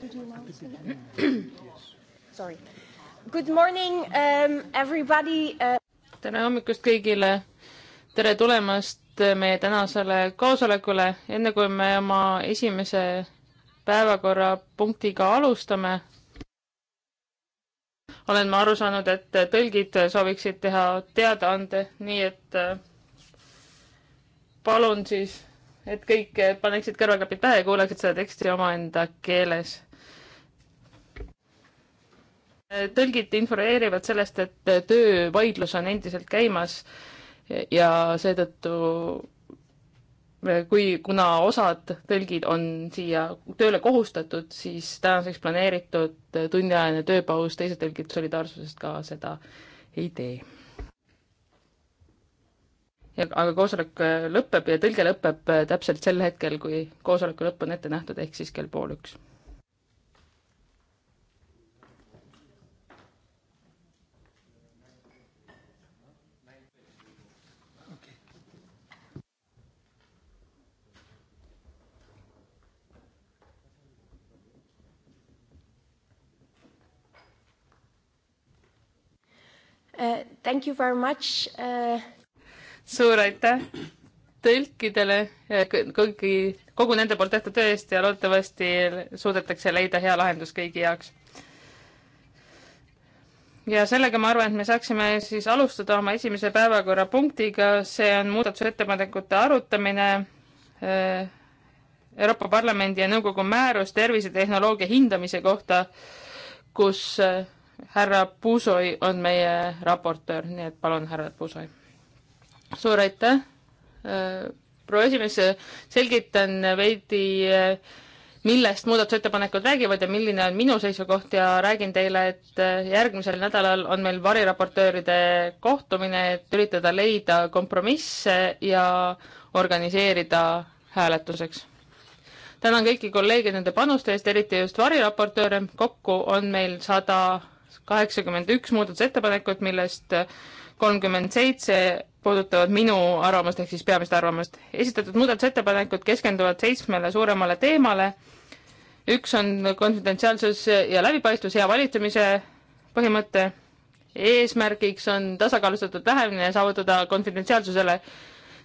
Did you announce it? Sorry. Good morning um, everybody uh.... tere hommikust kõigile. tere tulemast uh, meie tänasele koosolekule. enne kui me oma esimese päevakorrapunktiga alustame, olen ma aru saanud, et uh, tõlgid sooviksid teha teadaande, nii et uh, palun siis, et kõik paneksid kõrvaklapid pähe ja kuulaksid seda teksti omaenda keeles tõlgid informeerivad sellest, et töövaidlus on endiselt käimas ja seetõttu kui, kuna osad tõlgid on siia tööle kohustatud, siis tänaseks planeeritud tunniajane tööpaus, teised tõlgid solidaarsusest ka seda ei tee. aga koosolek lõpeb ja tõlge lõpeb täpselt sel hetkel, kui koosoleku lõpp on ette nähtud, ehk siis kell pool üks uh,. Thank you very much uh.... suur aitäh tõlkidele, kõigi, kogu nende poolt tehtud töö eest ja loodetavasti suudetakse leida hea lahendus kõigi jaoks. ja sellega ma arvan, et me saaksime siis alustada oma esimese päevakorrapunktiga, see on muudatusettepanekute arutamine äh, Euroopa Parlamendi ja Nõukogu määrus tervisetehnoloogia hindamise kohta, kus äh, härra Puusoi on meie raportöör, nii et palun, härra Puusoi. suur aitäh, äh, proua esimees, selgitan veidi, äh, millest muudatusettepanekud räägivad ja milline on minu seisukoht ja räägin teile, et äh, järgmisel nädalal on meil variraportööride kohtumine, et üritada leida kompromisse ja organiseerida hääletuseks tänan kõiki kolleege nende panuste eest, eriti just variraportööre, kokku on meil sada kaheksakümmend üks muudatusettepanekut, millest kolmkümmend seitse puudutavad minu arvamust ehk siis peamist arvamust. esitatud muudatusettepanekud keskenduvad seitsmele suuremale teemale. üks on konfidentsiaalsus ja läbipaistvus, hea valitsemise põhimõte. eesmärgiks on tasakaalustatud lähenemine saavutada konfidentsiaalsusele,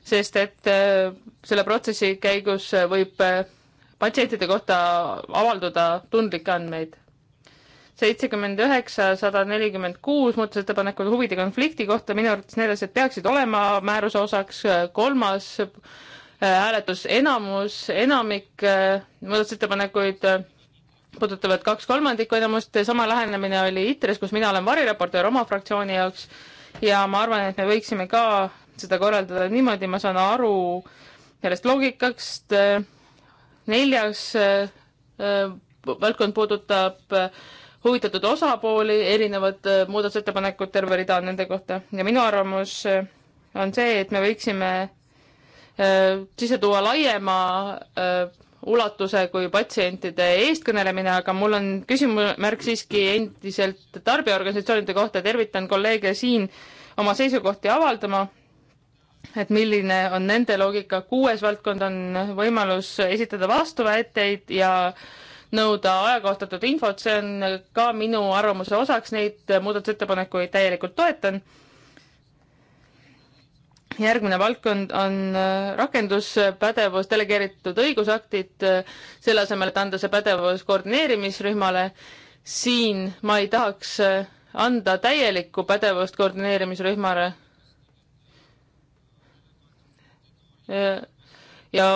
sest et äh, selle protsessi käigus võib äh, patsientide kohta avalduda tundlikke andmeid seitsekümmend üheksa, sada nelikümmend kuus muudatusettepanekud huvide konflikti kohta, minu arvates need asjad peaksid olema määruse osaks, kolmas äh, hääletus äh,, enamus, enamik äh, muudatusettepanekuid äh, puudutavad kaks kolmandikku enamust, sama lähenemine oli ITRE-s, kus mina olen variraportöör oma fraktsiooni jaoks ja ma arvan, et me võiksime ka seda korraldada niimoodi, ma saan aru sellest loogikast, äh, neljas äh, valdkond puudutab äh, huvitatud osapooli, erinevad äh, muudatusettepanekud, terve rida on nende kohta ja minu arvamus äh, on see, et me võiksime äh, sisse tuua laiema ulatuse kui patsientide eestkõnelemine, aga mul on küsimärk siiski endiselt tarbijaorganisatsioonide kohta, tervitan kolleege siin oma seisukohti avaldama, et milline on nende loogika, kuues valdkond on võimalus esitada vastuväiteid ja äh, nõuda ajakohtatud infot, see on ka minu arvamuse osaks, neid muudatusettepanekuid täielikult toetan. järgmine valdkond on äh, rakenduspädevus, delegeeritud õigusaktid, äh, selle asemel, et anda see pädevus koordineerimisrühmale. siin ma ei tahaks äh, anda täielikku pädevust koordineerimisrühmale ja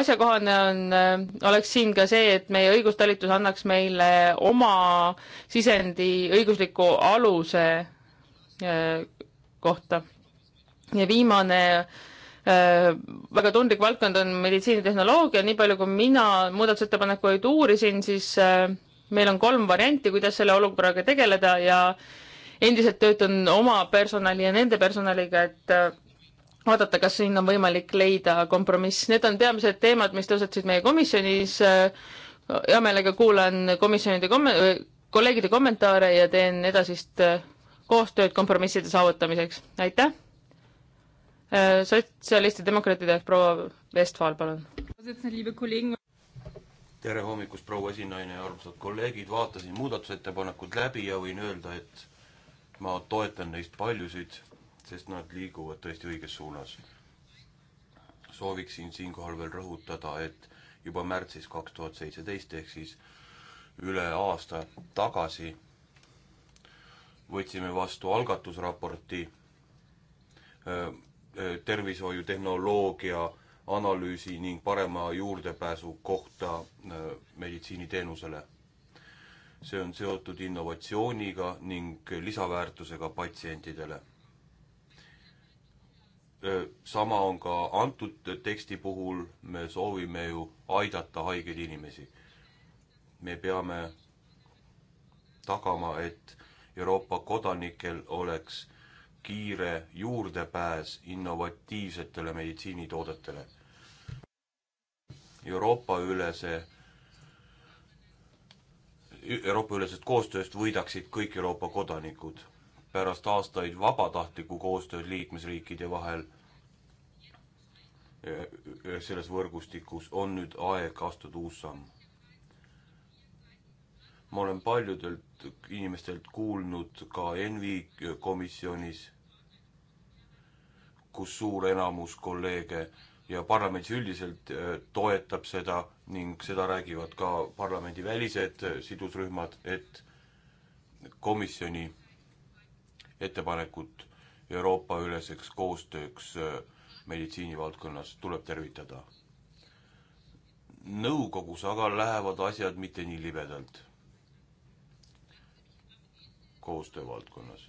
asjakohane on, äh, oleks siin ka see, et meie õigustalitus annaks meile oma sisendi õigusliku aluse äh, kohta. ja viimane äh, väga tundlik valdkond on meditsiinitehnoloogia, nii palju kui mina muudatusettepanekuid uurisin, siis meil on kolm varianti, kuidas selle olukorraga tegeleda ja endiselt töötan oma personali ja nende personaliga, et vaadata, kas siin on võimalik leida kompromiss. Need on peamised teemad, mis tõusetusid meie komisjonis. hea meelega kuulan komisjonide kom-, kolleegide kommentaare ja teen edasist koostööd kompromisside saavutamiseks. aitäh! sotsialistide demokraatide proua Vestfaal, palun. tere hommikust, proua esinaine ja armsad kolleegid, vaatasin muudatusettepanekud läbi ja võin öelda, et ma toetan neist paljusid sest nad liiguvad tõesti õiges suunas. sooviksin siinkohal veel rõhutada, et juba märtsis kaks tuhat seitseteist ehk siis üle aasta tagasi võtsime vastu algatusraporti äh, äh, tervishoiutehnoloogia analüüsi ning parema juurdepääsu kohta äh, meditsiiniteenusele. see on seotud innovatsiooniga ning lisaväärtusega patsientidele sama on ka antud teksti puhul, me soovime ju aidata haigeid inimesi. me peame tagama, et Euroopa kodanikel oleks kiire juurdepääs innovatiivsetele meditsiinitoodetele. Euroopa-ülese, Euroopa-ülesest koostööst võidaksid kõik Euroopa kodanikud pärast aastaid vabatahtlikku koostööd liikmesriikide vahel Äh, selles võrgustikus, on nüüd aeg astuda uus samm. ma olen paljudelt inimestelt kuulnud ka ENVI komisjonis, kus suur enamus kolleege ja parlamendis üldiselt äh, toetab seda ning seda räägivad ka parlamendi välised äh, sidusrühmad, et komisjoni ettepanekut Euroopa-üleseks koostööks äh, meditsiinivaldkonnas tuleb tervitada. nõukogus aga lähevad asjad mitte nii libedalt. koostöö valdkonnas.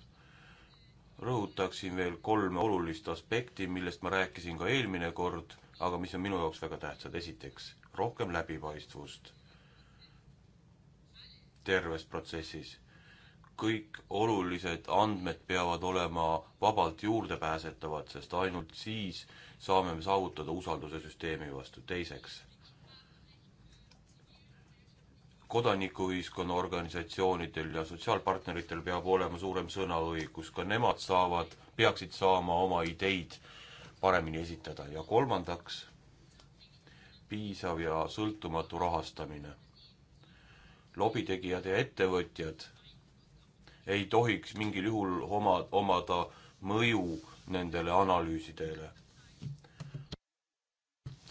rõhutaksin veel kolme olulist aspekti, millest ma rääkisin ka eelmine kord, aga mis on minu jaoks väga tähtsad. esiteks, rohkem läbipaistvust terves protsessis kõik olulised andmed peavad olema vabalt juurdepääsetavad, sest ainult siis saame me saavutada usalduse süsteemi vastu. teiseks, kodanikuühiskonna organisatsioonidel ja sotsiaalpartneritel peab olema suurem sõnaõigus, ka nemad saavad, peaksid saama oma ideid paremini esitada ja kolmandaks, piisav ja sõltumatu rahastamine. lobitegijad ja ettevõtjad ei tohiks mingil juhul oma, omada mõju nendele analüüsidele.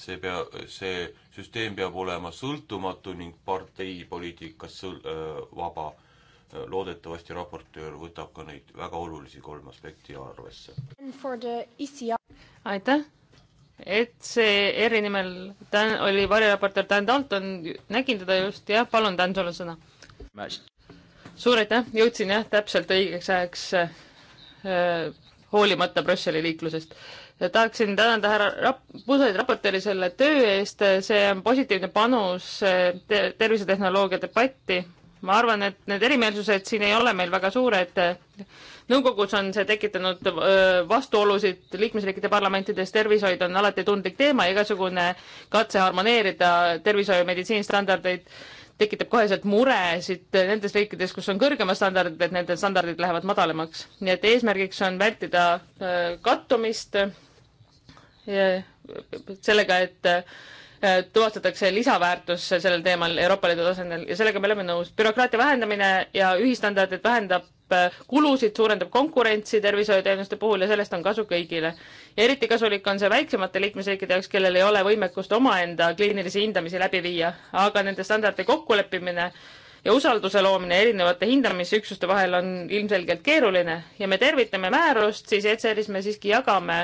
see pea, see süsteem peab olema sõltumatu ning parteipoliitikas sõl-, vaba. loodetavasti raportöör võtab ka neid väga olulisi kolme aspekti arvesse. aitäh, et see ERR-i nimel Dan oli variraportöör Dan Dalton, nägin teda just, jah, palun, Dan, sul on sõna suur aitäh, jõudsin jah, täpselt õigeks ajaks äh, hoolimata Brüsseli liiklusest. tahaksin tänada härra rap-, Pusaid raportööri selle töö eest, see on positiivne panus äh, te tervisetehnoloogia debatti. ma arvan, et need erimeelsused siin ei ole meil väga suured. nõukogus on see tekitanud äh, vastuolusid liikmesriikide parlamentides, tervishoid on alati tundlik teema, igasugune katse harmoneerida tervishoiu meditsiinistandardeid tekitab koheselt muresid nendes riikides, kus on kõrgemad standardid, et nende standardid lähevad madalamaks. nii et eesmärgiks on vältida äh, kattumist sellega, et äh, tuvastatakse lisaväärtus sellel teemal Euroopa Liidu tasandil ja sellega me oleme nõus. bürokraatia vähendamine ja ühistandardid vähendab Äh, kulusid, suurendab konkurentsi tervishoiuteenuste puhul ja sellest on kasu kõigile. ja eriti kasulik on see väiksemate liikmesriikide jaoks, kellel ei ole võimekust omaenda kliinilisi hindamisi läbi viia, aga nende standardi kokkuleppimine ja usalduse loomine erinevate hindamisüksuste vahel on ilmselgelt keeruline ja me tervitame määrust, siis ECR-is me siiski jagame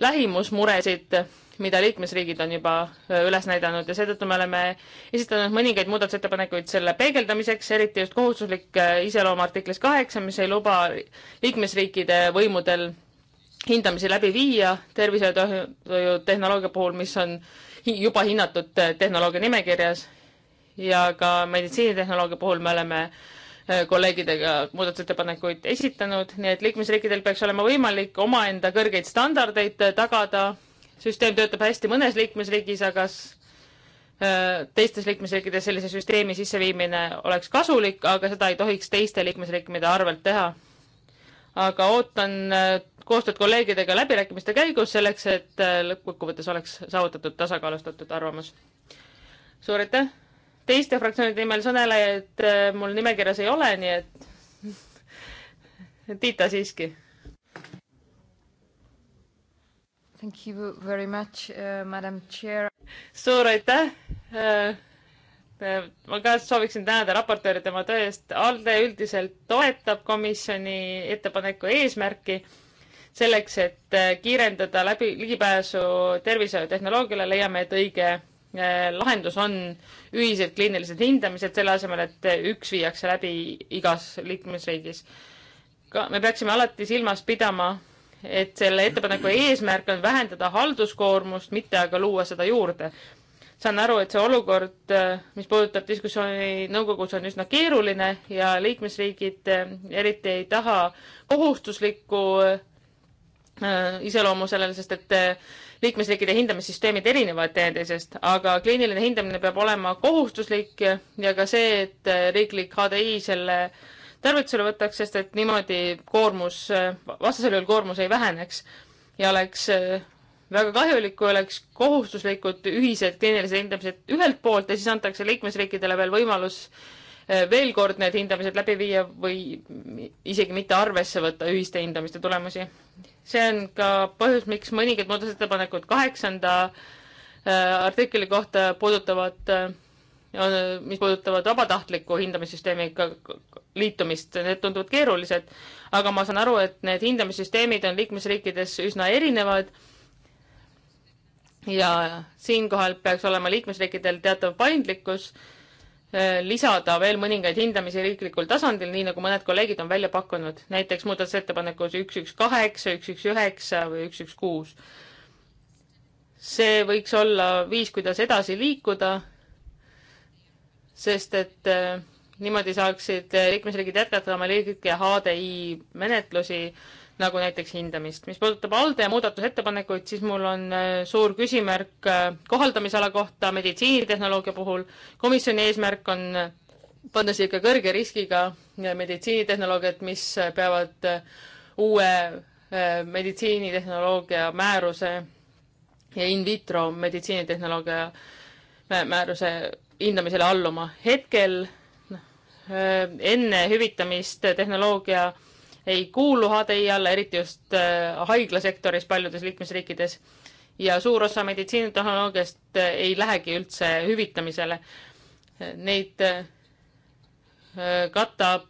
lähimusmuresid mida liikmesriigid on juba äh, üles näidanud ja seetõttu me oleme esitanud mõningaid muudatusettepanekuid selle peegeldamiseks, eriti just kohustuslik äh, iseloom artiklis kaheksa, mis ei luba liikmesriikide võimudel hindamisi läbi viia tervishoiutehnoloogia puhul, mis on juba hinnatud äh, tehnoloogia nimekirjas ja ka meditsiinitehnoloogia puhul me oleme kolleegidega muudatusettepanekuid esitanud, nii et liikmesriikidel peaks olema võimalik omaenda kõrgeid standardeid tagada süsteem töötab hästi mõnes liikmesriigis, aga äh, teistes liikmesriikides sellise süsteemi sisseviimine oleks kasulik, aga seda ei tohiks teiste liikmesriikide arvelt teha. aga ootan äh, koostööd kolleegidega läbirääkimiste käigus selleks, et äh, lõppkokkuvõttes oleks saavutatud tasakaalustatud arvamus. suur aitäh! teiste fraktsioonide nimel sõnelejaid mul nimekirjas ei ole, nii et Tiita siiski Thank you very much uh,, madam chair. suur aitäh uh,. ma ka sooviksin tänada raportööri tema töö eest. ALDE üldiselt toetab komisjoni ettepaneku eesmärki selleks, et kiirendada läbi, ligipääsu tervishoiutehnoloogiale, leiame, et õige eh, lahendus on ühised kliinilised hindamised, selle asemel, et üks viiakse läbi igas liikmesriigis. ka me peaksime alati silmas pidama et selle ettepaneku eesmärk on vähendada halduskoormust, mitte aga luua seda juurde. saan aru, et see olukord, mis puudutab diskussiooni nõukogus, on üsna keeruline ja liikmesriigid eriti ei taha kohustuslikku äh, iseloomu sellele, sest et äh, liikmesriikide hindamissüsteemid erinevad teineteisest, aga kliiniline hindamine peab olema kohustuslik ja ka see, et äh, riiklik HDI selle äh, tarvitusele võtaks, sest et niimoodi koormus, vastasel juhul koormus ei väheneks ja oleks äh, väga kahjulik, kui oleks kohustuslikud ühised kliinilised hindamised ühelt poolt ja siis antakse liikmesriikidele veel võimalus äh, veel kord need hindamised läbi viia või isegi mitte arvesse võtta ühiste hindamiste tulemusi. see on ka põhjus, miks mõningad muudatusettepanekud kaheksanda äh, artikli kohta puudutavad, mis puudutavad vabatahtlikku hindamissüsteemi liitumist, need tunduvad keerulised, aga ma saan aru, et need hindamissüsteemid on liikmesriikides üsna erinevad ja siinkohal peaks olema liikmesriikidel teatav paindlikkus eh, lisada veel mõningaid hindamisi riiklikul tasandil, nii nagu mõned kolleegid on välja pakkunud, näiteks muudatusettepanekus üks, üks, kaheksa, üks, üks, üheksa või üks, üks, kuus. see võiks olla viis, kuidas edasi liikuda, sest et äh, niimoodi saaksid liikmesriigid jätkata oma liiklike HDI menetlusi, nagu näiteks hindamist. mis puudutab ALDE muudatusettepanekuid, siis mul on äh, suur küsimärk äh, kohaldamisala kohta meditsiinitehnoloogia puhul. komisjoni eesmärk on äh, panna siia ikka kõrge riskiga meditsiinitehnoloogiat, mis peavad uue meditsiinitehnoloogia määruse ja in vitro meditsiinitehnoloogia määruse hindamisele alluma. hetkel Äh, enne hüvitamist tehnoloogia ei kuulu HDI alla, eriti just äh, haiglasektoris paljudes liikmesriikides. ja suur osa meditsiinitehnoloogiast äh, ei lähegi üldse hüvitamisele. Neid katab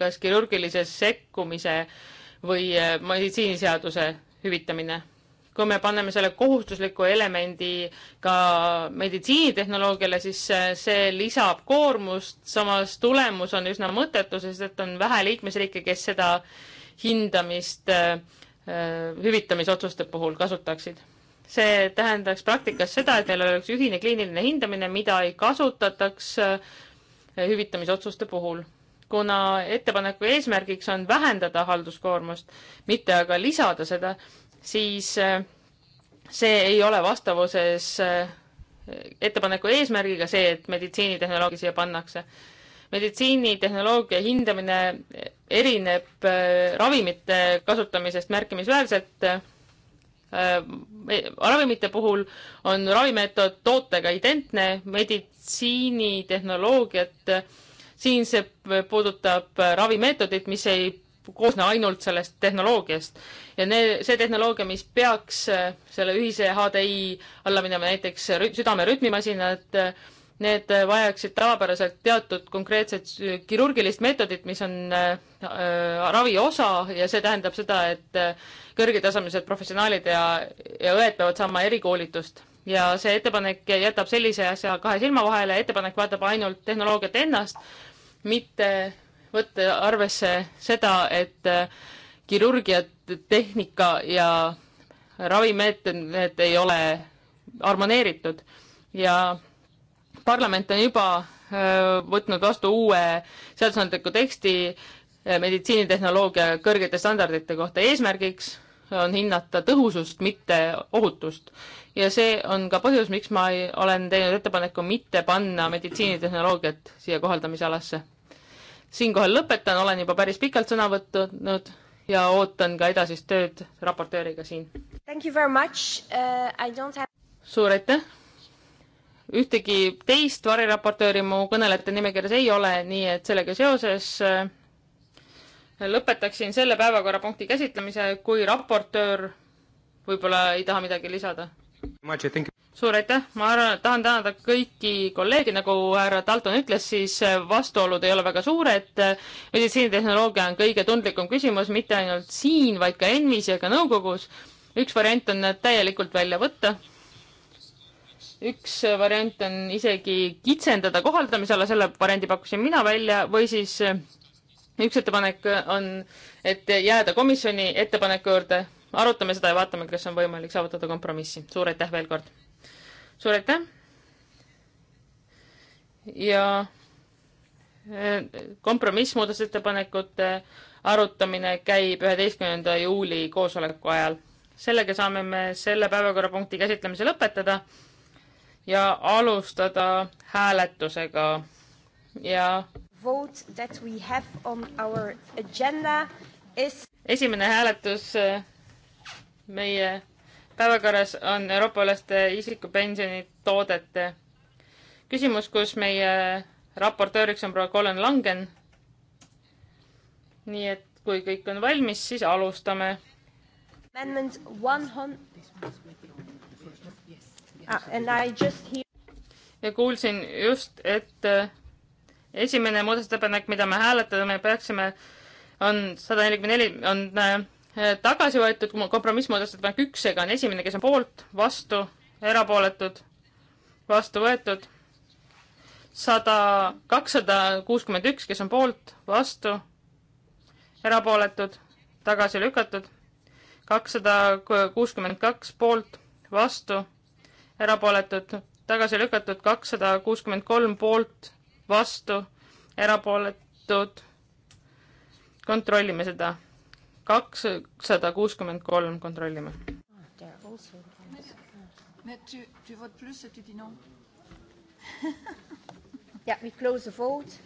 kas kirurgilise sekkumise või meditsiiniseaduse hüvitamine kui me paneme selle kohustusliku elemendi ka meditsiinitehnoloogiale, siis see lisab koormust, samas tulemus on üsna mõttetu, sest et on vähe liikmesriike, kes seda hindamist äh, hüvitamisotsuste puhul kasutaksid. see tähendaks praktikas seda, et meil oleks ühine kliiniline hindamine, mida ei kasutataks äh, hüvitamisotsuste puhul kuna ettepaneku eesmärgiks on vähendada halduskoormust, mitte aga lisada seda, siis äh, see ei ole vastavuses äh, ettepaneku eesmärgiga see, et meditsiinitehnoloogia siia pannakse. meditsiinitehnoloogia hindamine äh, erineb ravimite kasutamisest märkimisväärselt. ravimite puhul on ravimeetod tootega identne, meditsiinitehnoloogiat siin see puudutab ravimeetodit, mis ei koosne ainult sellest tehnoloogiast ja need, see tehnoloogia, mis peaks äh, selle ühise HDI alla minema, näiteks südame rütmimasinad, need vajaksid tavapäraselt teatud konkreetset kirurgilist meetodit, mis on äh, äh ravi osa ja see tähendab seda, et äh, kõrgetasemelised professionaalid ja, ja õed peavad saama erikoolitust. ja see ettepanek jätab sellise asja kahe silma vahele, ettepanek vaatab ainult tehnoloogiat ennast, mitte võtta arvesse seda, et äh, kirurgia, tehnika ja ravimeetmed ei ole harmoneeritud ja parlament on juba äh, võtnud vastu uue seadusandliku teksti äh, meditsiinitehnoloogia kõrgete standardite kohta eesmärgiks on hinnata tõhusust, mitte ohutust. ja see on ka põhjus, miks ma ei, olen teinud ettepaneku mitte panna meditsiinitehnoloogiat siia kohaldamisalasse siinkohal lõpetan, olen juba päris pikalt sõna võtnud ja ootan ka edasist tööd raportööriga siin. Uh, have... suur aitäh! ühtegi teist variraportööri mu kõnelejate nimekirjas ei ole, nii et sellega seoses äh, lõpetaksin selle päevakorrapunkti käsitlemise, kui raportöör võib-olla ei taha midagi lisada suur aitäh, ma arvan, et tahan tänada kõiki kolleege, nagu härra Dalton ütles, siis äh, vastuolud ei ole väga suured. meditsiinitehnoloogia on kõige tundlikum küsimus mitte ainult siin, vaid ka ENMis ja ka nõukogus. üks variant on nad täielikult välja võtta. üks äh, variant on isegi kitsendada kohaldamisala, selle variandi pakkusin mina välja või siis äh, üks ettepanek on, et jääda komisjoni ettepaneku juurde arutame seda ja vaatame, kas on võimalik saavutada kompromissi. suur aitäh veel kord! suur aitäh! ja äh, kompromissmuudatusettepanekute arutamine käib üheteistkümnenda juuli koosoleku ajal. sellega saame me selle päevakorrapunkti käsitlemise lõpetada ja alustada hääletusega ja vote that we have on our agenda is esimene hääletus äh, meie päevakorras on euroopalaste isikupensionitoodete küsimus, kus meie raportööriks on proua Colin Langen. nii et kui kõik on valmis, siis alustame. Amendment one hundred. Ah, and I just hear ja kuulsin just, et äh, esimene muudatusettepanek, mida me hääletame peaksime, on sada nelikümmend neli, on äh, tagasi võetud kompromissmuudatusettepanek üks, seega on esimene, kes on poolt, vastu, erapooletud, vastu võetud. sada, kakssada kuuskümmend üks, kes on poolt, vastu, erapooletud, tagasi lükatud. kakssada kuuskümmend kaks poolt, vastu, erapooletud, tagasi lükatud. kakssada kuuskümmend kolm poolt, vastu, erapooletud. kontrollime seda kakssada kuuskümmend kolm kontrollime. Yeah, we close the vote.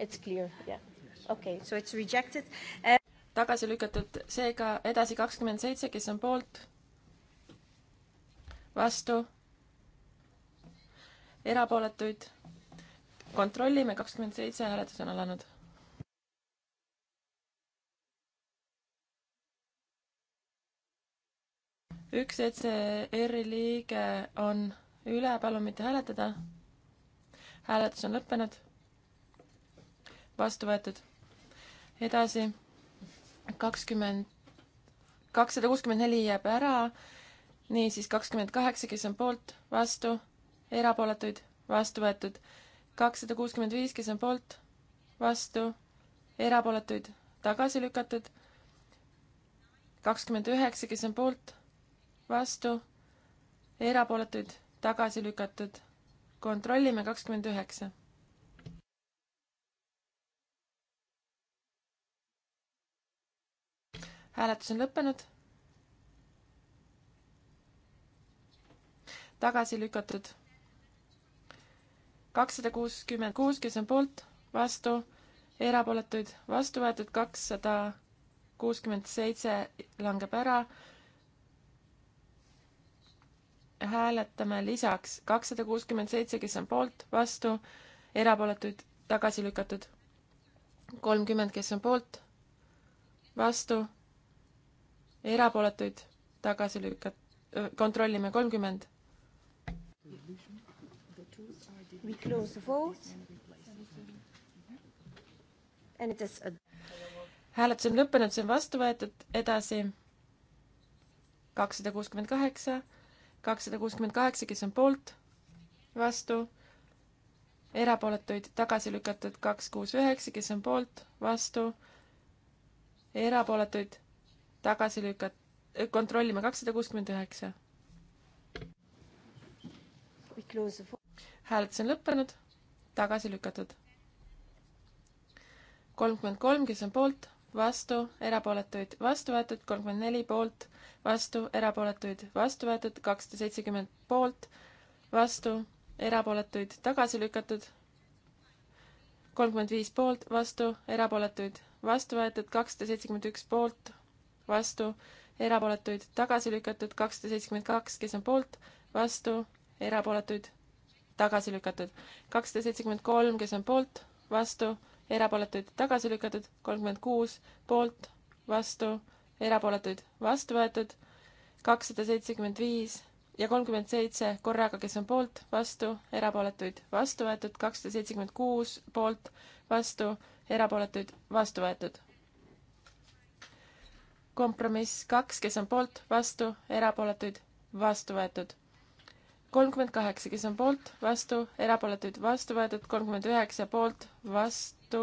It's clear. Yeah. Okay, so it's rejected. Uh... tagasi lükatud, seega edasi kakskümmend seitse, kes on poolt? vastu? erapooletuid? kontrollime, kakskümmend seitse, hääletus on alanud üks ECR-i liige on üle, palun mitte hääletada. hääletus on lõppenud. vastu võetud. edasi, kakskümmend, kakssada kuuskümmend neli jääb ära. niisiis kakskümmend kaheksa, kes on poolt, vastu, erapooletuid, vastu võetud. kakssada kuuskümmend viis, kes on poolt, vastu, erapooletuid, tagasi lükatud. kakskümmend üheksa, kes on poolt vastu, erapooletuid tagasi lükatud. kontrollime kakskümmend üheksa. hääletus on lõppenud. tagasi lükatud. kakssada kuuskümmend kuus, kes on poolt, vastu, erapooletuid, vastu võetud kakssada kuuskümmend seitse langeb ära hääletame lisaks kakssada kuuskümmend seitse, kes on poolt, vastu, erapooletuid tagasi lükatud. kolmkümmend, kes on poolt, vastu, erapooletuid tagasi lükat-, kontrollime kolmkümmend. We close the vote. And it is a hääletus on lõppenud, see on vastu võetud, edasi kakssada kuuskümmend kaheksa kakssada kuuskümmend kaheksa, kes on poolt, vastu, erapooletuid tagasi lükatud kaks, kuus, üheksa, kes on poolt, vastu, erapooletuid tagasi lükat-, kontrollime kakssada kuuskümmend üheksa. hääletus on lõppenud, tagasi lükatud. kolmkümmend kolm, kes on poolt vastu, erapooletuid, vastu võetud, kolmkümmend neli poolt, vastu, erapooletuid, vastu võetud, kakssada seitsekümmend poolt, vastu, erapooletuid, tagasi lükatud, kolmkümmend viis poolt, vastu, erapooletuid, vastu võetud, kakssada seitsekümmend üks poolt, vastu, erapooletuid, tagasi lükatud, kakssada seitsekümmend kaks, kes on poolt, vastu, erapooletuid, tagasi lükatud, kakssada seitsekümmend kolm, kes on poolt, vastu, erapooletuid tagasi lükatud, kolmkümmend kuus poolt, vastu, erapooletuid vastu võetud, kakssada seitsekümmend viis ja kolmkümmend seitse korraga, kes on poolt, vastu, erapooletuid vastu võetud, kakssada seitsekümmend kuus poolt, vastu, erapooletuid vastu võetud. kompromiss kaks, kes on poolt, vastu, erapooletuid vastu võetud kolmkümmend kaheksa, kes on poolt, vastu, erapooletuid vastu võetud, kolmkümmend üheksa poolt, vastu,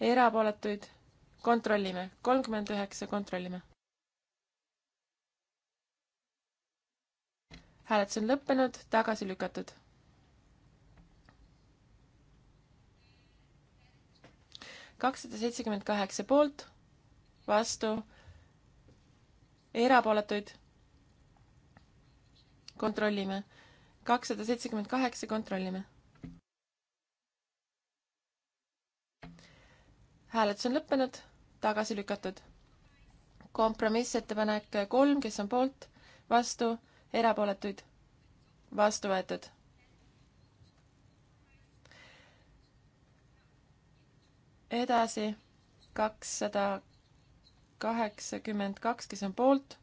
erapooletuid kontrollime, kolmkümmend üheksa kontrollime. hääletus on lõppenud, tagasi lükatud. kakssada seitsekümmend kaheksa poolt, vastu, erapooletuid kontrollime. kakssada seitsekümmend kaheksa, kontrollime. hääletus on lõppenud, tagasi lükatud. kompromissettepanek kolm, kes on poolt, vastu, erapooletuid, vastu võetud. edasi kakssada kaheksakümmend kaks, kes on poolt,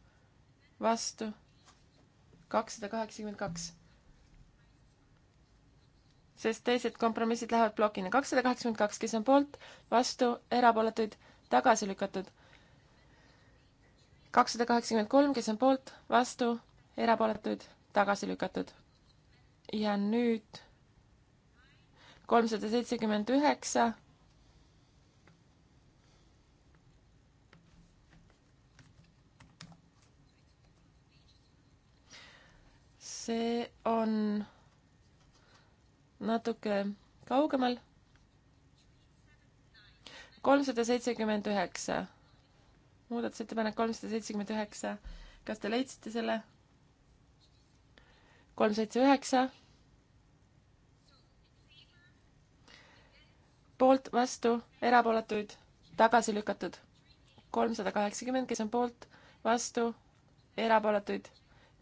vastu kakssada kaheksakümmend kaks. sest teised kompromissid lähevad plokina. kakssada kaheksakümmend kaks, kes on poolt, vastu, erapooletuid, tagasi lükatud. kakssada kaheksakümmend kolm, kes on poolt, vastu, erapooletuid, tagasi lükatud. ja nüüd kolmsada seitsekümmend üheksa see on natuke kaugemal. kolmsada seitsekümmend üheksa, muudatusettepanek kolmsada seitsekümmend üheksa, kas te leidsite selle? kolm, seitse, üheksa. poolt, vastu, erapooletuid, tagasi lükatud. kolmsada kaheksakümmend, kes on poolt, vastu, erapooletuid,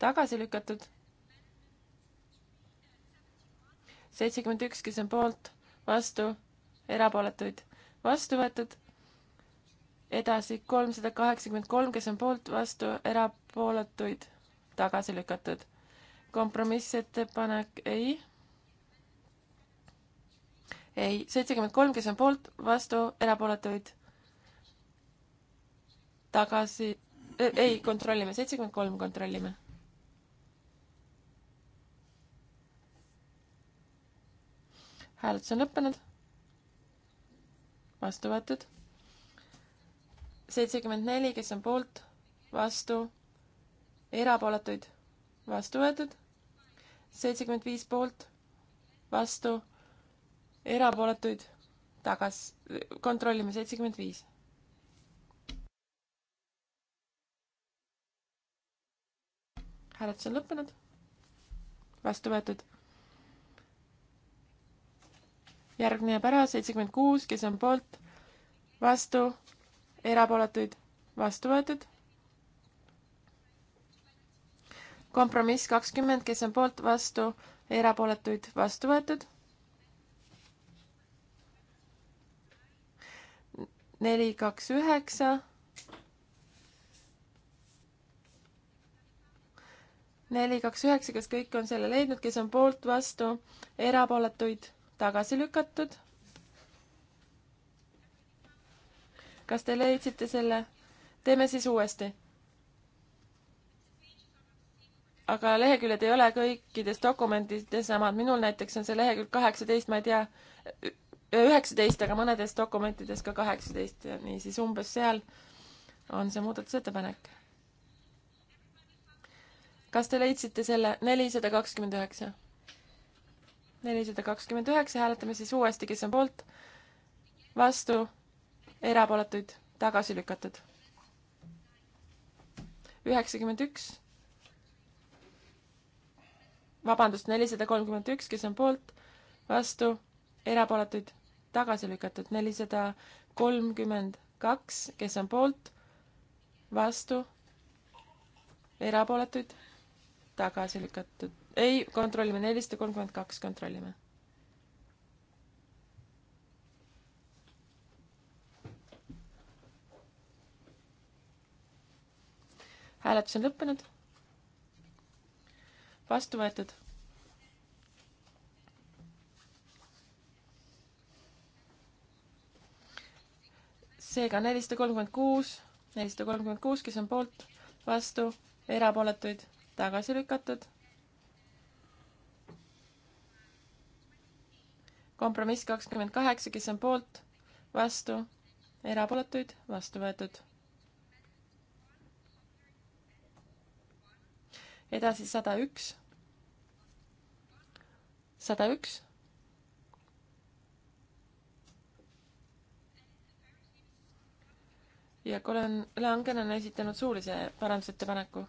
tagasi lükatud seitsekümmend üks, kes on poolt, vastu, erapooletuid, vastu võetud. edasi kolmsada kaheksakümmend kolm, kes on poolt, vastu, erapooletuid, tagasi lükatud. kompromissettepanek ei. ei, seitsekümmend kolm, kes on poolt, vastu, erapooletuid, tagasi, ei, kontrollime, seitsekümmend kolm kontrollime hääletus on lõppenud. vastu võetud. seitsekümmend neli, kes on poolt, vastu, erapooletuid, vastu võetud. seitsekümmend viis poolt, vastu, erapooletuid, tagasi, kontrollime, seitsekümmend viis hääletus on lõppenud. vastu võetud järgmine ära, seitsekümmend kuus, kes on poolt, vastu, erapooletuid, vastu võetud. kompromiss kakskümmend, kes on poolt, vastu, erapooletuid, vastu võetud. neli, kaks, üheksa neli, kaks, üheksa, kas kõik on selle leidnud, kes on poolt, vastu, erapooletuid, tagasi lükatud. kas te leidsite selle? teeme siis uuesti. aga leheküljed ei ole kõikides dokumentides samad, minul näiteks on see lehekülg kaheksateist, ma ei tea, üheksateist, aga mõnedes dokumentides ka kaheksateist, niisiis umbes seal on see muudatusettepanek. kas te leidsite selle nelisada kakskümmend üheksa? nelisada kakskümmend üheksa, hääletame siis uuesti, kes on poolt, vastu, erapooletuid, tagasi lükatud. üheksakümmend üks, vabandust, nelisada kolmkümmend üks, kes on poolt, vastu, erapooletuid, tagasi lükatud, nelisada kolmkümmend kaks, kes on poolt, vastu, erapooletuid, tagasi lükatud ei, kontrollime, nelisada kolmkümmend kaks, kontrollime. hääletus on lõppenud. vastu võetud seega nelisada kolmkümmend kuus, nelisada kolmkümmend kuus, kes on poolt, vastu, erapooletuid, tagasi lükatud. kompromiss kakskümmend kaheksa, kes on poolt, vastu, erapooletuid, vastu võetud. edasi sada üks, sada üks. ja Colin Langen on esitanud suulise parandusettepaneku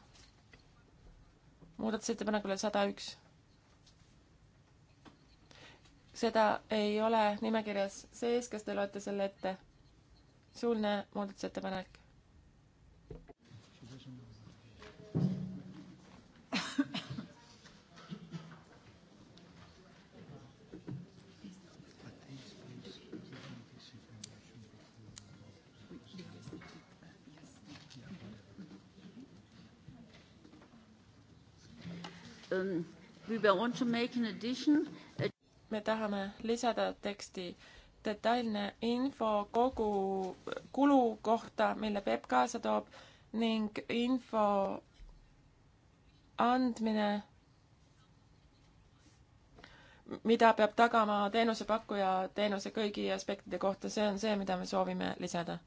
muudatusettepanekule sada üks seda ei ole nimekirjas sees, kas te loete selle ette? suuline muudatusettepanek. Um, we want to make an addition me tahame lisada teksti detailne info kogu kulu kohta, mille PEP kaasa toob ning info andmine, mida peab tagama teenusepakkuja teenuse kõigi aspektide kohta, see on see, mida me soovime lisada.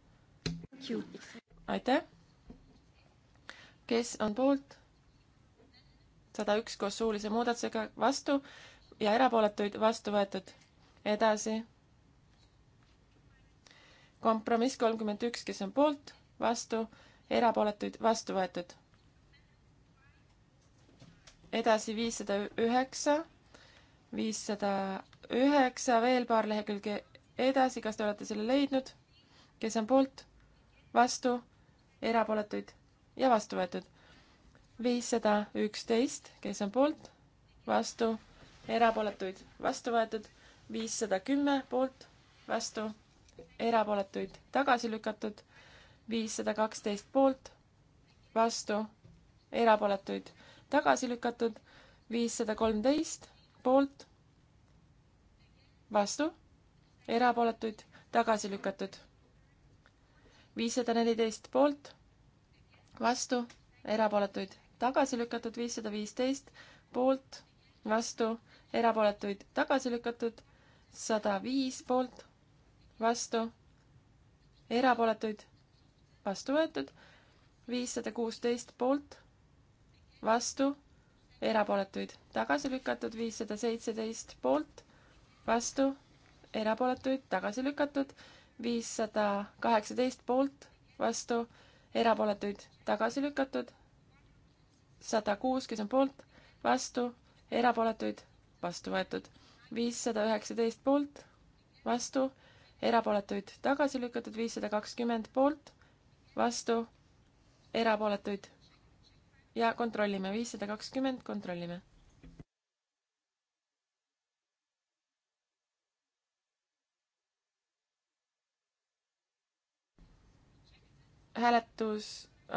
aitäh! kes on poolt? sada üks koos suulise muudatusega vastu ja erapooletuid vastu võetud. edasi. kompromiss kolmkümmend üks, kes on poolt, vastu, erapooletuid vastu võetud. edasi viissada üheksa, viissada üheksa, veel paar lehekülge edasi, kas te olete selle leidnud? kes on poolt, vastu, erapooletuid ja vastu võetud? viissada üksteist, kes on poolt, vastu erapooletuid, vastu võetud, viissada kümme poolt, vastu, erapooletuid, tagasi lükatud, viissada kaksteist poolt, vastu, erapooletuid, tagasi lükatud, viissada kolmteist poolt, vastu, erapooletuid, tagasi lükatud, viissada neliteist poolt, vastu, erapooletuid, tagasi lükatud, viissada viisteist poolt, vastu, erapooletuid tagasi lükatud, sada viis poolt, vastu, erapooletuid vastu võetud, viissada kuusteist poolt, vastu, erapooletuid tagasi lükatud, viissada seitseteist poolt, vastu, erapooletuid tagasi lükatud, viissada kaheksateist poolt, vastu, erapooletuid tagasi lükatud, sada kuus, kes on poolt, vastu, erapooletuid vastu võetud. viissada üheksateist poolt, vastu, erapooletuid tagasi lükatud, viissada kakskümmend poolt, vastu, erapooletuid. ja kontrollime, viissada kakskümmend, kontrollime hääletus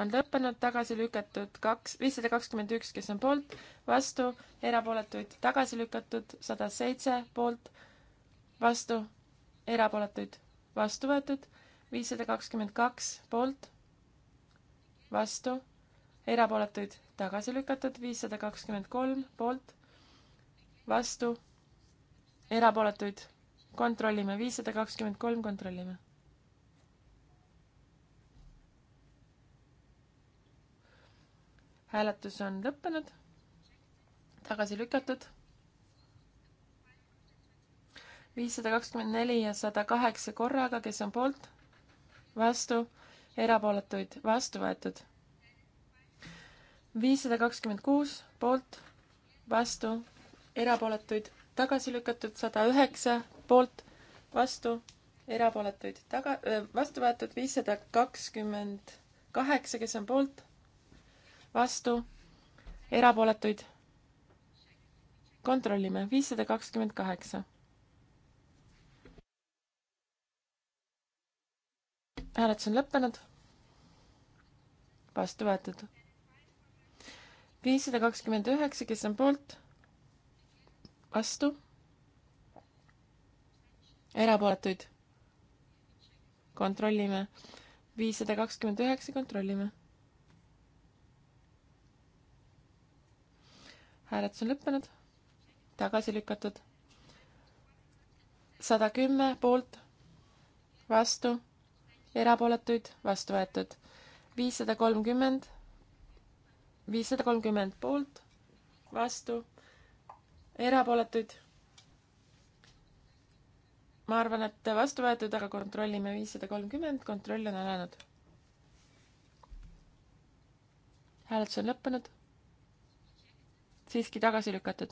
on lõppenud, tagasi lükatud kaks, viissada kakskümmend üks, kes on poolt, vastu, erapooletuid tagasi lükatud, sada seitse poolt, vastu, erapooletuid vastu võetud, viissada kakskümmend kaks poolt, vastu, erapooletuid tagasi lükatud, viissada kakskümmend kolm poolt, vastu, erapooletuid kontrollime, viissada kakskümmend kolm kontrollime hääletus on lõppenud, tagasi lükatud. viissada kakskümmend neli ja sada kaheksa korraga, kes on poolt, vastu, erapooletuid, vastu võetud. viissada kakskümmend kuus poolt, vastu, erapooletuid, tagasi lükatud, sada üheksa poolt, vastu, erapooletuid, taga, vastu võetud viissada kakskümmend kaheksa, kes on poolt vastu, erapooletuid. kontrollime, viissada kakskümmend kaheksa. hääletus on lõppenud. vastu võetud. viissada kakskümmend üheksa, kes on poolt? vastu. erapooletuid. kontrollime. viissada kakskümmend üheksa, kontrollime hääletus on lõppenud, tagasi lükatud. sada kümme poolt, vastu, erapooletuid, vastu võetud. viissada kolmkümmend, viissada kolmkümmend poolt, vastu, erapooletuid. ma arvan, et vastu võetud, aga kontrollime viissada kolmkümmend, kontroll on alanud. hääletus on lõppenud siiski tagasi lükatud.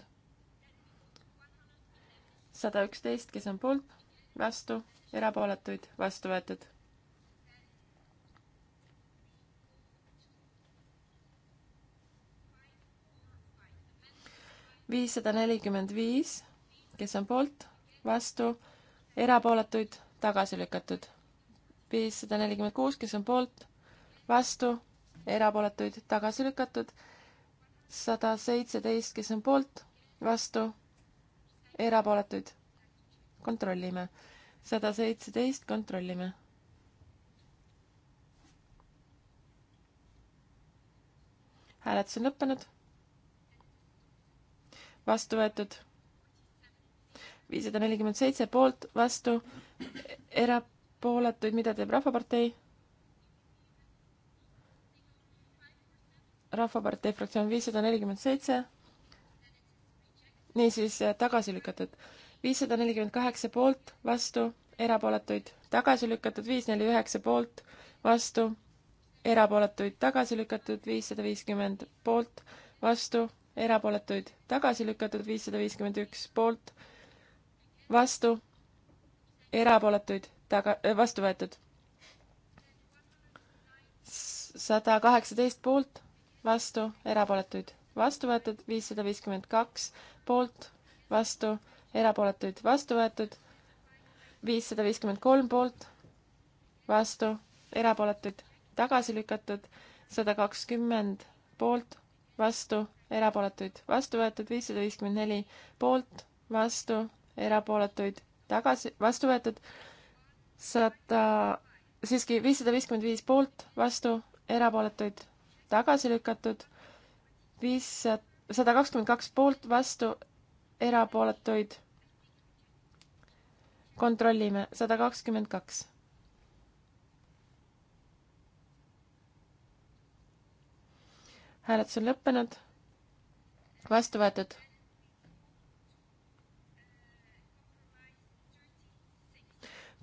sada üksteist, kes on poolt, vastu, erapooletuid, vastu võetud. viissada nelikümmend viis, kes on poolt, vastu, erapooletuid, tagasi lükatud. viissada nelikümmend kuus, kes on poolt, vastu, erapooletuid, tagasi lükatud sada seitseteist, kes on poolt, vastu, erapooletuid. kontrollime. sada seitseteist, kontrollime. hääletus on lõppenud. vastu võetud. viissada nelikümmend seitse poolt, vastu, erapooletuid, mida teeb Rahvapartei? Rahvapartei fraktsioon viissada nelikümmend seitse, niisiis eh, tagasi lükatud. viissada nelikümmend kaheksa poolt, vastu, erapooletuid, tagasi lükatud, viis neli üheksa poolt, vastu, erapooletuid, tagasi lükatud, viissada viiskümmend poolt, vastu, erapooletuid, tagasi lükatud, viissada viiskümmend üks poolt, vastu, erapooletuid, taga, eh, vastu võetud sada kaheksateist poolt, vastu, erapooletuid vastu võetud, viissada viiskümmend kaks poolt, vastu, erapooletuid vastu võetud, viissada viiskümmend kolm poolt, vastu, erapooletuid tagasi lükatud, sada kakskümmend poolt, vastu, erapooletuid vastu võetud, viissada viiskümmend neli poolt, vastu, erapooletuid tagasi, vastu võetud, sada, siiski viissada viiskümmend viis poolt, vastu, erapooletuid tagasi lükatud, viissada, sada kakskümmend kaks poolt, vastu, erapooletuid. kontrollime, sada kakskümmend kaks. hääletus on lõppenud, vastu võetud.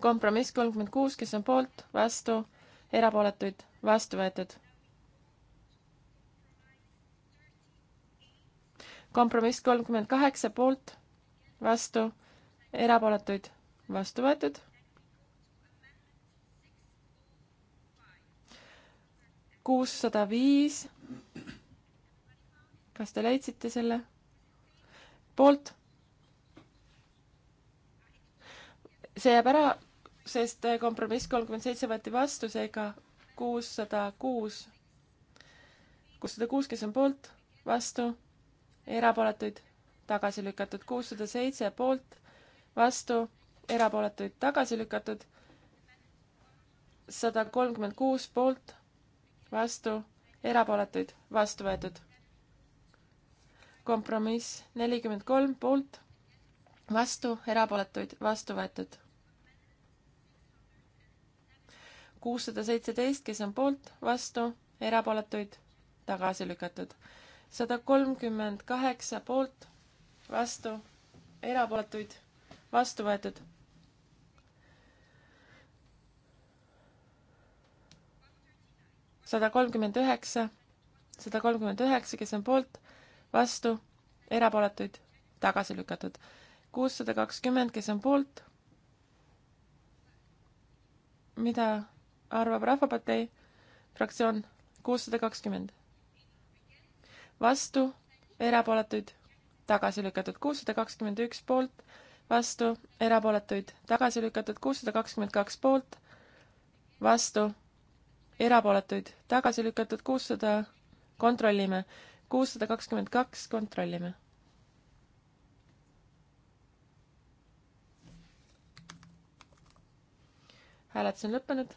kompromiss kolmkümmend kuus, kes on poolt, vastu, erapooletuid, vastu võetud kompromiss kolmkümmend kaheksa poolt, vastu, erapooletuid vastu võetud. kuussada viis. kas te leidsite selle? poolt. see jääb ära, sest kompromiss kolmkümmend seitse võeti vastu, seega kuussada kuus. kuussada kuus, kes on poolt, vastu erapooletuid, tagasi lükatud. kuussada seitse poolt, vastu, erapooletuid, tagasi lükatud. sada kolmkümmend kuus poolt, vastu, erapooletuid, vastu võetud. kompromiss nelikümmend kolm poolt, vastu, erapooletuid, vastu võetud kuussada seitseteist, kes on poolt, vastu, erapooletuid, tagasi lükatud sada kolmkümmend kaheksa poolt, vastu, erapooletuid, vastu võetud. sada kolmkümmend üheksa, sada kolmkümmend üheksa, kes on poolt, vastu, erapooletuid, tagasi lükatud. kuussada kakskümmend, kes on poolt. mida arvab Rahvapartei fraktsioon? kuussada kakskümmend vastu, erapooletuid, tagasi lükatud kuussada kakskümmend üks poolt, vastu, erapooletuid, tagasi lükatud kuussada kakskümmend kaks poolt, vastu, erapooletuid, tagasi lükatud kuussada, kontrollime, kuussada kakskümmend kaks, kontrollime hääletus on lõppenud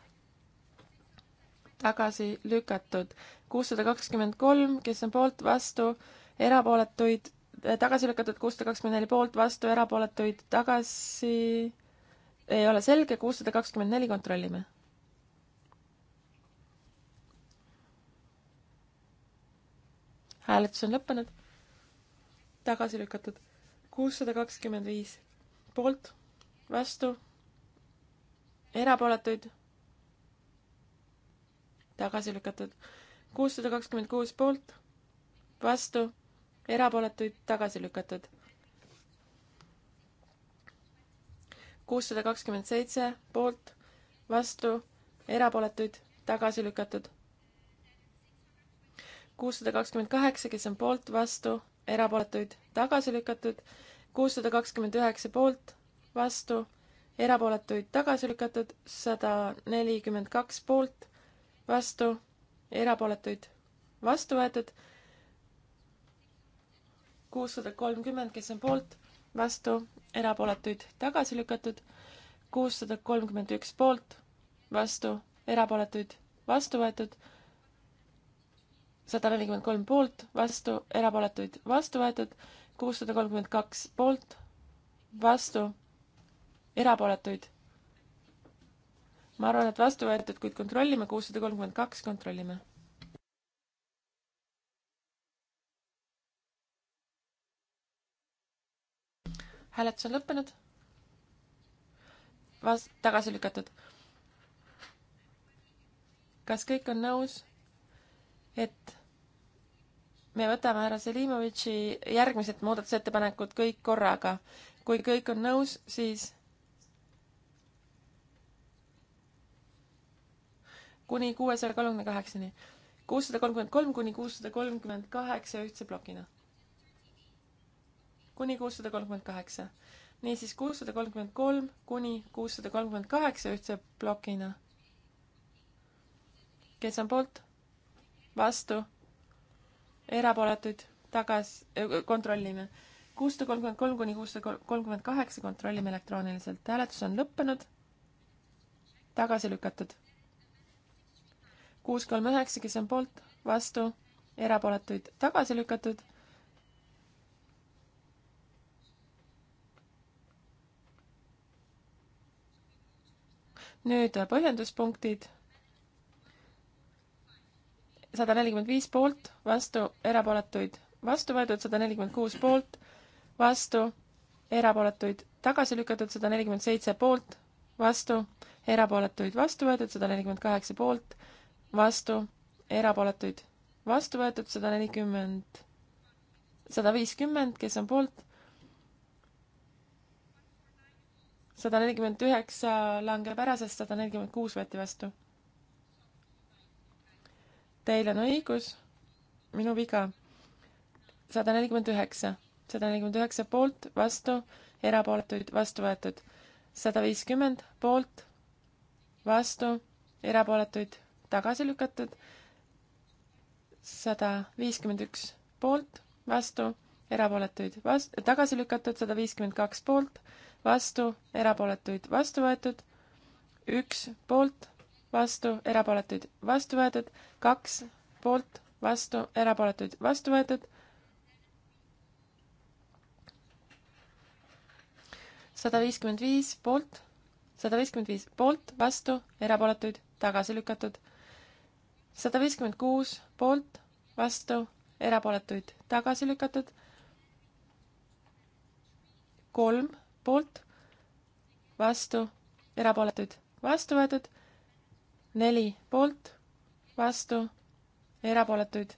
tagasi lükatud. kuussada kakskümmend kolm, kes on poolt, vastu, erapooletuid, äh, tagasi lükatud, kuussada kakskümmend neli poolt, vastu, erapooletuid, tagasi ei ole selge, kuussada kakskümmend neli kontrollime. hääletus on lõppenud. tagasi lükatud. kuussada kakskümmend viis poolt, vastu, erapooletuid tagasi lükatud. kuussada kakskümmend kuus poolt, vastu, erapooletuid tagasi lükatud. kuussada kakskümmend seitse poolt, vastu, erapooletuid tagasi lükatud. kuussada kakskümmend kaheksa, kes on poolt, vastu, erapooletuid tagasi lükatud. kuussada kakskümmend üheksa poolt, vastu, erapooletuid tagasi lükatud, sada nelikümmend kaks poolt vastu, erapooletuid vastu võetud. kuussada kolmkümmend, kes on poolt, vastu, erapooletuid tagasi lükatud. kuussada kolmkümmend üks poolt, vastu, erapooletuid vastu võetud. sada nelikümmend kolm poolt, vastu, erapooletuid vastu võetud. kuussada kolmkümmend kaks poolt, vastu, erapooletuid ma arvan, et vastu võetud, kuid kontrollime, kuussada kolmkümmend kaks, kontrollime. hääletus on lõppenud. Vas-, tagasi lükatud. kas kõik on nõus, et me võtame härra Selimovitši järgmised muudatusettepanekud kõik korraga? kui kõik on nõus, siis kuni kuuesaja kolmekümne kaheksani. kuussada kolmkümmend kolm kuni kuussada kolmkümmend kaheksa ühtse plokina. kuni kuussada kolmkümmend kaheksa. niisiis kuussada kolmkümmend kolm kuni kuussada kolmkümmend kaheksa ühtse plokina. kes on poolt? vastu? erapooletuid? tagasi, äh, kontrollime. kuussada kolmkümmend kolm kuni kuussada kolmkümmend kaheksa kontrollime elektrooniliselt. hääletus on lõppenud. tagasi lükatud kuus, kolm, üheksa, kes on poolt, vastu, erapooletuid tagasi lükatud. nüüd põhjenduspunktid. sada nelikümmend viis poolt, vastu, erapooletuid vastu võetud, sada nelikümmend kuus poolt, vastu, erapooletuid tagasi lükatud, sada nelikümmend seitse poolt, vastu, erapooletuid vastu võetud, sada nelikümmend kaheksa poolt, vastu, erapooletuid vastu võetud sada nelikümmend, sada viiskümmend, kes on poolt. sada nelikümmend üheksa langeb ära, sest sada nelikümmend kuus võeti vastu. Teil on õigus, minu viga. sada nelikümmend üheksa, sada nelikümmend üheksa poolt, vastu, erapooletuid vastu võetud. sada viiskümmend poolt, vastu, erapooletuid tagasi lükatud. sada viiskümmend üks poolt, vastu, erapooletuid vast-, tagasi lükatud, sada viiskümmend kaks poolt, vastu, erapooletuid vastu võetud, üks poolt, vastu, erapooletuid vastu võetud, kaks poolt, vastu, erapooletuid vastu võetud, sada viiskümmend viis poolt, sada viiskümmend viis poolt, vastu, erapooletuid tagasi lükatud sada viiskümmend kuus poolt, vastu, erapooletuid tagasi lükatud. kolm poolt, vastu, erapooletuid vastu võetud. neli poolt, vastu, erapooletuid.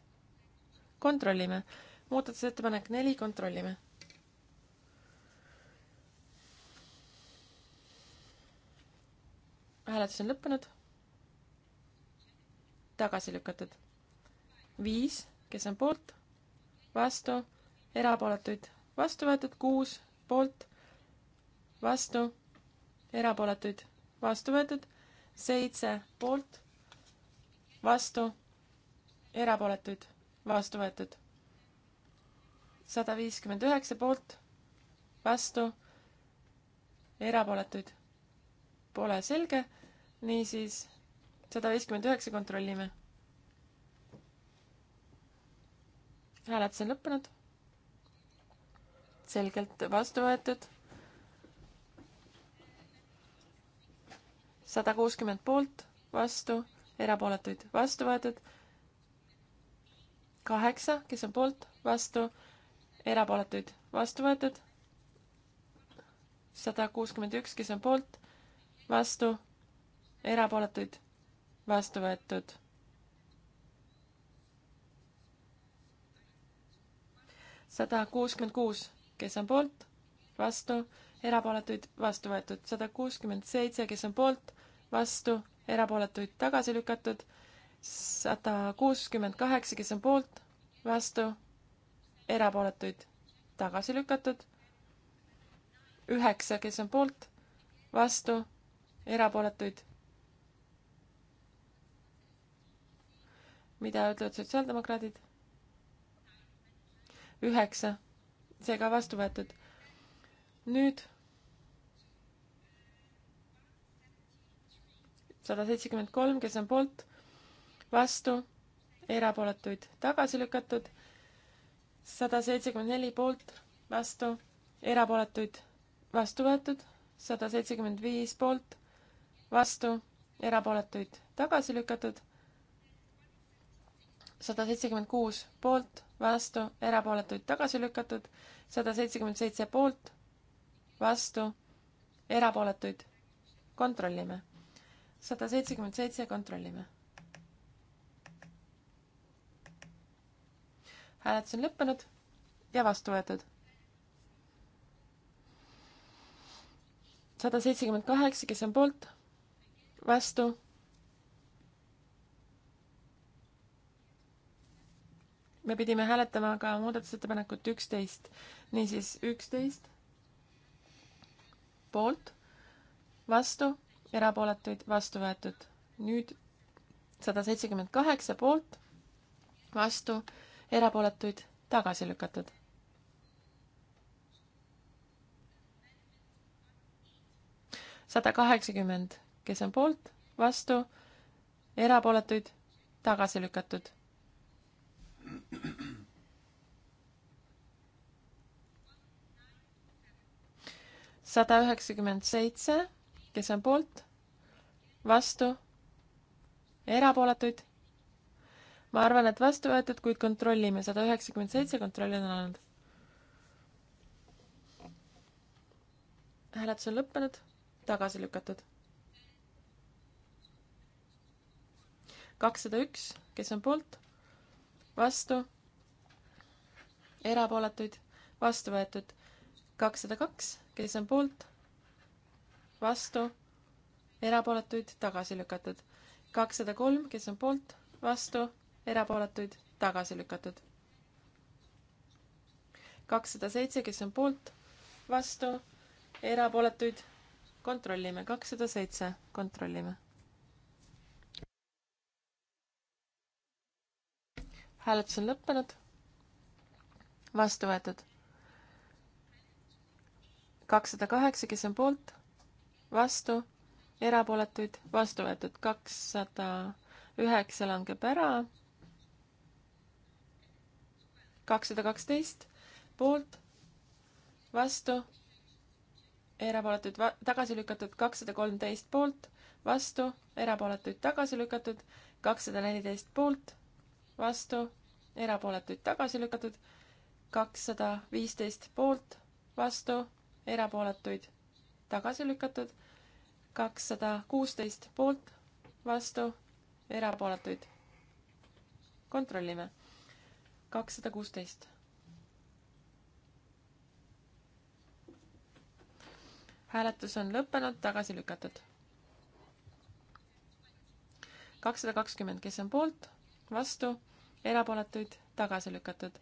kontrollime. muudatusettepanek neli, kontrollime. hääletus on lõppenud tagasi lükatud. viis, kes on poolt, vastu, erapooletuid, vastu võetud kuus, poolt, vastu, erapooletuid, vastu võetud, seitse, poolt, vastu, erapooletuid, vastu võetud. sada viiskümmend üheksa poolt, vastu, erapooletuid, pole selge, niisiis sada viiskümmend üheksa kontrollime. hääletus on lõppenud. selgelt vastu võetud. sada kuuskümmend poolt, vastu, erapooletuid vastu võetud. kaheksa, kes on poolt, vastu, erapooletuid vastu võetud. sada kuuskümmend üks, kes on poolt, vastu, erapooletuid vastu võetud. sada kuuskümmend kuus, kes on poolt, vastu, erapooletuid, vastu võetud. sada kuuskümmend seitse, kes on poolt, vastu, erapooletuid, tagasi lükatud. sada kuuskümmend kaheksa, kes on poolt, vastu, erapooletuid, tagasi lükatud üheksa, kes on poolt, vastu, erapooletuid, mida ütlevad sotsiaaldemokraadid? üheksa, seega vastu võetud. nüüd sada seitsekümmend kolm, kes on poolt, vastu, erapooletuid tagasi lükatud, sada seitsekümmend neli poolt, vastu, erapooletuid vastu võetud, sada seitsekümmend viis poolt, vastu, erapooletuid tagasi lükatud sada seitsekümmend kuus poolt, vastu, erapooletuid tagasi lükatud, sada seitsekümmend seitse poolt, vastu, erapooletuid. kontrollime. sada seitsekümmend seitse, kontrollime. hääletus on lõppenud ja vastu võetud. sada seitsekümmend kaheksa, kes on poolt, vastu me pidime hääletama ka muudatusettepanekut üksteist. niisiis üksteist poolt, vastu, erapooletuid vastu võetud. nüüd sada seitsekümmend kaheksa poolt, vastu, erapooletuid tagasi lükatud. sada kaheksakümmend, kes on poolt, vastu, erapooletuid tagasi lükatud sada üheksakümmend seitse, kes on poolt, vastu, erapooletuid. ma arvan, et vastu võetud, kuid kontrollime, sada üheksakümmend seitse kontrolli on olnud. hääletus on lõppenud, tagasi lükatud. kakssada üks, kes on poolt, vastu, erapooletuid, vastu võetud, kakssada kaks kes on poolt, vastu, erapooletuid, tagasi lükatud. kakssada kolm, kes on poolt, vastu, erapooletuid, tagasi lükatud. kakssada seitse, kes on poolt, vastu, erapooletuid, kontrollime, kakssada seitse, kontrollime. hääletus on lõppenud. vastu võetud kakssada kaheksa, kes on poolt, vastu, erapooletuid, vastu võetud kakssada üheksa langeb ära. kakssada kaksteist poolt, vastu, erapooletuid va-, tagasi lükatud, kakssada kolmteist poolt, vastu, erapooletuid tagasi lükatud, kakssada neliteist poolt, vastu, erapooletuid tagasi lükatud, kakssada viisteist poolt, vastu, erapooletuid tagasi lükatud, kakssada kuusteist poolt, vastu, erapooletuid. kontrollime. kakssada kuusteist. hääletus on lõppenud, tagasi lükatud. kakssada kakskümmend, kes on poolt, vastu, erapooletuid, tagasi lükatud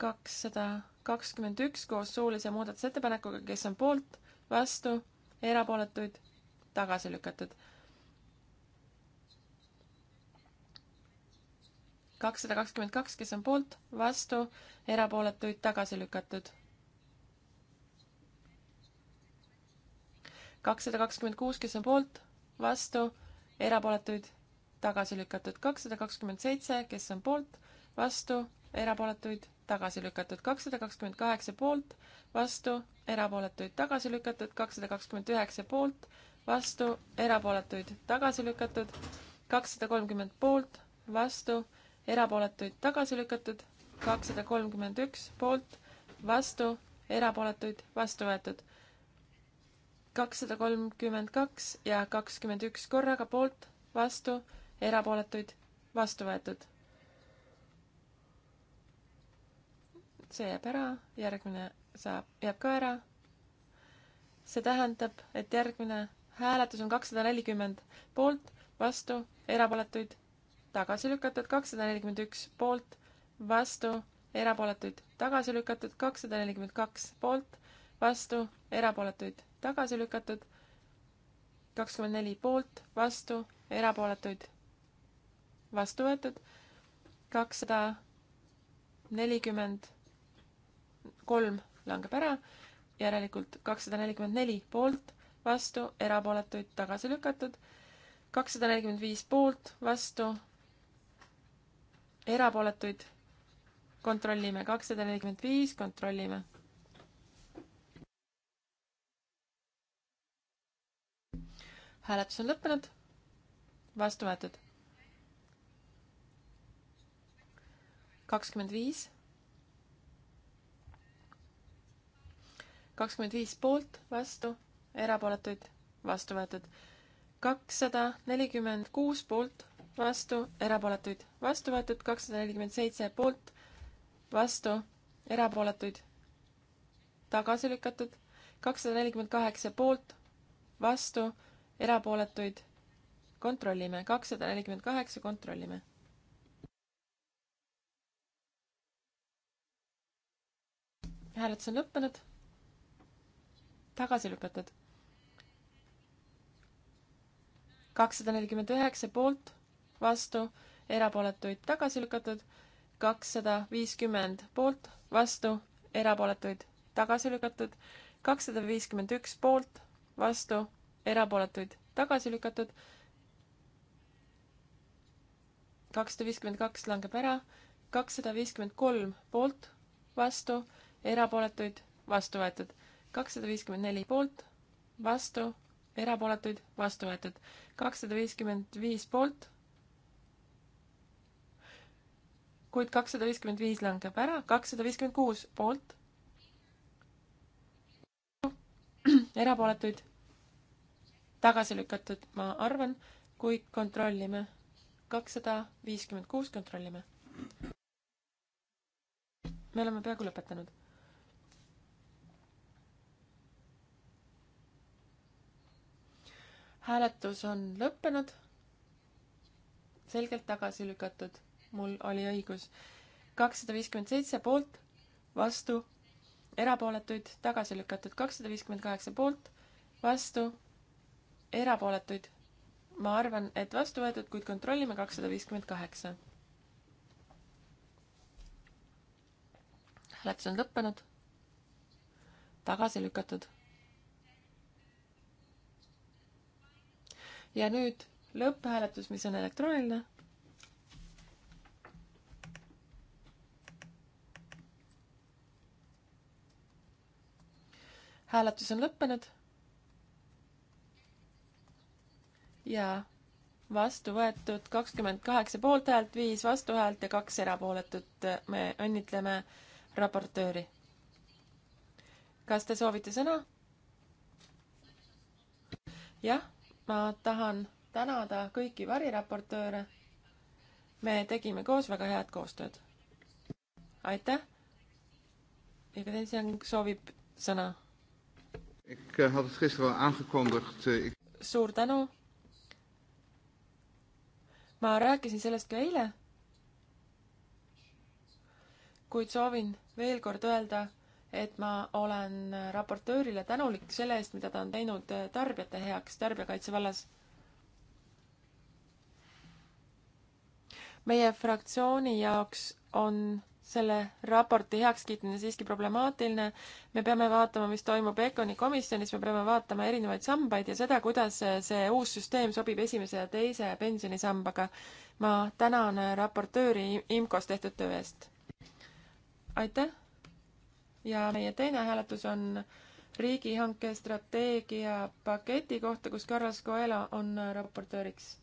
kakssada kakskümmend üks koos suulise muudatusettepanekuga, kes on poolt, vastu, erapooletuid, tagasi lükatud. kakssada kakskümmend kaks, kes on poolt, vastu, erapooletuid, tagasi lükatud. kakssada kakskümmend kuus, kes on poolt, vastu, erapooletuid, tagasi lükatud. kakssada kakskümmend seitse, kes on poolt, vastu, erapooletuid tagasi lükatud, kakssada kakskümmend kaheksa poolt, vastu, erapooletuid tagasi lükatud, kakssada kakskümmend üheksa poolt, vastu, erapooletuid tagasi lükatud, kakssada kolmkümmend poolt, vastu, erapooletuid tagasi lükatud, kakssada kolmkümmend üks poolt, vastu, erapooletuid vastu võetud, kakssada kolmkümmend kaks ja kakskümmend üks korraga poolt, vastu, erapooletuid vastu võetud see jääb ära, järgmine saab, jääb ka ära. see tähendab, et järgmine hääletus on kakssada nelikümmend poolt, vastu, erapooletuid, tagasi lükatud, kakssada nelikümmend üks poolt, vastu, erapooletuid, tagasi lükatud, kakssada nelikümmend kaks poolt, vastu, erapooletuid, tagasi lükatud, kakskümmend neli poolt, vastu, erapooletuid, vastu võetud, kakssada nelikümmend kolm langeb ära, järelikult kakssada nelikümmend neli poolt, vastu, erapooletuid tagasi lükatud, kakssada nelikümmend viis poolt, vastu, erapooletuid kontrollime, kakssada nelikümmend viis, kontrollime. hääletus on lõppenud, vastu võetud. kakskümmend viis kakskümmend viis poolt, vastu, erapooletuid, vastu võetud. kakssada nelikümmend kuus poolt, vastu, erapooletuid, vastu võetud. kakssada nelikümmend seitse poolt, vastu, erapooletuid, tagasi lükatud. kakssada nelikümmend kaheksa poolt, vastu, erapooletuid, kontrollime. kakssada nelikümmend kaheksa, kontrollime hääletus on lõppenud tagasi lükatud. kakssada nelikümmend üheksa poolt, vastu, erapooletuid tagasi lükatud. kakssada viiskümmend poolt, vastu, erapooletuid tagasi lükatud. kakssada viiskümmend üks poolt, vastu, erapooletuid tagasi lükatud. kakssada viiskümmend kaks langeb ära, kakssada viiskümmend kolm poolt, vastu, erapooletuid vastu võetud kakssada viiskümmend neli poolt, vastu, erapooletuid, vastu võetud. kakssada viiskümmend viis poolt, kuid kakssada viiskümmend viis langeb ära, kakssada viiskümmend kuus poolt, erapooletuid, tagasi lükatud, ma arvan, kuid kontrollime. kakssada viiskümmend kuus kontrollime. me oleme peaaegu lõpetanud hääletus on lõppenud. selgelt tagasi lükatud, mul oli õigus. kakssada viiskümmend seitse poolt, vastu, erapooletuid, tagasi lükatud, kakssada viiskümmend kaheksa poolt, vastu, erapooletuid. ma arvan, et vastu võetud, kuid kontrollime kakssada viiskümmend kaheksa. hääletus on lõppenud, tagasi lükatud ja nüüd lõpphääletus, mis on elektrooniline. hääletus on lõppenud. ja vastu võetud kakskümmend kaheksa poolthäält, viis vastuhäält ja kaks erapooletut. me õnnitleme raportööri. kas te soovite sõna? jah ma tahan tänada kõiki variraportööre. me tegime koos väga head koostööd. aitäh. ja ka teise soovib sõna. Eh, eh, suur tänu. ma rääkisin sellest ka eile. kuid soovin veel kord öelda et ma olen raportöörile tänulik selle eest, mida ta on teinud tarbijate heaks tarbijakaitse vallas. meie fraktsiooni jaoks on selle raporti heakskiitmine siiski problemaatiline. me peame vaatama, mis toimub ECONi komisjonis, me peame vaatama erinevaid sambaid ja seda, kuidas see uus süsteem sobib esimese ja teise pensionisambaga. ma tänan raportööri IMCO-s tehtud töö eest. aitäh! ja meie teine hääletus on riigihanke strateegia paketi kohta, kus Carlos Coelho on äh, raportööriks.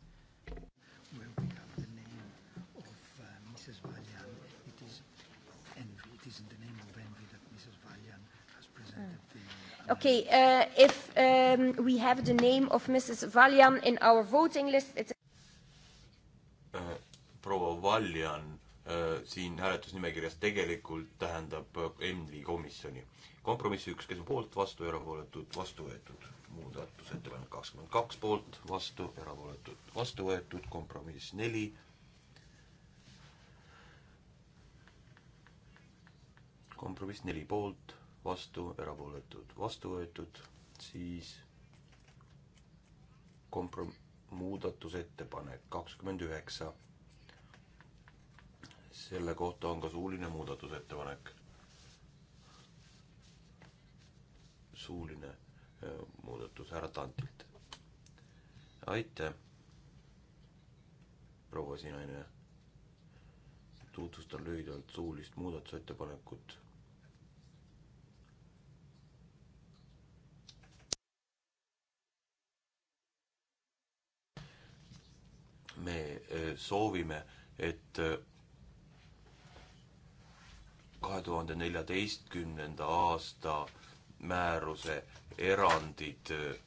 Uh, okay, uh, if um, we have the name of Mrs. Valjan in our voting list, it's... Uh, Proua Valjan Äh, siin hääletusnimekirjas tegelikult tähendab äh, ENVI komisjoni. kompromiss üks, kes on poolt, vastu, erapooletud, vastu võetud. muudatusettepanek kakskümmend kaks poolt, vastu, erapooletud, vastu võetud, kompromiss neli. kompromiss neli poolt, vastu, erapooletud, vastu võetud, siis komprom-, muudatusettepanek kakskümmend üheksa selle kohta on ka suuline muudatusettepanek. suuline äh, muudatus härra Tantilt. aitäh, proua Sinaine. tutvustan lühidalt suulist muudatusettepanekut me äh, soovime, et äh, kahe tuhande neljateistkümnenda aasta määruse erandid äh,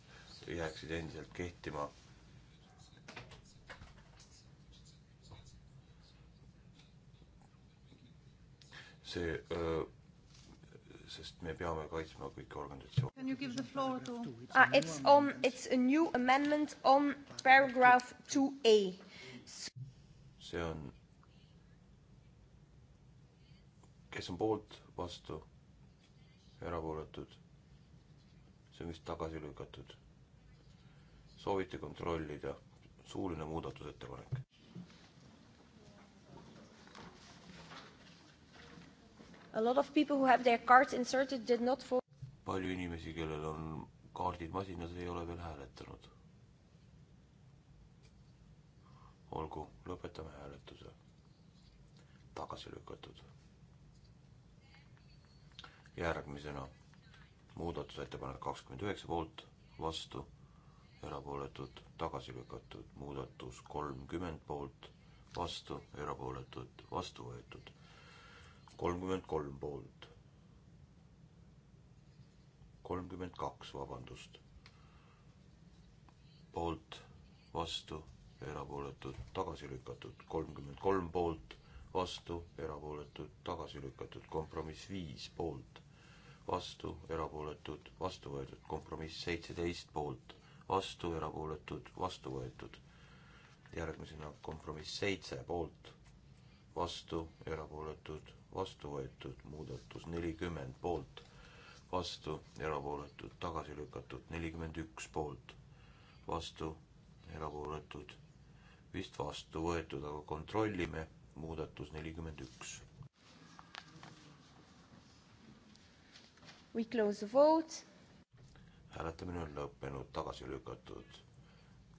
jääksid endiselt kehtima. see, äh, sest me peame kaitsma kõiki organisatsioone. Can you give the floor to ah,? It's on, it's a new amendment on paragrahv two A. see on kes on poolt, vastu, erapooletud. see on vist tagasi lükatud. soovite kontrollida, suuline muudatusettepanek. A lot of people who have their cards inserted did not vote. palju inimesi, kellel on kaardid masinas, ei ole veel hääletanud. olgu, lõpetame hääletuse. tagasi lükatud järgmisena muudatusettepanek kakskümmend üheksa poolt, vastu, erapooletud, tagasi lükatud, muudatus kolmkümmend poolt, vastu, erapooletud, vastu võetud, kolmkümmend kolm poolt, kolmkümmend kaks, vabandust, poolt, vastu, erapooletud, tagasi lükatud, kolmkümmend kolm poolt, vastu, erapooletud, tagasi lükatud, kompromiss viis poolt vastu, erapooletud, vastu võetud, kompromiss seitseteist poolt, vastu, erapooletud, vastu võetud. järgmisena kompromiss seitse poolt, vastu, erapooletud, vastu võetud, muudatus nelikümmend poolt, vastu, erapooletud, tagasi lükatud, nelikümmend üks poolt, vastu, erapooletud, vist vastu võetud, aga kontrollime, muudatus nelikümmend üks We close the vote. hääletamine on lõppenud, tagasi lükatud.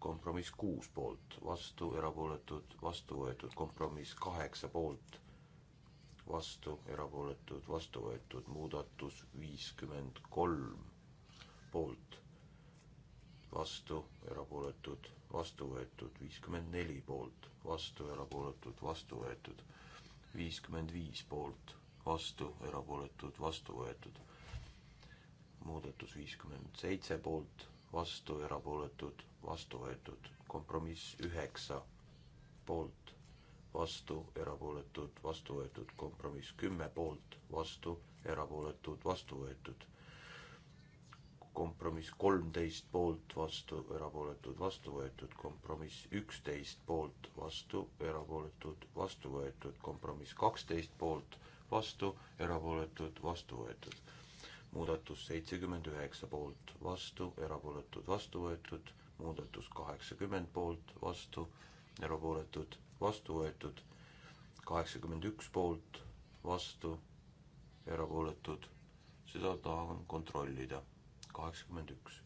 kompromiss kuus poolt, vastu, erapooletud, vastu võetud, kompromiss kaheksa poolt, vastu, erapooletud, vastu võetud, muudatus viiskümmend kolm poolt, vastu, erapooletud, vastu võetud, viiskümmend neli poolt, vastu, erapooletud, vastu võetud, viiskümmend viis poolt, vastu, erapooletud, vastu võetud muudatus viiskümmend seitse poolt, vastu, erapooletud, vastu võetud, kompromiss üheksa poolt, vastu, erapooletud, vastu võetud, kompromiss kümme poolt, vastu, erapooletud, vastu võetud, kompromiss kolmteist poolt, vastu, erapooletud, vastu võetud, kompromiss üksteist poolt, vastu, erapooletud, vastu võetud, kompromiss kaksteist poolt, vastu, erapooletud, vastu võetud muudatus seitsekümmend üheksa poolt, vastu, erapooletud, vastu võetud, muudatus kaheksakümmend poolt, vastu, erapooletud, vastu võetud, kaheksakümmend üks poolt, vastu, erapooletud, seda tahan kontrollida, kaheksakümmend üks.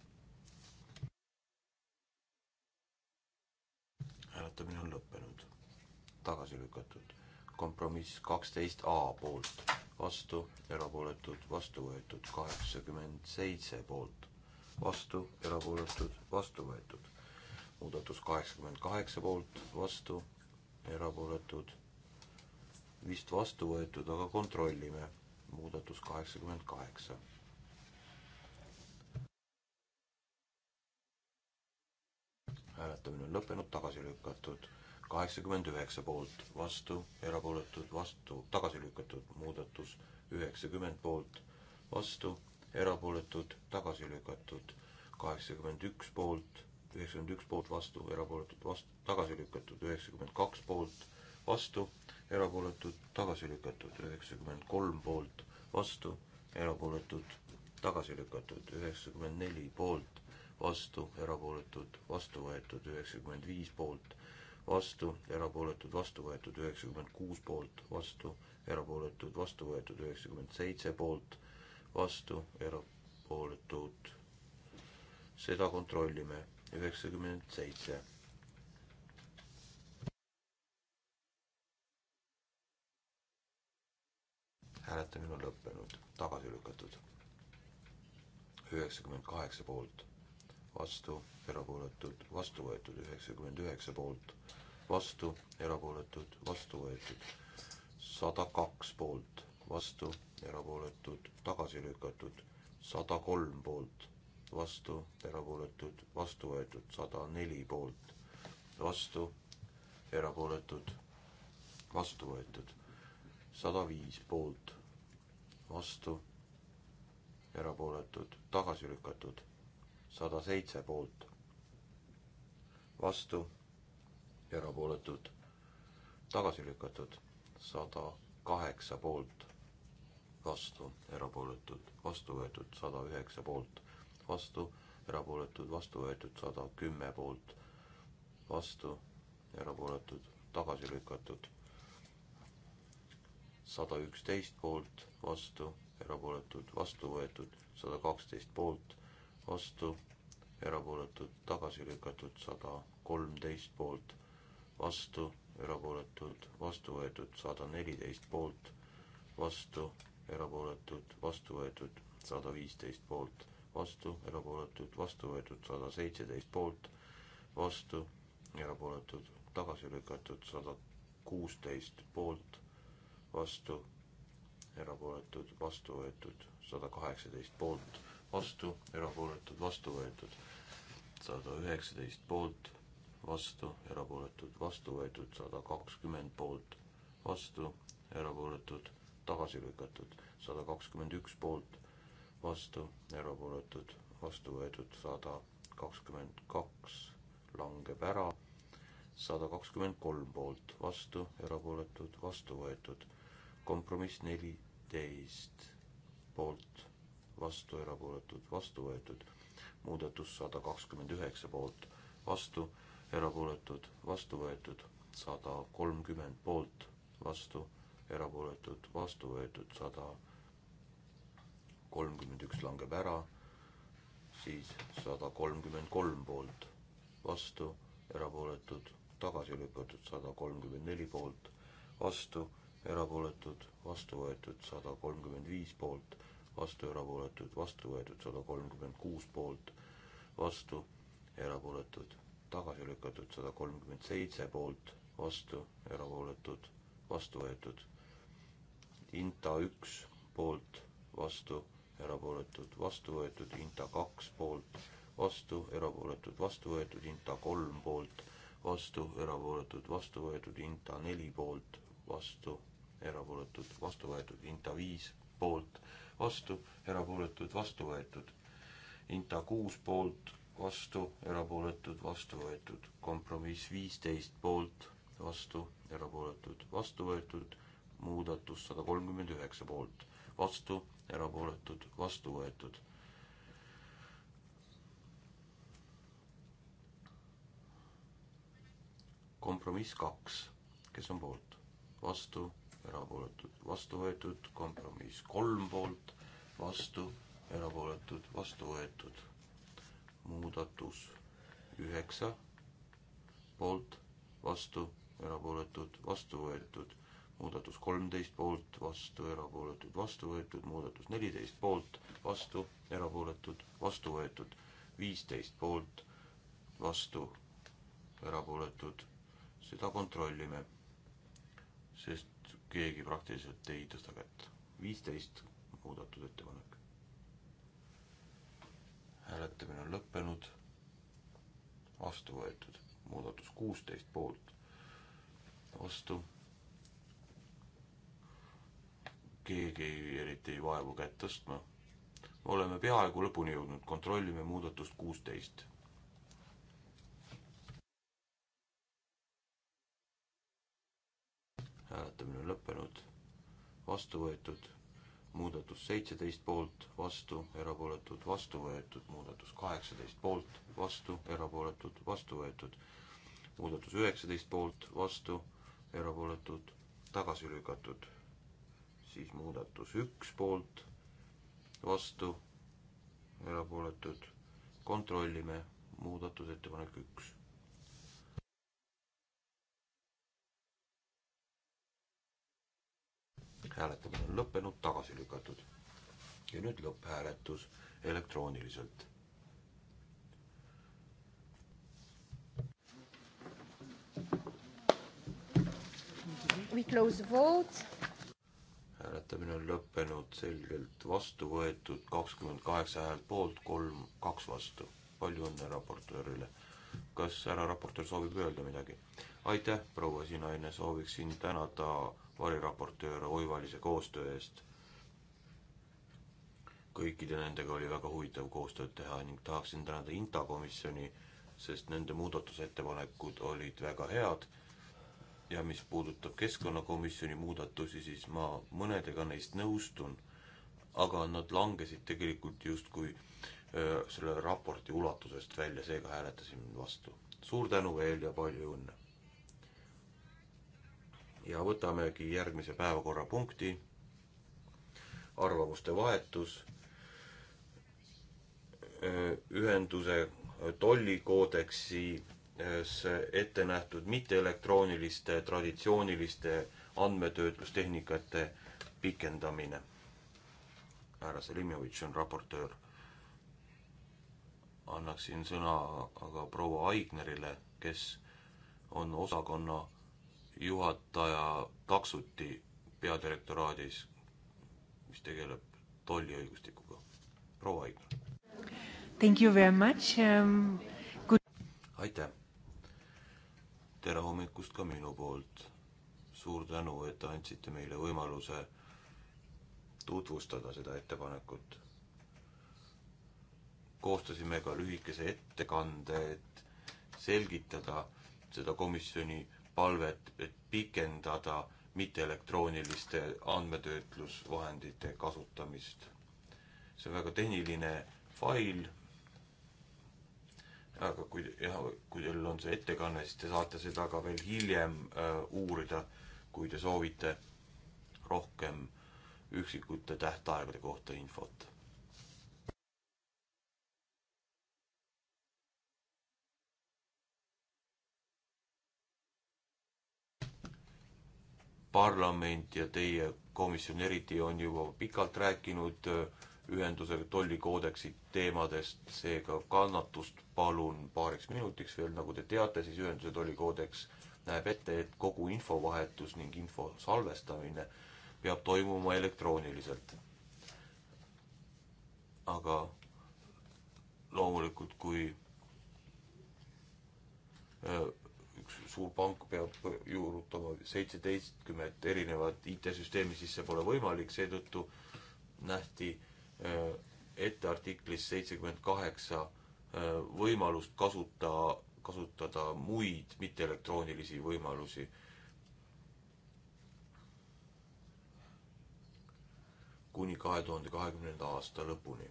hääletamine on lõppenud, tagasi lükatud, kompromiss kaksteist A poolt vastu, erapooletud, vastu võetud, kaheksakümmend seitse poolt, vastu, erapooletud, vastu võetud. muudatus kaheksakümmend kaheksa poolt, vastu, erapooletud, vist vastu võetud, aga kontrollime. muudatus kaheksakümmend kaheksa. hääletamine on lõppenud, tagasi lükatud kaheksakümmend üheksa poolt, vastu, erapooletud, vastu, tagasi lükatud, muudatus üheksakümmend poolt, vastu, erapooletud, tagasi lükatud, kaheksakümmend üks poolt, üheksakümmend üks poolt vastu, erapooletud vastu, tagasi lükatud, üheksakümmend kaks poolt vastu, erapooletud, tagasi lükatud, üheksakümmend kolm poolt vastu, erapooletud, tagasi lükatud, üheksakümmend neli poolt vastu, erapooletud, vastu võetud, üheksakümmend viis poolt vastu, erapooletud, vastu võetud üheksakümmend kuus poolt, vastu, erapooletud, vastu võetud üheksakümmend seitse poolt, vastu, erapooletud. seda kontrollime, üheksakümmend seitse. hääletamine on lõppenud, tagasi lükatud. üheksakümmend kaheksa poolt, vastu, erapooletud, vastu võetud üheksakümmend üheksa poolt vastu, erapooletud, vastu võetud. sada kaks poolt, vastu, erapooletud, tagasi lükatud. sada kolm poolt, vastu, erapooletud, vastu võetud. sada neli poolt, vastu, erapooletud, vastu võetud. sada viis poolt, vastu, erapooletud, tagasi lükatud. sada seitse poolt, vastu erapooletud, tagasi lükatud, sada kaheksa poolt, vastu, erapooletud, vastu võetud, sada üheksa poolt, vastu, erapooletud, vastu võetud, sada kümme poolt, vastu, erapooletud, tagasi lükatud, sada üksteist poolt, vastu, erapooletud, vastu võetud, sada kaksteist poolt, vastu, erapooletud, tagasi lükatud, sada kolmteist poolt vastu, erapooletud, vastu võetud sada neliteist poolt, vastu, erapooletud, vastu võetud sada viisteist poolt, vastu, erapooletud, vastu võetud sada seitseteist poolt, vastu, erapooletud, tagasi lükatud sada kuusteist poolt, vastu, erapooletud, vastu võetud sada kaheksateist poolt, vastu, erapooletud, vastu võetud sada üheksateist poolt vastu, erapooletud, vastu võetud sada kakskümmend poolt, vastu, erapooletud, tagasi lükatud sada kakskümmend üks poolt, vastu, erapooletud, vastu võetud sada kakskümmend kaks, langeb ära, sada kakskümmend kolm poolt, vastu, erapooletud, vastu võetud, kompromiss neliteist poolt, vastu, erapooletud, vastu võetud, muudatus sada kakskümmend üheksa poolt, vastu erapooletud, vastu võetud, sada kolmkümmend poolt, vastu, erapooletud, vastu võetud, sada kolmkümmend üks langeb ära, siis sada kolmkümmend kolm poolt, vastu, erapooletud, tagasi lükatud, sada kolmkümmend neli poolt, vastu, erapooletud, vastu võetud, sada kolmkümmend viis poolt, vastu, erapooletud, vastu võetud, sada kolmkümmend kuus poolt, vastu, erapooletud tagasi lükatud, sada kolmkümmend seitse poolt, vastu, erapooletud, vastu võetud. Inta üks poolt, vastu, erapooletud, vastu võetud, Inta kaks poolt, vastu, erapooletud, vastu võetud, Inta kolm poolt, vastu, erapooletud, vastu võetud, Inta neli poolt, vastu, erapooletud, vastu võetud, Inta viis poolt, vastu, erapooletud, vastu võetud. Inta kuus poolt, vastu, erapooletud, vastu võetud. kompromiss viisteist poolt, vastu, erapooletud, vastu võetud. muudatus sada kolmkümmend üheksa poolt, vastu, erapooletud, vastu võetud. kompromiss kaks, kes on poolt, vastu, erapooletud, vastu võetud, kompromiss kolm poolt, vastu, erapooletud, vastu võetud muudatus üheksa, poolt, vastu, erapooletud, vastu võetud. muudatus kolmteist, poolt, vastu, erapooletud, vastu võetud. muudatus neliteist, poolt, vastu, erapooletud, vastu võetud. viisteist, poolt, vastu, erapooletud. seda kontrollime, sest keegi praktiliselt ei tõsta kätt. viisteist muudatud ettepanek hääletamine on lõppenud, vastu võetud, muudatus kuusteist poolt, vastu. keegi ei, eriti ei vaevu kätt tõstma. oleme peaaegu lõpuni jõudnud, kontrollime muudatust kuusteist hääletamine on lõppenud, vastu võetud muudatus seitseteist poolt, vastu, erapooletud, vastu võetud, muudatus kaheksateist poolt, vastu, erapooletud, vastu võetud, muudatus üheksateist poolt, vastu, erapooletud, tagasi lükatud, siis muudatus üks poolt, vastu, erapooletud, kontrollime muudatusettepanek üks hääletamine on lõppenud, tagasi lükatud. ja nüüd lõpphääletus elektrooniliselt. We close vote. hääletamine on lõppenud, selgelt vastu võetud, kakskümmend kaheksa häält poolt, kolm, kaks vastu. palju õnne raportöörile kas härra raportöör soovib öelda midagi? aitäh, proua Sinaine, sooviksin tänada variraportööre oivalise koostöö eest. kõikide nendega oli väga huvitav koostööd teha ning tahaksin tänada INTA komisjoni, sest nende muudatusettepanekud olid väga head ja mis puudutab keskkonnakomisjoni muudatusi, siis ma mõnedega neist nõustun, aga nad langesid tegelikult justkui äh, selle raporti ulatusest välja, seega hääletasin vastu. suur tänu veel ja palju õnne! ja võtamegi järgmise päevakorrapunkti, arvamuste vahetus, ühenduse tollikoodeksi ette nähtud mitteelektrooniliste traditsiooniliste andmetöötlustehnikate pikendamine. härra Selimovitš on raportöör annaksin sõna aga proua Aignerile, kes on osakonna juhataja taksuti peadirektoraadis, mis tegeleb tolliõigustikuga. proua Aigner. Thank you very much um,. Good... aitäh. tere hommikust ka minu poolt. suur tänu, et andsite meile võimaluse tutvustada seda ettepanekut koostasime ka lühikese ettekande, et selgitada seda komisjoni palvet, et pikendada mitteelektrooniliste andmetöötlusvahendite kasutamist. see on väga tehniline fail, aga kui, jah, kui teil on see ettekanne, siis te saate seda ka veel hiljem äh, uurida, kui te soovite rohkem üksikute tähtaegade kohta infot parlament ja teie komisjon eriti on juba pikalt rääkinud äh, ühenduse tollikoodeksi teemadest, seega kannatust palun paariks minutiks veel, nagu te teate, siis ühenduse tollikoodeks näeb ette, et kogu infovahetus ning info salvestamine peab toimuma elektrooniliselt. aga loomulikult, kui äh, suur pank peab juurutama seitseteistkümmet erinevat IT-süsteemi, siis see pole võimalik, seetõttu nähti äh, ette artiklis seitsekümmend kaheksa äh, võimalust kasuta, kasutada muid mitteelektroonilisi võimalusi. kuni kahe tuhande kahekümnenda aasta lõpuni.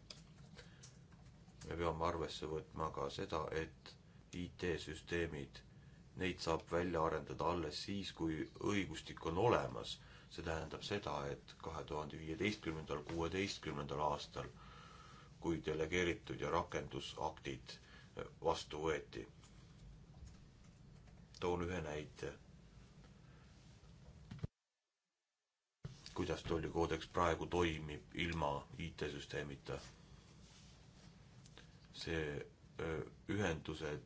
me peame arvesse võtma ka seda, et IT-süsteemid neid saab välja arendada alles siis, kui õigustik on olemas. see tähendab seda, et kahe tuhande viieteistkümnendal, kuueteistkümnendal aastal, kui delegeeritud ja rakendusaktid vastu võeti. toon ühe näite. kuidas tollikoodeks praegu toimib ilma IT-süsteemita? see ühenduse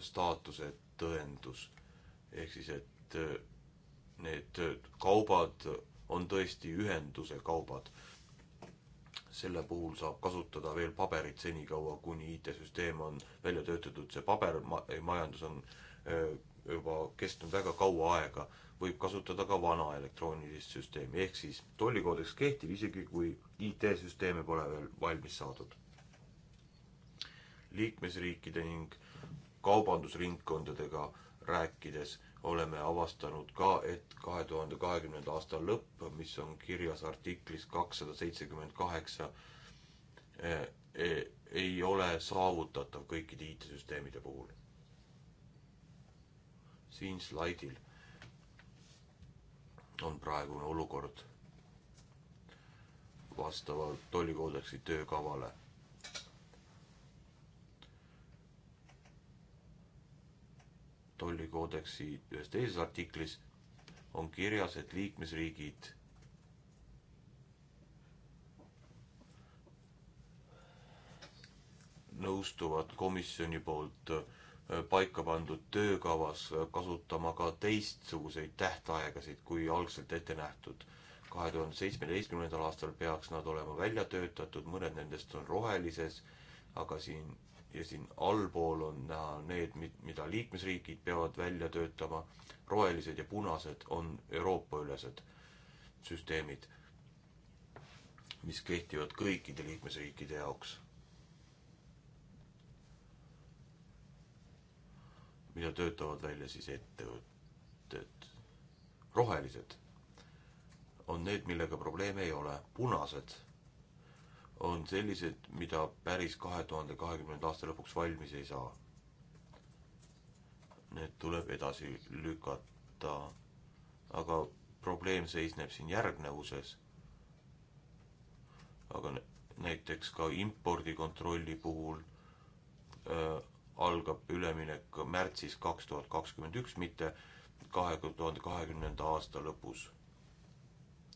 staatuse tõendus. ehk siis, et äh, need äh, kaubad on tõesti ühenduse kaubad. selle puhul saab kasutada veel paberit senikaua, kuni IT-süsteem on välja töötatud, see pabermajandus on äh, juba kestnud väga kaua aega, võib kasutada ka vana elektroonilist süsteemi, ehk siis tollikoodeks kehtib isegi, kui IT-süsteeme pole veel valmis saadud. liikmesriikide ning äh, kaubandusringkondadega rääkides oleme avastanud ka, et kahe tuhande kahekümnenda aasta lõpp, mis on kirjas artiklis kakssada seitsekümmend kaheksa, eh, eh, ei ole saavutatav kõikide IT-süsteemide puhul. siin slaidil on praegune olukord vastavalt tollikoodeksi töökavale tollikoodeksi ühes teises artiklis on kirjas, et liikmesriigid nõustuvad komisjoni poolt äh, paika pandud töökavas äh, kasutama ka teistsuguseid tähtaegasid kui algselt ette nähtud. kahe tuhande seitsmeteistkümnendal aastal peaks nad olema välja töötatud, mõned nendest on rohelises, aga siin ja siin allpool on näha need, mida liikmesriigid peavad välja töötama, rohelised ja punased on Euroopa-ülesed süsteemid, mis kehtivad kõikide liikmesriikide jaoks. mida töötavad välja siis ettevõtted. rohelised on need, millega probleeme ei ole, punased on sellised, mida päris kahe tuhande kahekümnenda aasta lõpuks valmis ei saa. Need tuleb edasi lükata. aga probleem seisneb siin järgnevuses. aga näiteks ka impordikontrolli puhul äh, algab üleminek märtsis kaks tuhat kakskümmend üks, mitte kahe tuhande kahekümnenda aasta lõpus.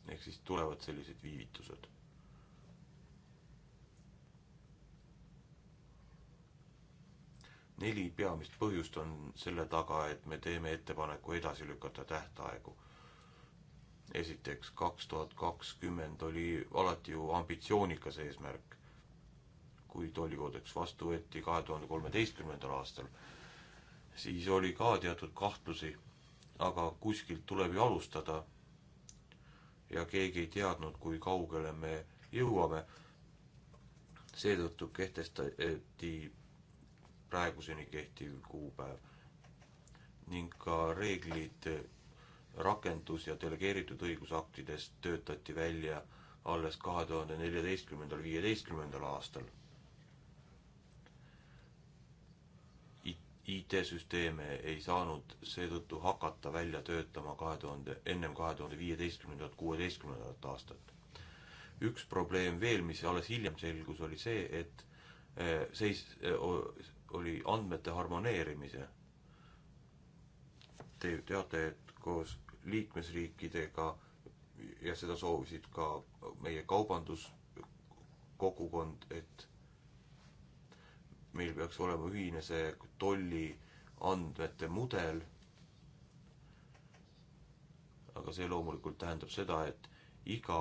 ehk siis tulevad sellised viivitused. neli peamist põhjust on selle taga, et me teeme ettepaneku edasi lükata tähtaegu. esiteks, kaks tuhat kakskümmend oli alati ju ambitsioonikas eesmärk, kui tollikoodeks vastu võeti kahe tuhande kolmeteistkümnendal aastal, siis oli ka teatud kahtlusi, aga kuskilt tuleb ju alustada ja keegi ei teadnud, kui kaugele me jõuame. seetõttu kehtestati praeguseni kehtiv kuupäev ning ka reeglid rakendus- ja delegeeritud õigusaktidest töötati välja alles kahe tuhande neljateistkümnendal, viieteistkümnendal aastal. IT-süsteeme ei saanud seetõttu hakata välja töötama kahe tuhande, ennem kahe tuhande viieteistkümnendat, kuueteistkümnendat aastat. üks probleem veel, mis alles hiljem selgus, oli see, et eh, seis, eh, oli andmete harmoneerimise. Te ju teate, et koos liikmesriikidega ja seda soovisid ka meie kaubanduskogukond, et meil peaks olema ühine see tolli andmete mudel. aga see loomulikult tähendab seda, et iga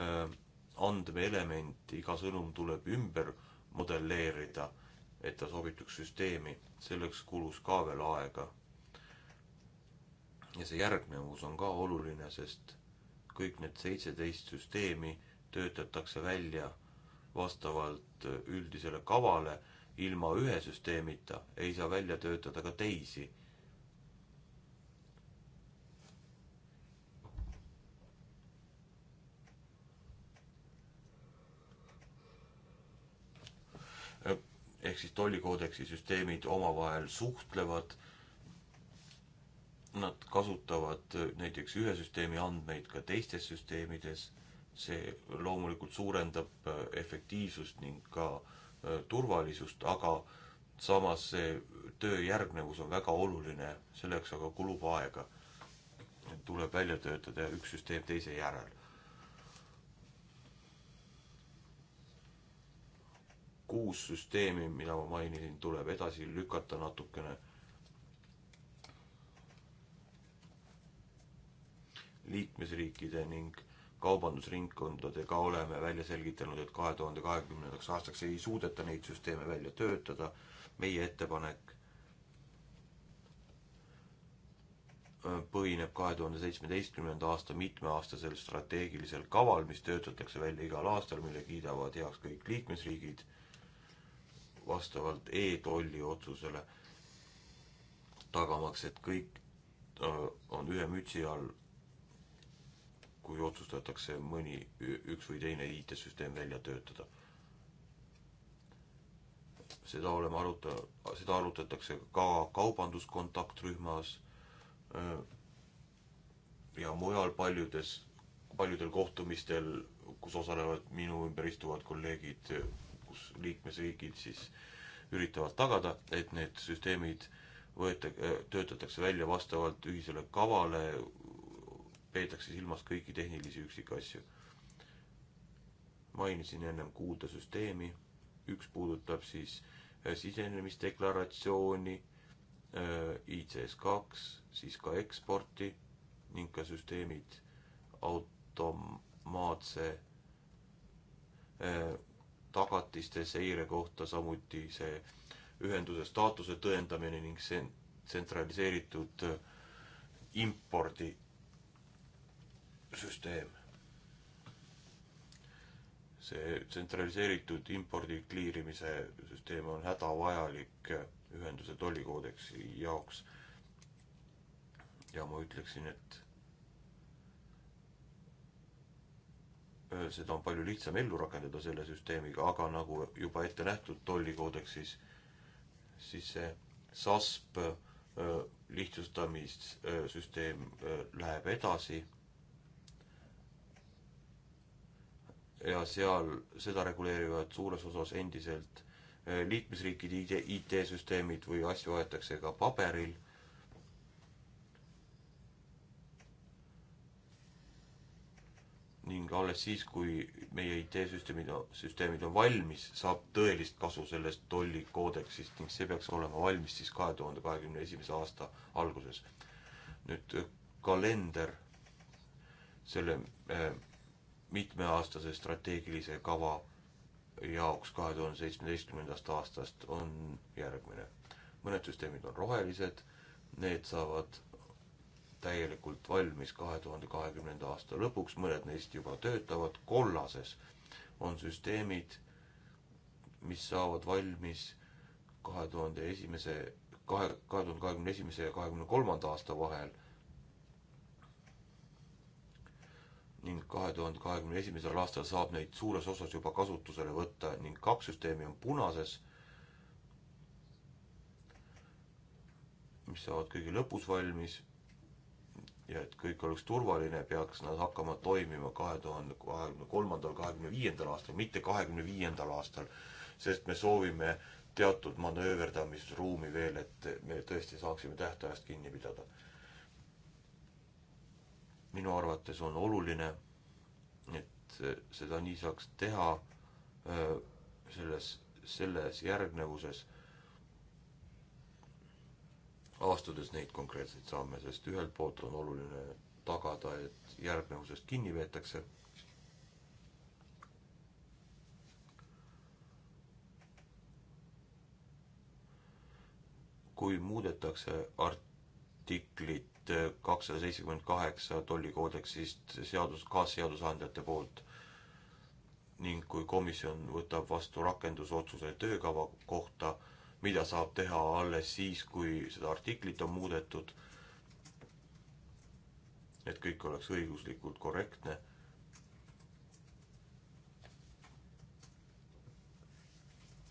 äh, andmeelement, iga sõnum tuleb ümber modelleerida et ta sobituks süsteemi, selleks kulus ka veel aega. ja see järgnevus on ka oluline, sest kõik need seitseteist süsteemi töötatakse välja vastavalt üldisele kavale, ilma ühe süsteemita ei saa välja töötada ka teisi ehk siis tollikoodeksi süsteemid omavahel suhtlevad, nad kasutavad näiteks ühe süsteemi andmeid ka teistes süsteemides, see loomulikult suurendab äh, efektiivsust ning ka äh, turvalisust, aga samas see töö järgnevus on väga oluline, selleks aga kulub aega. tuleb välja töötada üks süsteem teise järel kuus süsteemi, mida ma mainisin, tuleb edasi lükata natukene. liikmesriikide ning kaubandusringkondadega oleme välja selgitanud, et kahe tuhande kahekümnendaks aastaks ei suudeta neid süsteeme välja töötada. meie ettepanek äh, põhineb kahe tuhande seitsmeteistkümnenda aasta mitmeaastasel strateegilisel kaval, mis töötatakse välja igal aastal, mille kiidavad heaks kõik liikmesriigid vastavalt e-tolli otsusele, tagamaks, et kõik äh, on ühe mütsi all, kui otsustatakse mõni, üks või teine IT-süsteem välja töötada. seda oleme aruta-, seda arutatakse ka kaubanduskontaktrühmas äh, ja mujal paljudes, paljudel kohtumistel, kus osalevad minu ümber istuvad kolleegid kus liikmesriigid siis üritavad tagada, et need süsteemid võeta-, töötatakse välja vastavalt ühisele kavale, peetakse silmas kõiki tehnilisi üksikasju. mainisin ennem kuude süsteemi, üks puudutab siis äh, sisenemisdeklaratsiooni, äh, ICS kaks, siis ka eksporti ning ka süsteemid automaatse äh, tagatiste seire kohta, samuti see ühenduse staatuse tõendamine ning see tsentraliseeritud äh, impordisüsteem. see tsentraliseeritud impordi kliirimise süsteem on hädavajalik ühenduse tollikoodeksi jaoks. ja ma ütleksin, et seda on palju lihtsam ellu rakendada selle süsteemiga, aga nagu juba ette nähtud tollikoodeksis, siis see SASP lihtsustamissüsteem läheb edasi. ja seal seda reguleerivad suures osas endiselt liikmesriikide IT-süsteemid või asju aetakse ka paberil ning alles siis, kui meie IT-süsteemid, süsteemid on valmis, saab tõelist kasu sellest tollikoodeksist ning see peaks olema valmis siis kahe tuhande kahekümne esimese aasta alguses. nüüd äh, kalender selle äh, mitmeaastase strateegilise kava jaoks kahe tuhande seitsmeteistkümnendast aastast on järgmine. mõned süsteemid on rohelised, need saavad täielikult valmis kahe tuhande kahekümnenda aasta lõpuks, mõned neist juba töötavad, kollases on süsteemid, mis saavad valmis kahe tuhande esimese, kahe, kahe tuhande kahekümne esimese ja kahekümne kolmanda aasta vahel ning kahe tuhande kahekümne esimesel aastal saab neid suures osas juba kasutusele võtta ning kaks süsteemi on punases, mis saavad kõige lõpus valmis ja et kõik oleks turvaline, peaks nad hakkama toimima kahe tuhande kahekümne kolmandal, kahekümne viiendal aastal, mitte kahekümne viiendal aastal, sest me soovime teatud manööverdamisruumi veel, et me tõesti saaksime tähtajast kinni pidada. minu arvates on oluline, et seda nii saaks teha äh, selles, selles järgnevuses astudes neid konkreetseid samme, sest ühelt poolt on oluline tagada, et järgnevusest kinni peetakse. kui muudetakse artiklit kakssada seitsekümmend kaheksa tollikoodeksist seadus, kaasseadusandjate poolt ning kui komisjon võtab vastu rakendusotsuse töökava kohta, mida saab teha alles siis, kui seda artiklit on muudetud. et kõik oleks õiguslikult korrektne.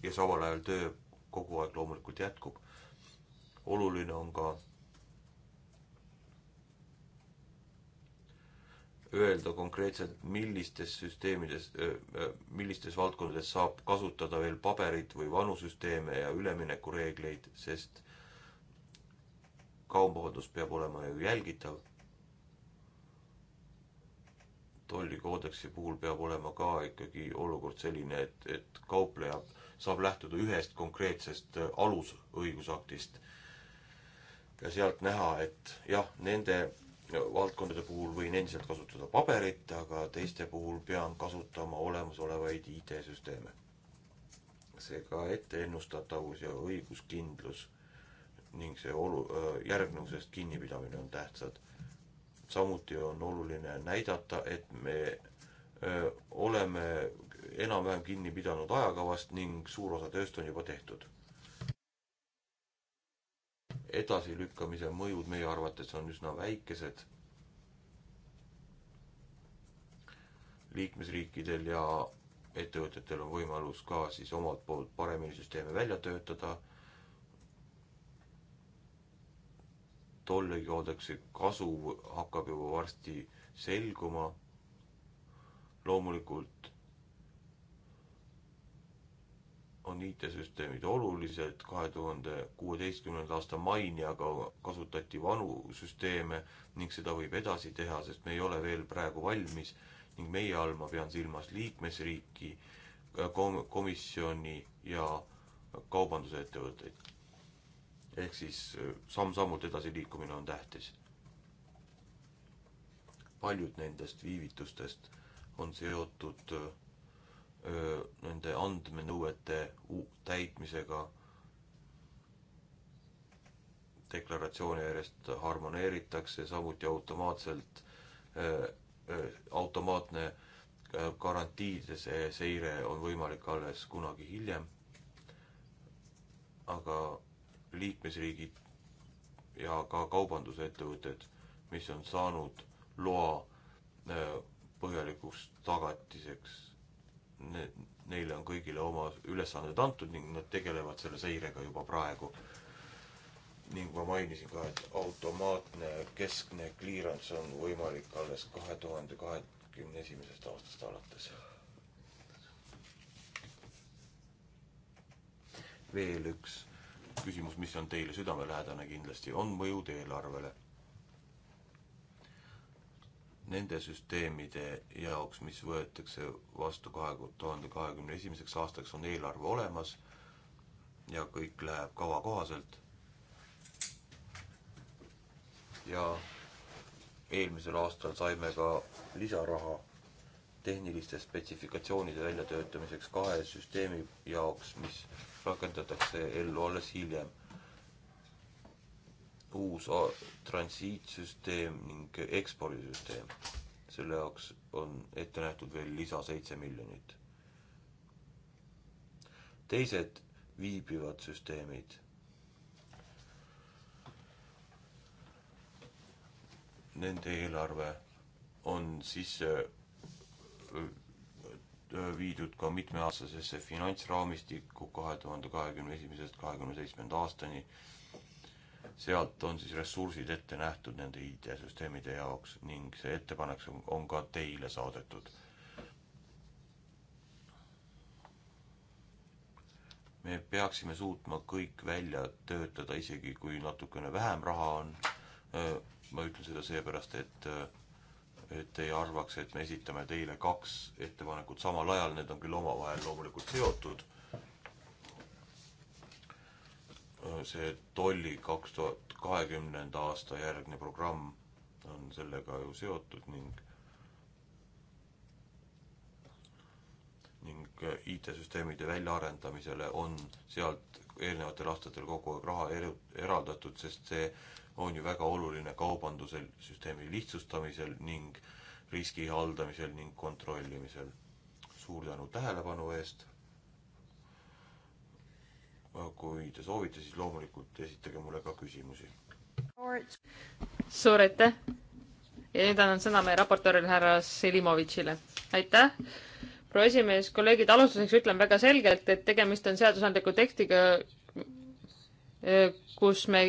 ja samal ajal töö kogu aeg loomulikult jätkub. oluline on ka öelda konkreetselt, millistes süsteemides, millistes valdkondades saab kasutada veel paberit või vanu süsteeme ja üleminekureegleid, sest kaubandus peab olema ju jälgitav. tollikoodeksi puhul peab olema ka ikkagi olukord selline, et, et kaupleja saab lähtuda ühest konkreetsest alusõigusaktist ja sealt näha, et jah, nende Äh, valdkondade puhul võin endiselt kasutada paberit, aga teiste puhul pean kasutama olemasolevaid IT-süsteeme. seega etteennustatavus ja õiguskindlus ning see olu-, äh, järgnevusest kinnipidamine on tähtsad. samuti on oluline näidata, et me öö, äh, oleme enam-vähem kinni pidanud ajakavast ning suur osa tööst on juba tehtud edasilükkamise mõjud meie arvates on üsna väikesed liikmesriikidel ja ettevõtetel on võimalus ka siis omalt poolt paremini süsteeme välja töötada. tollegi oodakse kasu hakkab juba varsti selguma. loomulikult on IT-süsteemid olulised, kahe tuhande kuueteistkümnenda aasta maini aga kasutati vanu süsteeme ning seda võib edasi teha, sest me ei ole veel praegu valmis ning meie all ma pean silmas liikmesriiki, kom-, komisjoni ja kaubandusettevõtteid. ehk siis äh, samm-sammult edasiliikumine on tähtis. paljud nendest viivitustest on seotud äh, nende andmenõuete täitmisega deklaratsiooni järjest harmoneeritakse, samuti automaatselt, automaatne garantiide see seire on võimalik alles kunagi hiljem. aga liikmesriigid ja ka kaubandusettevõtted, mis on saanud loa põhjalikuks tagatiseks ne-, neile on kõigile oma ülesanded antud ning nad tegelevad selle seirega juba praegu. ning ma mainisin ka, et automaatne keskne clearance on võimalik alles kahe tuhande kahekümne esimesest aastast alates. veel üks küsimus, mis on teile südamelähedane kindlasti, on mõjud eelarvele nende süsteemide jaoks, mis võetakse vastu kahe tuhande kahekümne esimeseks aastaks, on eelarve olemas ja kõik läheb kava kohaselt. ja eelmisel aastal saime ka lisaraha tehniliste spetsifikatsioonide väljatöötamiseks kahe süsteemi jaoks, mis rakendatakse ellu alles hiljem uus transiitsüsteem ning ekspordisüsteem. selle jaoks on ette nähtud veel lisa seitse miljonit. teised viibivad süsteemid. Nende eelarve on sisse viidud ka mitmeaastasesse finantsraamistikku kahe tuhande kahekümne esimesest kahekümne seitsmenda aastani sealt on siis ressursid ette nähtud nende IT-süsteemide jaoks ning see ettepanek on, on ka teile saadetud. me peaksime suutma kõik välja töötada, isegi kui natukene vähem raha on. ma ütlen seda seepärast, et, et ei arvaks, et me esitame teile kaks ettepanekut samal ajal, need on küll omavahel loomulikult seotud Äh, see tolli kaks tuhat kahekümnenda aasta järgne programm on sellega ju seotud ning ning äh, IT-süsteemide väljaarendamisele on sealt eelnevatel aastatel kogu aeg raha er-, eraldatud, sest see on ju väga oluline kaubandusel, süsteemi lihtsustamisel ning riski haldamisel ning kontrollimisel. suur tänu tähelepanu eest kui te soovite, siis loomulikult esitage mulle ka küsimusi. suur aitäh! ja nüüd annan sõna meie raportööril härra Selimovitšile. aitäh! proua esimees, kolleegid, alustuseks ütlen väga selgelt, et tegemist on seadusandliku tekstiga, eh, kus me,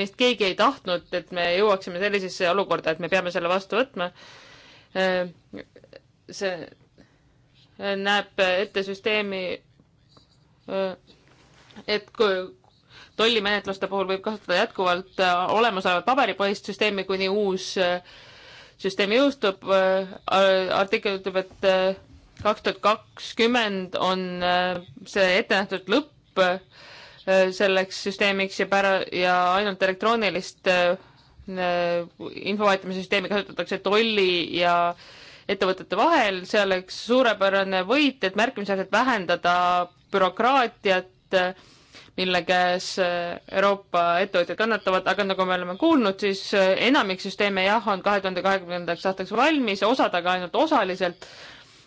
meist keegi ei tahtnud, et me jõuaksime sellisesse olukorda, et me peame selle vastu võtma. Eh, see eh, näeb ette süsteemi et tollimenetluste puhul võib kasutada jätkuvalt äh, olemasolevat paberipõhist süsteemi, kuni uus äh, süsteem jõustub. Äh, artikkel ütleb, et kaks tuhat kakskümmend on see ette nähtud lõpp selleks süsteemiks ja pära- ja ainult elektroonilist infovahetamise süsteemi kasutatakse tolli ja ettevõtete vahel, see oleks suurepärane võit, et märkimisväärselt vähendada bürokraatiat kriisid, äh, mille käes äh, Euroopa ettevõtjad kannatavad, aga nagu me oleme kuulnud, siis äh, enamik süsteeme jah, on kahe tuhande kahekümnendaks aastaks valmis, osad aga ainult osaliselt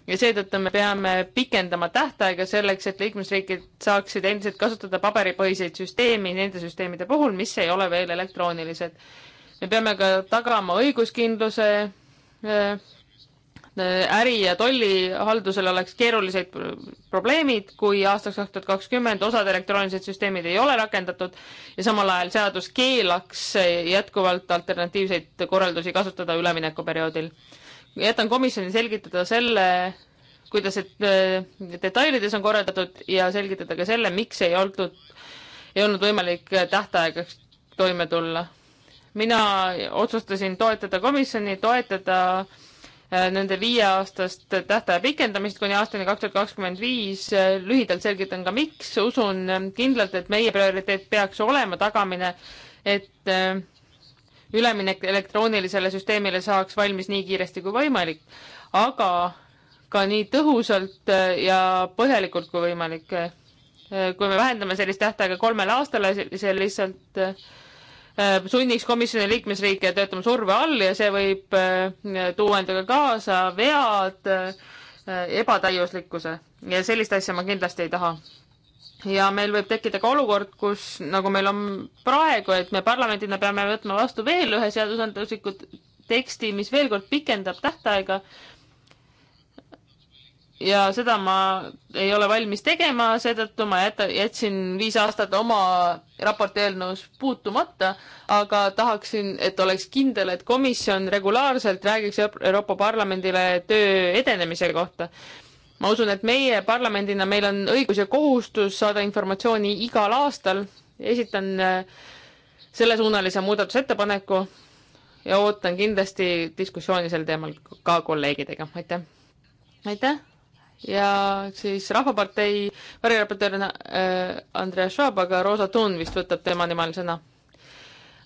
ja seetõttu me peame pikendama tähtaega selleks, et liikmesriigid saaksid endiselt kasutada paberipõhiseid süsteemi nende süsteemide puhul, mis ei ole veel elektroonilised. me peame ka tagama õiguskindluse Äh, äri- ja tollihaldusel oleks keerulised probleemid, kui aastaks kaks tuhat kakskümmend osad elektroonilised süsteemid ei ole rakendatud ja samal ajal seadus keelaks äh, jätkuvalt alternatiivseid korraldusi kasutada üleminekuperioodil. jätan komisjoni selgitada selle, kuidas see äh, detailides on korraldatud ja selgitada ka selle, miks ei olnud, ei olnud võimalik tähtaegaks toime tulla. mina otsustasin toetada komisjoni, toetada äh, Äh, nende viieaastast tähtaja pikendamist kuni aastani kaks tuhat kakskümmend viis. Äh, lühidalt selgitan ka miks, usun ähm, kindlalt, et meie prioriteet peaks olema tagamine, et äh, üleminek elektroonilisele süsteemile saaks valmis nii kiiresti kui võimalik, aga ka nii tõhusalt ja põhjalikult kui võimalik. kui me vähendame sellist tähtaega kolmele aastale, see lihtsalt äh, Äh, sunniks komisjoni liikmesriike töötama surve all ja see võib äh, tuua endaga kaasa vead, äh, ebatäiuslikkuse ja sellist asja ma kindlasti ei taha. ja meil võib tekkida ka olukord, kus nagu meil on praegu, et me parlamendina peame võtma vastu veel ühe seadusandlusliku teksti, mis veel kord pikendab tähtaega äh, ja seda ma ei ole valmis tegema, seetõttu ma jäta, jätsin viis aastat oma raporti eelnõus puutumata, aga tahaksin, et oleks kindel, et komisjon regulaarselt räägiks Euroopa Parlamendile töö edenemise kohta. ma usun, et meie parlamendina, meil on õigus ja kohustus saada informatsiooni igal aastal, esitan äh, sellesuunalise muudatusettepaneku ja ootan kindlasti diskussiooni sel teemal ka kolleegidega, aitäh! aitäh! ja siis Rahvapartei variraportöör äh, Andreas Schwab, aga Rosa Thun vist võtab tema nimel sõna.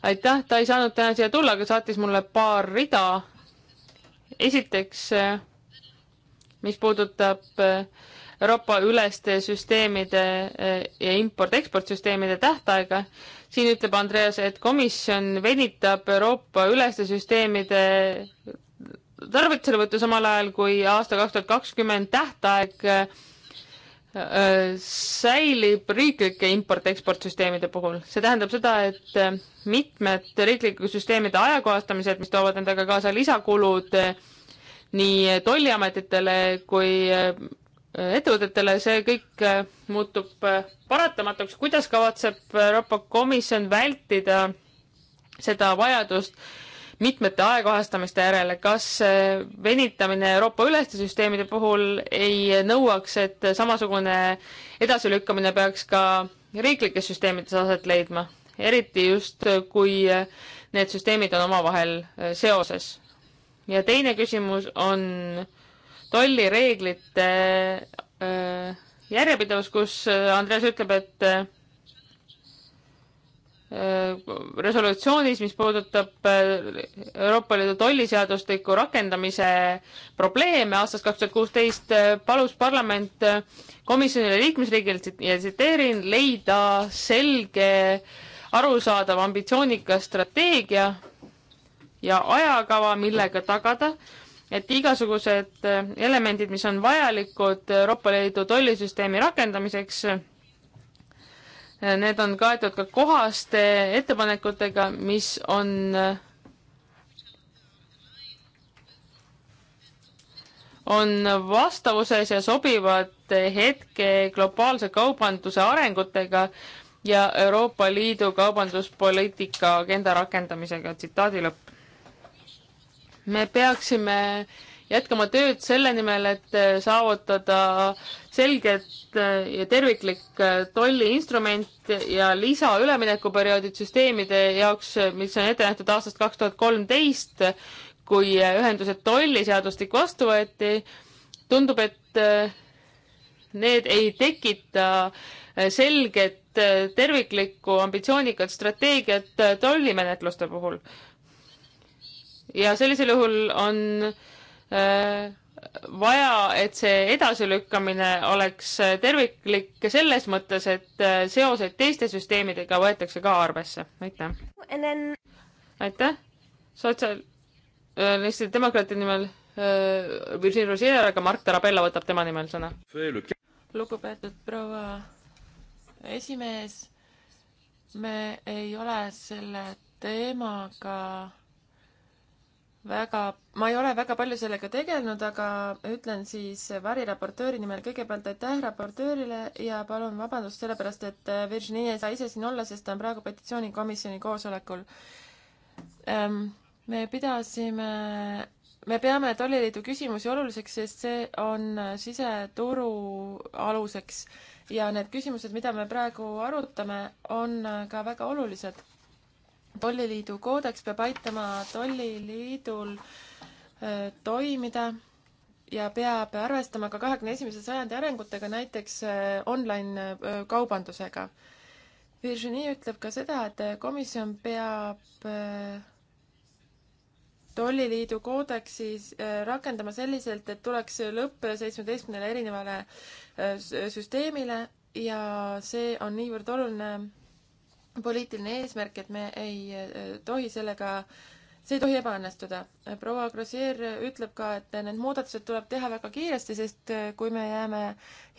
aitäh, ta ei saanud täna siia tulla, aga saatis mulle paar rida. esiteks, äh, mis puudutab äh, Euroopa üleste süsteemide äh, ja import-eksport süsteemide tähtaega, siin ütleb Andreas, et komisjon venitab Euroopa üleste süsteemide tarvitusele võttu, samal ajal kui aasta kaks tuhat kakskümmend tähtaeg äh, säilib riiklike import-eksportsüsteemide puhul. see tähendab seda, et äh, mitmed riiklike süsteemide ajakohastamised, mis toovad endaga kaasa lisakulud äh, nii tolliametitele kui ettevõtetele, see kõik muutub paratamatuks. kuidas kavatseb Euroopa Komisjon vältida seda vajadust, mitmete aegaastamiste järele, kas eh, venitamine Euroopa üleste süsteemide puhul ei nõuaks, et samasugune edasilükkamine peaks ka riiklikes süsteemides aset leidma, eriti just, eh, kui eh, need süsteemid on omavahel seoses. ja teine küsimus on tollireeglite järjepidevus, kus Andreas ütleb, et resolutsioonis, mis puudutab äh, Euroopa Liidu tolliseadustiku rakendamise probleeme aastast kaks tuhat kuusteist, äh, palus parlament äh, komisjonile liikmesriigilt ja tsiteerin, leida selge, arusaadav, ambitsioonikas strateegia ja ajakava, millega tagada, et igasugused elemendid, mis on vajalikud Euroopa Liidu tollisüsteemi rakendamiseks, Need on kaetud ka kohaste ettepanekutega, mis on on vastavuses ja sobivad hetke globaalse kaubanduse arengutega ja Euroopa Liidu kaubanduspoliitika agenda rakendamisega, tsitaadi lõpp. me peaksime jätkama tööd selle nimel, et saavutada selget äh, ja terviklik äh, tolliinstrument ja lisa üleminekuperioodid süsteemide jaoks, äh, mis on ette nähtud aastast kaks tuhat kolmteist, kui ühendused tolliseadustik vastu võeti. tundub, et need ei tekita selget, terviklikku, ambitsioonikat strateegiat tollimenetluste puhul. ja sellisel juhul on äh, vaja, et see edasilükkamine oleks terviklik selles mõttes, et seoseid teiste süsteemidega võetakse ka arvesse. aitäh then.... aitäh. sotsialistide demokraatide nimel äh, Virgin Rosier, aga Mark Tarabella võtab tema nimel sõna. lugupeetud proua esimees, me ei ole selle teemaga ka väga, ma ei ole väga palju sellega tegelenud, aga ütlen siis variraportööri nimel kõigepealt aitäh raportöörile ja palun vabandust sellepärast, et äh, Virginia ei saa ise siin olla, sest ta on praegu petitsioonikomisjoni koosolekul. Ähm, me pidasime, me peame tolliliidu küsimusi oluliseks, sest see on äh, siseturu aluseks ja need küsimused, mida me praegu arutame, on äh, ka väga olulised tolliliidu koodeks peab aitama tolliliidul äh, toimida ja peab arvestama ka kahekümne esimese sajandi arengutega, näiteks äh, online-kaubandusega. Äh, Virginie ütleb ka seda, et komisjon peab tolliliidu koodeksis rakendama selliselt, et tuleks lõpp seitsmeteistkümnele erinevale süsteemile ja see on niivõrd oluline poliitiline eesmärk, et me ei e, tohi sellega see ei tohi ebaõnnestuda. proua Grossier ütleb ka, et need muudatused tuleb teha väga kiiresti, sest e, kui me jääme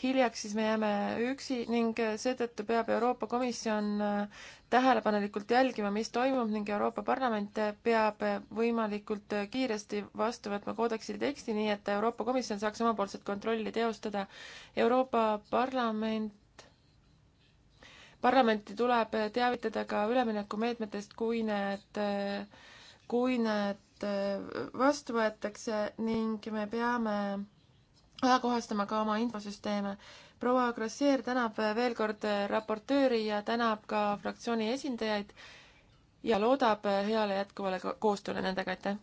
hiljaks, siis me jääme üksi ning e, seetõttu peab Euroopa Komisjon tähelepanelikult jälgima, mis toimub ning Euroopa Parlament peab võimalikult kiiresti vastu võtma koodeksi teksti, nii et Euroopa Komisjon saaks omapoolset kontrolli teostada. Euroopa Parlament parlamenti tuleb teavitada ka üleminekumeetmetest, kui need, kui need vastu võetakse ning me peame ajakohastama ka oma infosüsteeme. proua Grossier tänab veel kord raportööri ja tänab ka fraktsiooni esindajaid ja loodab heale jätkuvale koostööle nendega, aitäh!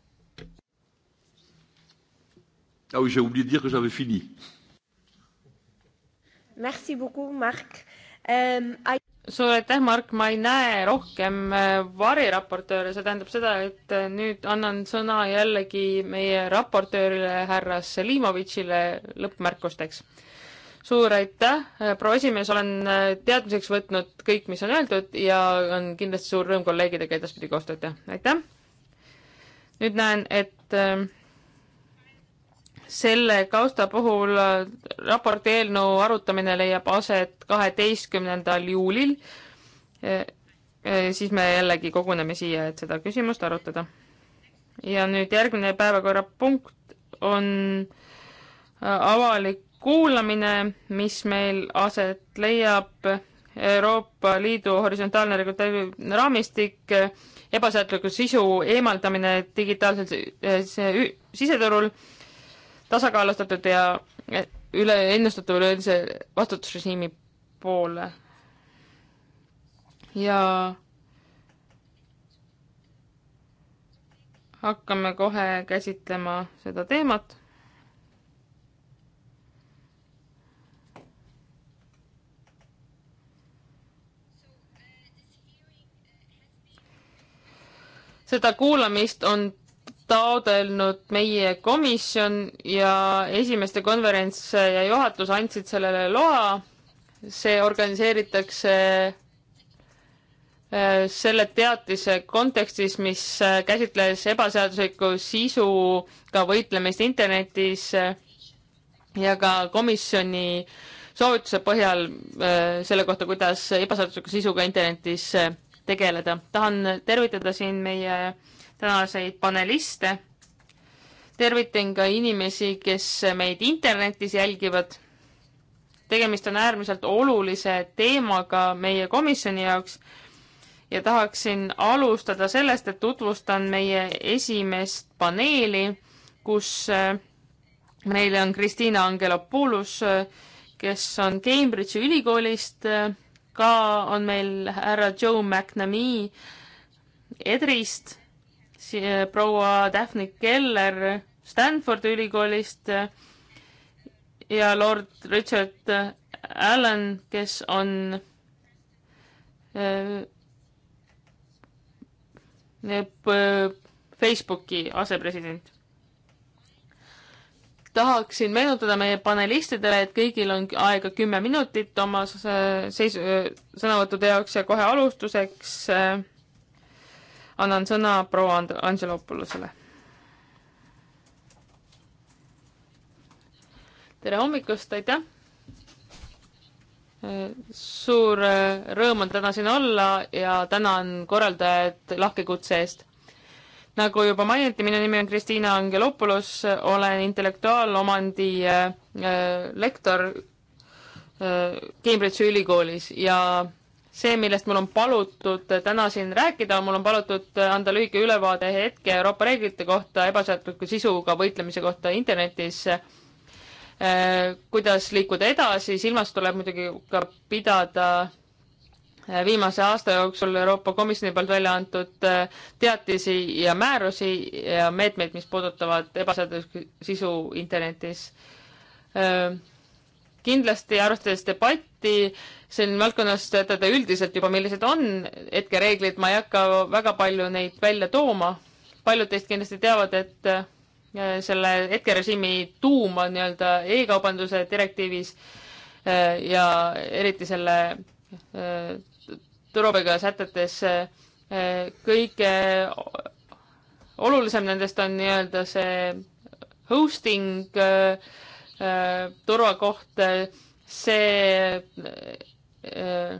Ah oui, j'ai oublié de dire que j'avais fini. Merci beaucoup, Marc. I... suur aitäh, Mark, ma ei näe rohkem äh, variraportööre, see tähendab seda, et äh, nüüd annan sõna jällegi meie raportöörile, härra Selimovitšile lõppmärkusteks. suur aitäh, äh, proua esimees, olen teadmiseks võtnud kõik, mis on öeldud ja on kindlasti suur rõõm kolleegidega edaspidi koostööd teha, aitäh! nüüd näen, et selle kausta puhul äh, raporti eelnõu arutamine leiab aset kaheteistkümnendal juulil. Äh, äh, siis me jällegi koguneme siia, et seda küsimust arutada. ja nüüd järgmine päevakorrapunkt on avalik kuulamine, mis meil aset leiab Euroopa Liidu horisontaalne regulatiivne raamistik, ebaseadusliku sisu eemaldamine digitaalsel siseturul tasakaalustatud ja üle ennustatav üleüldse vastutusrežiimi poole. ja hakkame kohe käsitlema seda teemat seda kuulamist on taodelnud meie komisjon ja esimeste konverents ja juhatus andsid sellele loa. see organiseeritakse äh, selle teatise kontekstis, mis äh, käsitles ebaseadusliku sisuga võitlemist internetis äh, ja ka komisjoni soovituse põhjal selle kohta, kuidas ebaseadusliku sisuga internetis tegeleda. tahan tervitada siin meie tänaseid paneliste. tervitan ka inimesi, kes meid internetis jälgivad. tegemist on äärmiselt olulise teemaga meie komisjoni jaoks ja tahaksin alustada sellest, et tutvustan meie esimest paneeli, kus äh, meile on Kristiina Angelopoulos, äh, kes on Cambridge'i ülikoolist, äh, ka on meil härra Joe McNamee Edrist proua Daphne Keller Stanfordi ülikoolist ja lord Richard Allan, kes on äh, Facebooki asepresident. tahaksin meenutada meie panelistidele, et kõigil on aega kümme minutit oma seisu, sõnavõttude jaoks ja kohe alustuseks äh, annan sõna proua And-, Angelopoulosele. tere hommikust, aitäh! suur äh, rõõm on täna siin olla ja tänan korraldajat lahke kutse eest. nagu juba mainiti, minu nimi on Kristiina Angelopoulos, olen intellektuaalomandi äh, äh, lektor Cambridge'i ülikoolis ja see, millest mul on palutud täna siin rääkida, mul on palutud anda lühike ülevaade hetke Euroopa reeglite kohta ebaseadusliku sisuga võitlemise kohta internetis. Äh, kuidas liikuda edasi, silmas tuleb muidugi ka pidada äh, viimase aasta jooksul Euroopa Komisjoni poolt välja antud äh, teatisi ja määrusi ja meetmeid, mis puudutavad ebaseaduslikku sisu internetis kindlasti arvestades debatti siin valdkonnas teate üldiselt juba, millised on hetkereeglid, ma ei hakka väga palju neid välja tooma. paljud teist kindlasti teavad, et äh, selle hetkerežiimi tuum on nii-öelda e-kaubanduse direktiivis äh, ja eriti selle äh, turvapaiga sätetes kõige olulisem nendest on nii-öelda see hosting turvakoht, see Äh,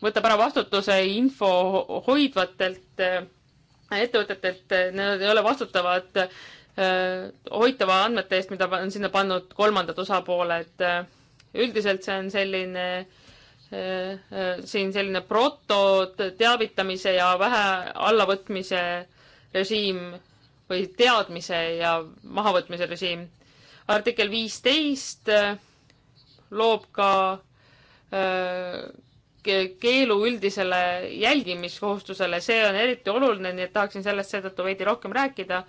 võtab ära vastutuse info hoidvatelt äh, ettevõtetelt, äh, nad ei ole vastutavad hoitava andmete eest, mida on sinna pannud kolmandad osapooled. üldiselt see on selline siin selline proto teavitamise ja vähe allavõtmise režiim või teadmise ja mahavõtmise režiim. artikkel viisteist loob ka keelu üldisele jälgimiskohustusele, see on eriti oluline, nii et tahaksin sellest seetõttu veidi rohkem rääkida.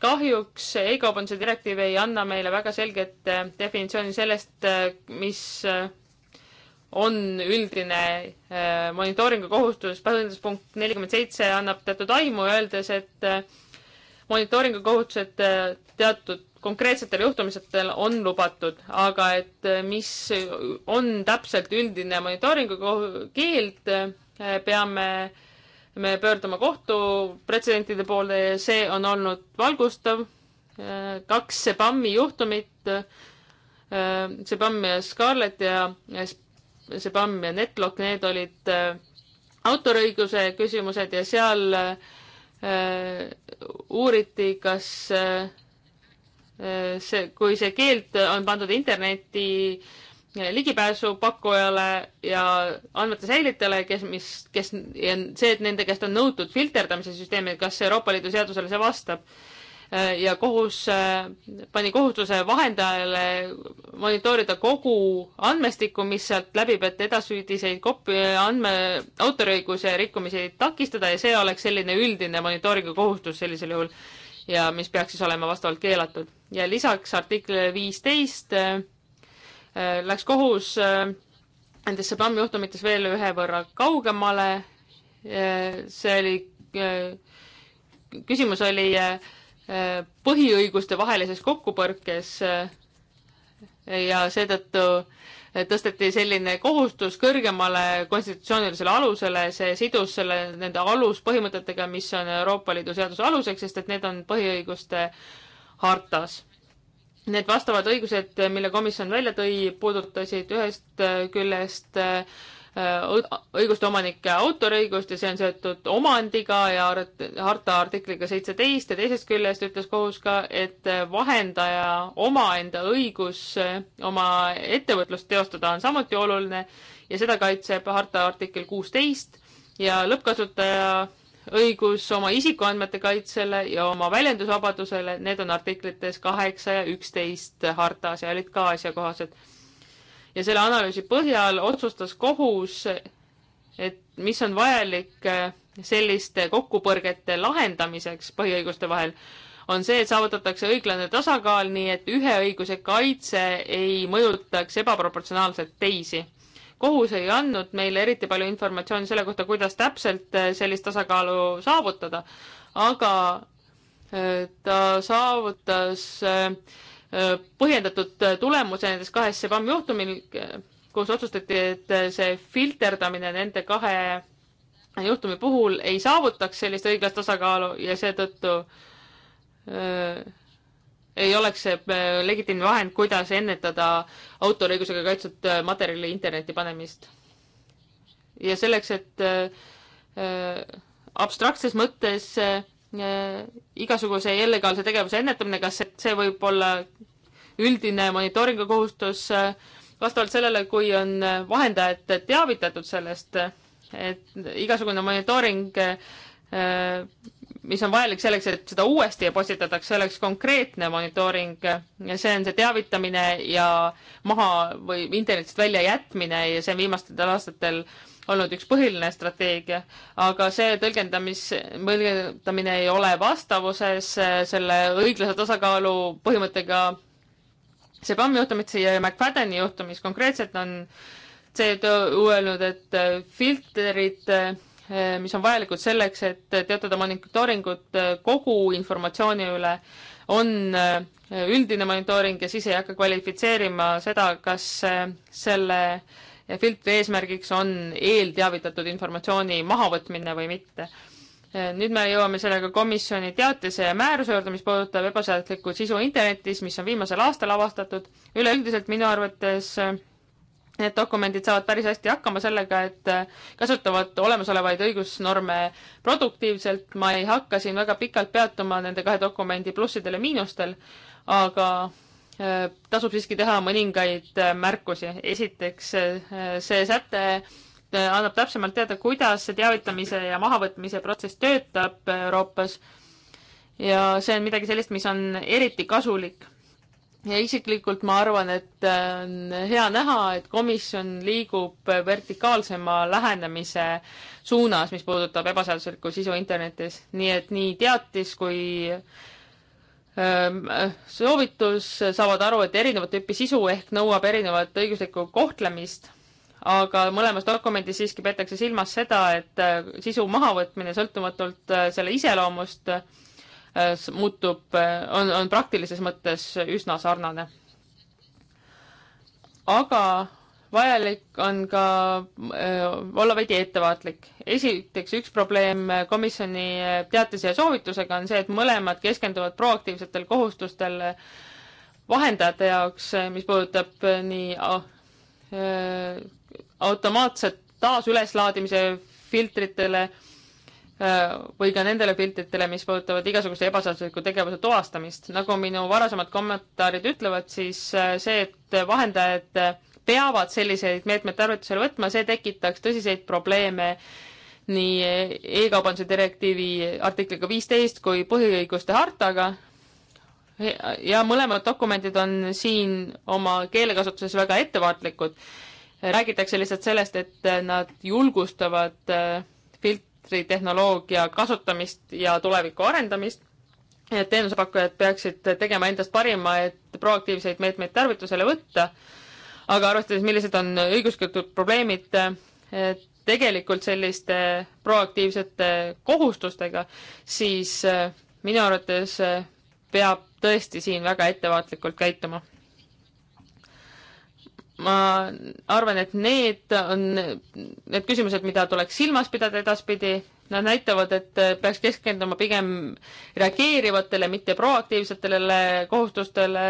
kahjuks e-kaubanduse direktiiv ei anna meile väga selget äh, definitsiooni sellest, äh, mis äh, on üldine monitooringu kohustus, põhjenduspunkt nelikümmend seitse annab teatud aimu, öeldes, et monitooringu kohustused teatud konkreetsetel juhtumisetel on lubatud, aga et eh, mis on täpselt üldine monitooringu keeld, eh, peame me pöörduma kohtu pretsedentide poole ja see on olnud valgustav. Eh, kaks Sebami juhtumit, Sebam ja Scarlett ja Sebam ja Netlock, need olid autoriõiguse küsimused ja seal uuriti, kas see, kui see keeld on pandud interneti ligipääsu pakkujale ja andmete säilitajale, kes, mis, kes ja see, et nende käest on nõutud filterdamise süsteemi, kas Euroopa Liidu seadusele see vastab. ja kohus pani kohustuse vahendajale monitoorida kogu andmestikku, mis sealt läbib, et edasüüdiseid kopi-, andme, autoriõiguse rikkumisi takistada ja see oleks selline üldine monitooringu kohustus sellisel juhul ja mis peaks siis olema vastavalt keelatud ja lisaks artiklile viisteist äh, äh, läks kohus äh, nendest Sabami juhtumitest veel ühe võrra kaugemale. see oli, küsimus oli põhiõiguste vahelises kokkupõrkes ja seetõttu tõsteti selline kohustus kõrgemale konstitutsioonilisele alusele, see sidus selle nende aluspõhimõtetega, mis on Euroopa Liidu seaduse aluseks, sest et need on põhiõiguste äh, hartas. Need vastavad õigused, mille komisjon välja tõi, puudutasid ühest äh, küljest äh, õiguste omanike autoriõigust ja see on seotud omandiga ja harta artikliga seitseteist ja teisest küljest ütles kohus ka, et vahendaja omaenda õigus äh, oma ettevõtlust teostada on samuti oluline ja seda kaitseb harta artikkel kuusteist ja lõppkasutaja õigus oma isikuandmete kaitsele ja oma väljendusvabadusele, need on artiklites kaheksa ja üksteist hartas ja olid ka asjakohased. ja selle analüüsi põhjal otsustas kohus, et mis on vajalik eh, selliste kokkupõrgete lahendamiseks põhiõiguste vahel, on see, et saavutatakse õiglane tasakaal, nii et ühe õiguse kaitse ei mõjutaks ebaproportsionaalselt teisi kohus ei andnud meile eriti palju informatsiooni selle kohta, kuidas täpselt äh, sellist tasakaalu saavutada, aga äh, ta saavutas äh, põhjendatud tulemuse nendes kahes Sebam juhtumil, kus otsustati, et see filterdamine nende kahe juhtumi puhul ei saavutaks sellist õiglast tasakaalu ja seetõttu äh, ei oleks see äh, legitiimne vahend, kuidas ennetada autoriõigusega kaitstud äh, materjali internetti panemist. ja selleks, et äh, äh abstraktses mõttes äh, igasuguse illegaalse tegevuse ennetamine, kas see võib olla üldine monitooringu kohustus äh, vastavalt sellele, kui on vahendajad teavitatud sellest, et igasugune monitooring mis on vajalik selleks, et seda uuesti postitatakse, oleks konkreetne monitooring ja see on see teavitamine ja maha või internetist välja jätmine ja see on viimastel aastatel olnud üks põhiline strateegia, aga see tõlgendamis, tõlgendamine ei ole vastavuses äh, selle õiglase tasakaalu põhimõttega. see PAM juhtumit ja McFaddeni juhtumis konkreetselt on CTÜ öelnud, et äh, filtrid äh, Eh, mis on vajalikud selleks, et teotada monitooringut eh, kogu informatsiooni üle, on eh, üldine monitooring ja siis ei hakka kvalifitseerima seda, kas selle filtri eesmärgiks on eelteavitatud informatsiooni mahavõtmine või mitte. nüüd me jõuame sellega komisjoni teatise ja määruse juurde, mis puudutab ebaseaduslikku sisu internetis, mis on viimasel aastal avastatud. üleüldiselt minu arvates Need dokumendid saavad päris hästi hakkama sellega, et äh, kasutavad olemasolevaid õigusnorme produktiivselt. ma ei hakka siin väga pikalt peatuma nende kahe dokumendi plussidel ja miinustel, aga äh, tasub siiski teha mõningaid äh, märkusi. esiteks, see säte annab täpsemalt teada, kuidas see teavitamise ja mahavõtmise protsess töötab Euroopas. ja see on midagi sellist, mis on eriti kasulik ja isiklikult ma arvan, et äh, on hea näha, et komisjon liigub vertikaalsema lähenemise suunas, mis puudutab ebaseaduslikku sisu internetis, nii et nii teatis kui ähm, äh, soovitus saavad aru, et erinevat tüüpi sisu ehk nõuab erinevat õiguslikku kohtlemist, aga mõlemas dokumendis siiski peetakse silmas seda, et äh, sisu mahavõtmine sõltumatult selle iseloomust Äh, muutub, äh, on, on praktilises mõttes üsna sarnane. aga vajalik on ka öö, äh, olla veidi ettevaatlik. esiteks üks probleem komisjoni teatise ja soovitusega on see, et mõlemad keskenduvad proaktiivsetel kohustustel vahendajate jaoks, mis puudutab nii öö, automaatset taasüleslaadimise filtritele öö, Äh, või ka nendele piltidele, mis puudutavad igasuguse ebaseadusliku tegevuse tuvastamist. nagu minu varasemad kommentaarid ütlevad, siis äh, see, et vahendajad peavad selliseid meetmeid tarvitusele võtma, see tekitaks tõsiseid probleeme nii e-kaubanduse direktiivi artikliga viisteist kui põhiõiguste hartaga. ja mõlemad dokumendid on siin oma keelekasutuses väga ettevaatlikud. räägitakse lihtsalt sellest, et nad julgustavad äh, tehnoloogia kasutamist ja tuleviku arendamist. et teenusepakkujad peaksid tegema endast parima, et proaktiivseid meetmeid tarvitusele võtta. aga arvestades, millised on õigustatud probleemid tegelikult selliste proaktiivsete kohustustega, siis minu arvates peab tõesti siin väga ettevaatlikult käituma ma arvan, et need on need küsimused, mida tuleks silmas pidada edaspidi. Nad näitavad, et peaks keskenduma pigem reageerivatele, mitte proaktiivsetele kohustustele.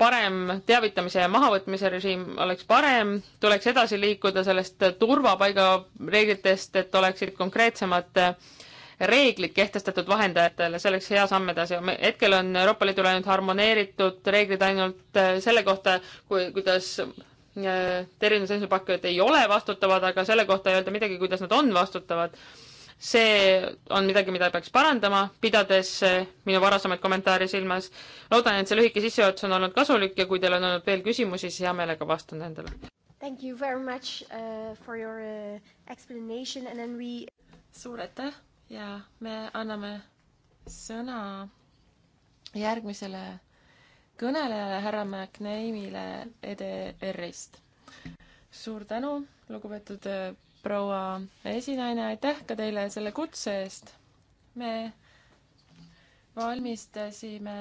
parem teavitamise ja mahavõtmise režiim oleks parem, tuleks edasi liikuda sellest turvapaiga reeglitest, et oleksid konkreetsemad äh, reeglid kehtestatud vahendajatele, see oleks hea samm edasi. hetkel on Euroopa Liidul ainult harmoneeritud reeglid ainult äh, selle kohta, kui, kuidas äh, terviseteenusepakkujad ei ole vastutavad, aga selle kohta ei öelda midagi, kuidas nad on vastutavad. see on midagi, mida peaks parandama, pidades äh, minu varasemaid kommentaare silmas. loodan, et see lühike sissejuhatus on olnud kasulik ja kui teil on olnud veel küsimusi, siis hea meelega vastan nendele. Thank you very much uh, for your uh, explanation and then we suur aitäh ja me anname sõna järgmisele kõnelejale, härra McNamile EDR-ist. suur tänu, lugupeetud äh, proua esinaine, aitäh ka teile selle kutse eest. me valmistasime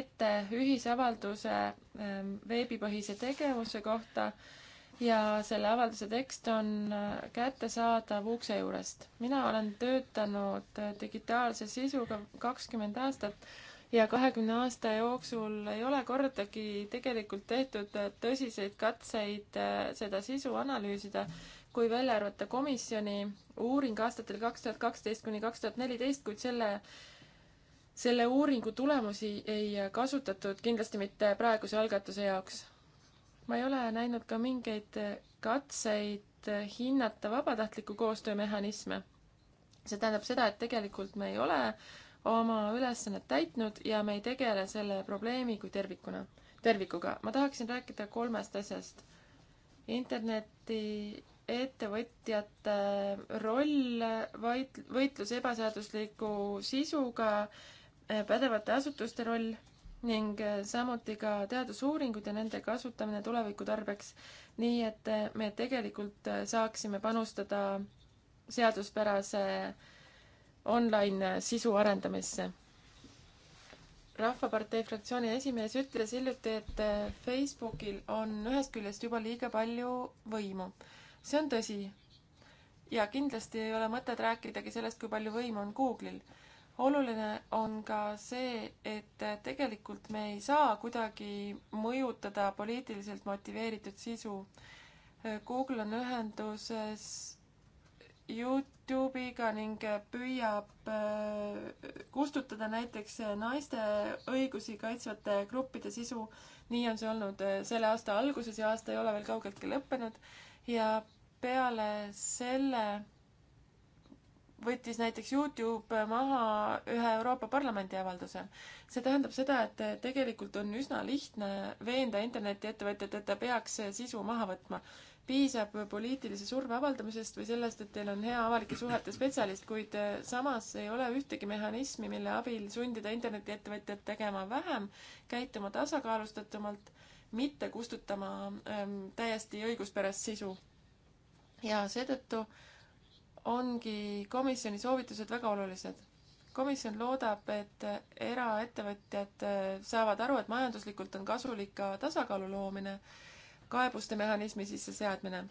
ette ühisavalduse äh, veebipõhise tegevuse kohta ja selle avalduse tekst on äh, kättesaadav ukse juurest. mina olen töötanud äh, digitaalse sisuga kakskümmend aastat ja kahekümne aasta jooksul ei ole kordagi tegelikult tehtud äh, tõsiseid katseid seda sisu analüüsida, kui välja arvata komisjoni uuring aastatel kaks tuhat kaksteist kuni kaks tuhat neliteist, kuid selle selle uuringu tulemusi ei kasutatud kindlasti mitte praeguse algatuse jaoks ma ei ole näinud ka mingeid katseid hinnata vabatahtliku koostöö mehhanisme. see tähendab seda, et tegelikult me ei ole oma ülesannet täitnud ja me ei tegele selle probleemi kui tervikuna, tervikuga. ma tahaksin rääkida kolmest asjast. interneti ettevõtjate roll vaid, võitlus ebaseadusliku sisuga, pädevate asutuste roll ning äh, samuti ka teadusuuringud ja nende kasutamine tuleviku tarbeks, nii et äh, me tegelikult äh, saaksime panustada seaduspärase online sisu arendamisse Rahvapartei fraktsiooni esimees ütles hiljuti, et Facebookil on ühest küljest juba liiga palju võimu. see on tõsi. ja kindlasti ei ole mõtet rääkidagi sellest, kui palju võimu on Google'il oluline on ka see, et tegelikult me ei saa kuidagi mõjutada poliitiliselt motiveeritud sisu. Google on ühenduses Youtube'iga ning püüab äh, kustutada näiteks naiste õigusi kaitsvate gruppide sisu. nii on see olnud äh, selle aasta alguses ja aasta ei ole veel kaugeltki lõppenud ja peale selle võttis näiteks Youtube maha ühe Euroopa Parlamendi avalduse. see tähendab seda, et tegelikult on üsna lihtne veenda internetiettevõtjat, et ta peaks sisu maha võtma. piisab poliitilise surve avaldamisest või sellest, et teil on hea avalike suhete spetsialist, kuid eh, samas ei ole ühtegi mehhanismi, mille abil sundida internetiettevõtjat tegema vähem, käituma tasakaalustatumalt, mitte kustutama ähm, täiesti õiguspärast sisu. ja seetõttu äh, ongi komisjoni soovitused väga olulised. komisjon loodab, et eraettevõtjad äh, saavad aru, et majanduslikult on kasulik ka tasakaalu loomine, kaebuste mehhanismi sisseseadmine.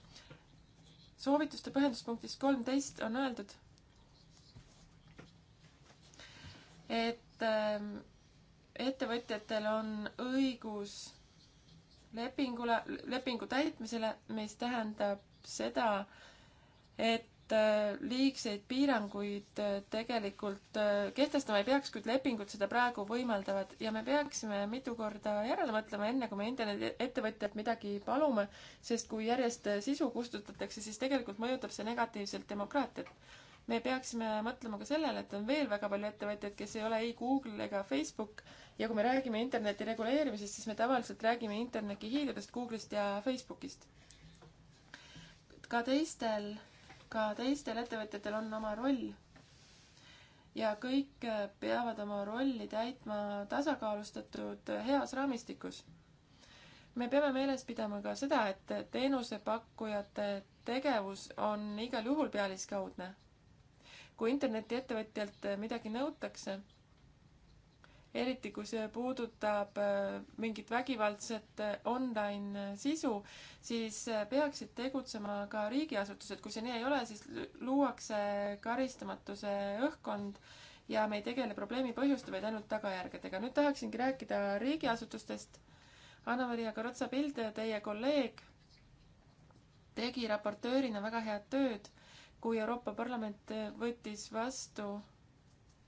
soovituste põhjenduspunktis kolmteist on öeldud, et ähm, ettevõtjatel on õigus lepingule, lepingu täitmisele, mis tähendab seda, et Äh, liigseid piiranguid äh, tegelikult äh, kehtestama ei peaks, kuid lepingud seda praegu võimaldavad ja me peaksime mitu korda järele mõtlema, enne kui me internetiettevõtjalt midagi palume, sest kui järjest sisu kustutatakse, siis tegelikult mõjutab see negatiivselt demokraatiat. me peaksime mõtlema ka sellele, et on veel väga palju ettevõtjaid, kes ei ole ei Google ega Facebook ja kui me räägime interneti reguleerimisest, siis me tavaliselt räägime interneti hiidudest Google'ist ja Facebookist. ka teistel ka teistel ettevõtjatel on oma roll. ja kõik äh, peavad oma rolli täitma tasakaalustatud äh, heas raamistikus. me peame meeles pidama ka seda, et äh, teenusepakkujate tegevus on igal juhul pealiskaudne. kui internetiettevõtjalt midagi nõutakse eriti kui see puudutab äh, mingit vägivaldset äh, online äh, sisu, siis peaksid tegutsema ka riigiasutused. kui see nii ei ole, siis luuakse karistamatuse õhkkond ja me ei tegele probleemi põhjuste, vaid ainult tagajärgedega. nüüd tahaksingi rääkida riigiasutustest. Anna-Maria Karotsa-Pild, teie kolleeg, tegi raportöörina väga head tööd, kui Euroopa Parlament võttis vastu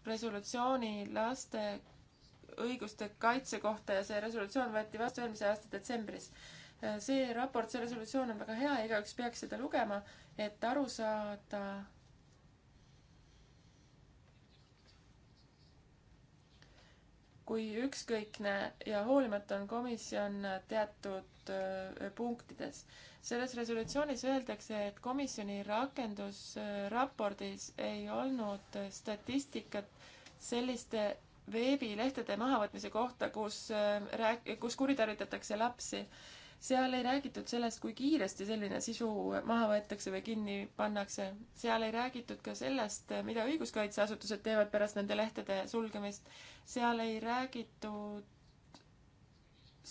resolutsiooni laste õiguste kaitse kohta ja see resolutsioon võeti vastu eelmise aasta detsembris. Äh, see raport, see resolutsioon on väga hea ja igaüks peaks seda lugema, et aru saada kui ükskõikne ja hoolimatu on komisjon teatud äh, punktides. selles resolutsioonis öeldakse, et komisjoni rakendusraportis äh, ei olnud statistikat selliste veebilehtede mahavõtmise kohta, kus äh, rääk-, kus kuritarvitatakse lapsi. seal ei räägitud sellest, kui kiiresti selline sisu maha võetakse või kinni pannakse. seal ei räägitud ka sellest, mida õiguskaitseasutused teevad pärast nende lehtede sulgemist. seal ei räägitud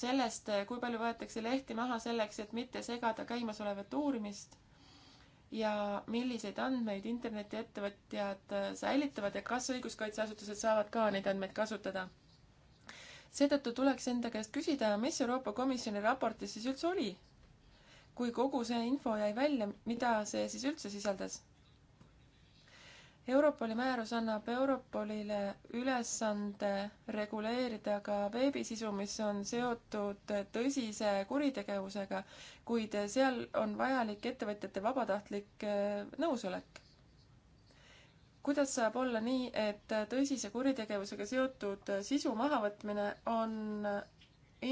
sellest, kui palju võetakse lehti maha selleks, et mitte segada käimasolevat uurimist ja milliseid andmeid internetiettevõtjad äh, säilitavad ja kas õiguskaitseasutused saavad ka neid andmeid kasutada. seetõttu tuleks enda käest küsida, mis Euroopa Komisjoni raportis siis üldse oli, kui kogu see info jäi välja, mida see siis üldse sisaldas? Europoli määrus annab Europolile ülesande reguleerida ka veebisisu, mis on seotud tõsise kuritegevusega, kuid seal on vajalik ettevõtjate vabatahtlik äh, nõusolek. kuidas saab olla nii, et tõsise kuritegevusega seotud sisu mahavõtmine on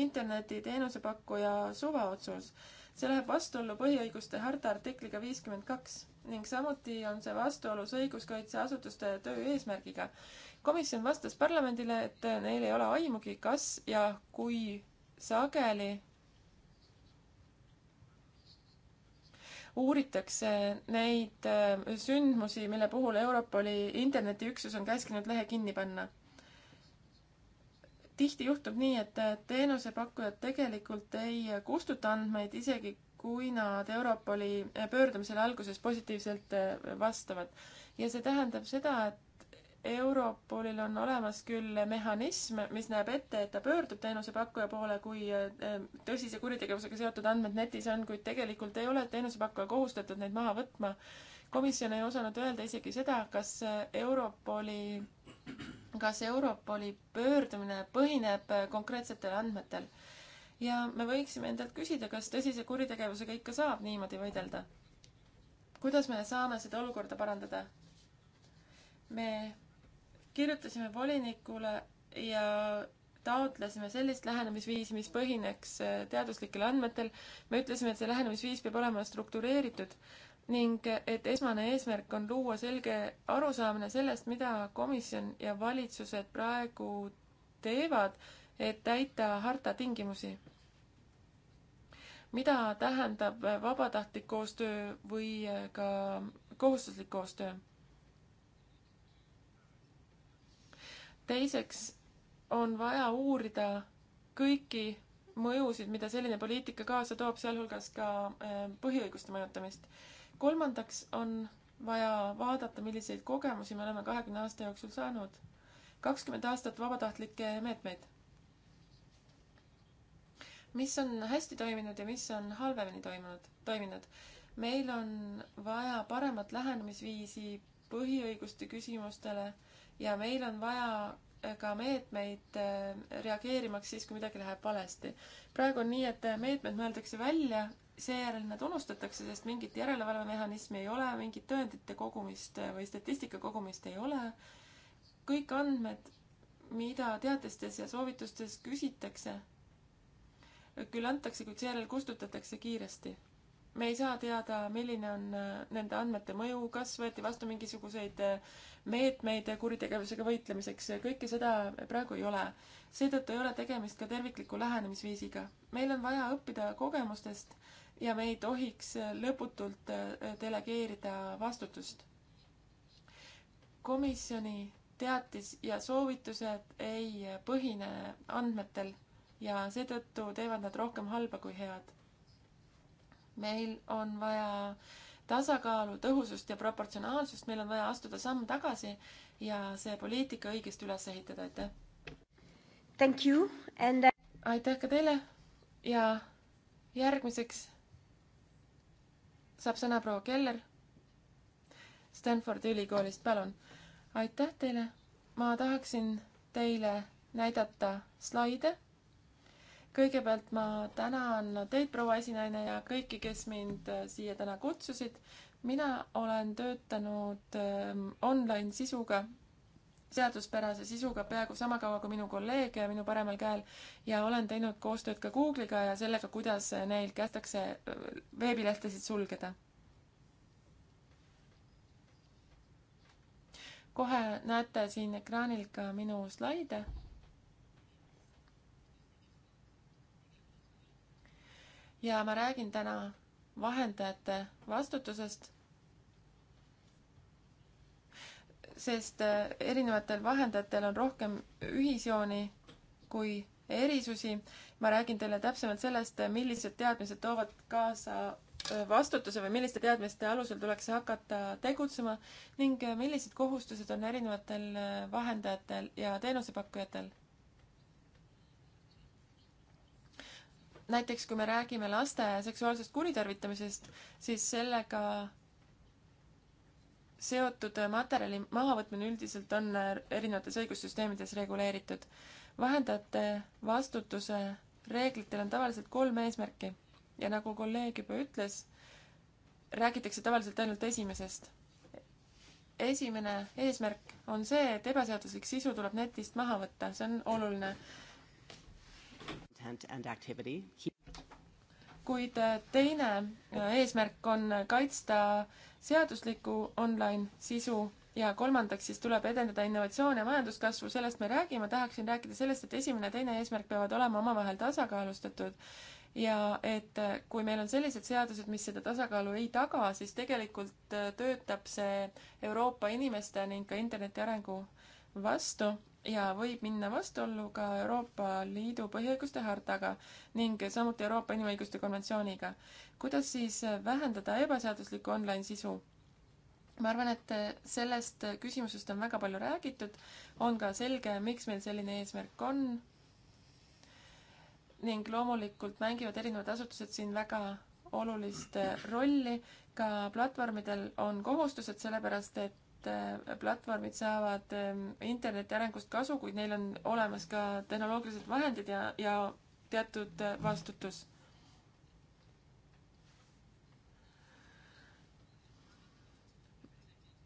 internetiteenuse pakkuja suvaotsus? see läheb vastuollu põhiõiguste harta artikliga viiskümmend kaks ning samuti on see vastuolus õiguskaitseasutuste töö eesmärgiga. komisjon vastas parlamendile, et neil ei ole aimugi, kas ja kui sageli uuritakse neid äh, sündmusi, mille puhul Europoli internetiüksus on käskinud lehe kinni panna. tihti juhtub nii, et teenusepakkujad tegelikult ei kustuta andmeid, isegi kui nad Europoli pöördumisele alguses positiivselt eh, vastavad. ja see tähendab seda, et Europolil on olemas küll mehhanism, mis näeb ette, et ta pöördub teenusepakkuja poole, kui eh, tõsise kuritegevusega seotud andmed netis on, kuid tegelikult ei ole teenusepakkuja kohustatud neid maha võtma. komisjon ei osanud öelda isegi seda, kas Europoli, kas Europoli pöördumine põhineb konkreetsetel andmetel ja me võiksime endalt küsida, kas tõsise kuritegevusega ikka saab niimoodi võidelda. kuidas me saame seda olukorda parandada? me kirjutasime volinikule ja taotlesime sellist lähenemisviisi, mis põhineks äh, teaduslikel andmetel. me ütlesime, et see lähenemisviis peab olema struktureeritud ning et esmane eesmärk on luua selge arusaamine sellest, mida komisjon ja valitsused praegu teevad et täita harta tingimusi. mida tähendab vabatahtlik koostöö või ka kohustuslik koostöö? teiseks on vaja uurida kõiki mõjusid, mida selline poliitika kaasa toob, sealhulgas ka äh, põhiõiguste mõjutamist. kolmandaks on vaja vaadata, milliseid kogemusi me oleme kahekümne aasta jooksul saanud. kakskümmend aastat vabatahtlikke meetmeid mis on hästi toiminud ja mis on halvemini toimunud, toiminud. meil on vaja paremat lähenemisviisi põhiõiguste küsimustele ja meil on vaja eh, ka meetmeid eh, reageerimaks siis, kui midagi läheb valesti. praegu on nii, et eh, meetmed mõeldakse välja, seejärel nad unustatakse, sest mingit järelevalvemehhanismi ei ole, mingit tõendite kogumist või statistika kogumist ei ole. kõik andmed, mida teatistes ja soovitustes küsitakse küll antakse, kuid seejärel kustutatakse kiiresti. me ei saa teada, milline on äh, nende andmete mõju, kas võeti vastu mingisuguseid äh, meetmeid kuritegevusega võitlemiseks, kõike seda praegu ei ole. seetõttu ei ole tegemist ka tervikliku lähenemisviisiga. meil on vaja õppida kogemustest ja me ei tohiks äh, lõputult delegeerida vastutust. komisjoni teatis ja soovitused ei põhine andmetel ja seetõttu teevad nad rohkem halba kui head. meil on vaja tasakaalu, tõhusust ja proportsionaalsust, meil on vaja astuda samm tagasi ja see poliitika õigesti üles ehitada, aitäh! Thank you and uh, aitäh ka teile ja järgmiseks saab sõna proua Keller Stanfordi ülikoolist, palun. aitäh teile, ma tahaksin teile näidata slaide kõigepealt ma tänan teid, proua esinaine, ja kõiki, kes mind äh, siia täna kutsusid. mina olen töötanud ähm, online sisuga, seaduspärase sisuga peaaegu sama kaua kui minu kolleeg minu paremal käel ja olen teinud koostööd ka Google'iga ja sellega, kuidas neil kästakse äh, veebilehtesid sulgeda. kohe näete siin ekraanil ka minu slaide ja ma räägin täna vahendajate vastutusest, sest äh, erinevatel vahendajatel on rohkem ühisjooni kui erisusi. ma räägin teile täpsemalt sellest, millised teadmised toovad kaasa äh, vastutuse või milliste teadmiste alusel tuleks hakata tegutsema ning äh, millised kohustused on erinevatel vahendajatel ja teenusepakkujatel näiteks kui me räägime laste seksuaalsest kuritarvitamisest, siis sellega seotud materjali mahavõtmine üldiselt on erinevates õigussüsteemides reguleeritud. vahendajate vastutuse reeglitel on tavaliselt kolm eesmärki ja nagu kolleeg juba ütles, räägitakse tavaliselt ainult esimesest. esimene eesmärk on see, et ebaseaduslik sisu tuleb netist maha võtta, see on oluline content and activity. kuid äh, teine äh, eesmärk on kaitsta seaduslikku online sisu ja kolmandaks siis tuleb edendada innovatsioone ja majanduskasvu, sellest me ei räägi, ma tahaksin rääkida sellest, et esimene ja teine eesmärk peavad olema omavahel tasakaalustatud ja et äh, kui meil on sellised seadused, mis seda tasakaalu ei taga, siis tegelikult töötab see Euroopa inimeste ning ka interneti arengu vastu ja võib minna vastuollu ka Euroopa Liidu põhiõiguste hartaga ning samuti Euroopa Inimõiguste Konventsiooniga. kuidas siis vähendada ebaseaduslikku online-sisu? ma arvan, et sellest küsimusest on väga palju räägitud, on ka selge, miks meil selline eesmärk on. ning loomulikult mängivad erinevad asutused siin väga olulist rolli, ka platvormidel on kohustused, sellepärast et Äh, platvormid saavad ähm, interneti arengust kasu, kuid neil on olemas ka tehnoloogilised vahendid ja, ja teatud äh, vastutus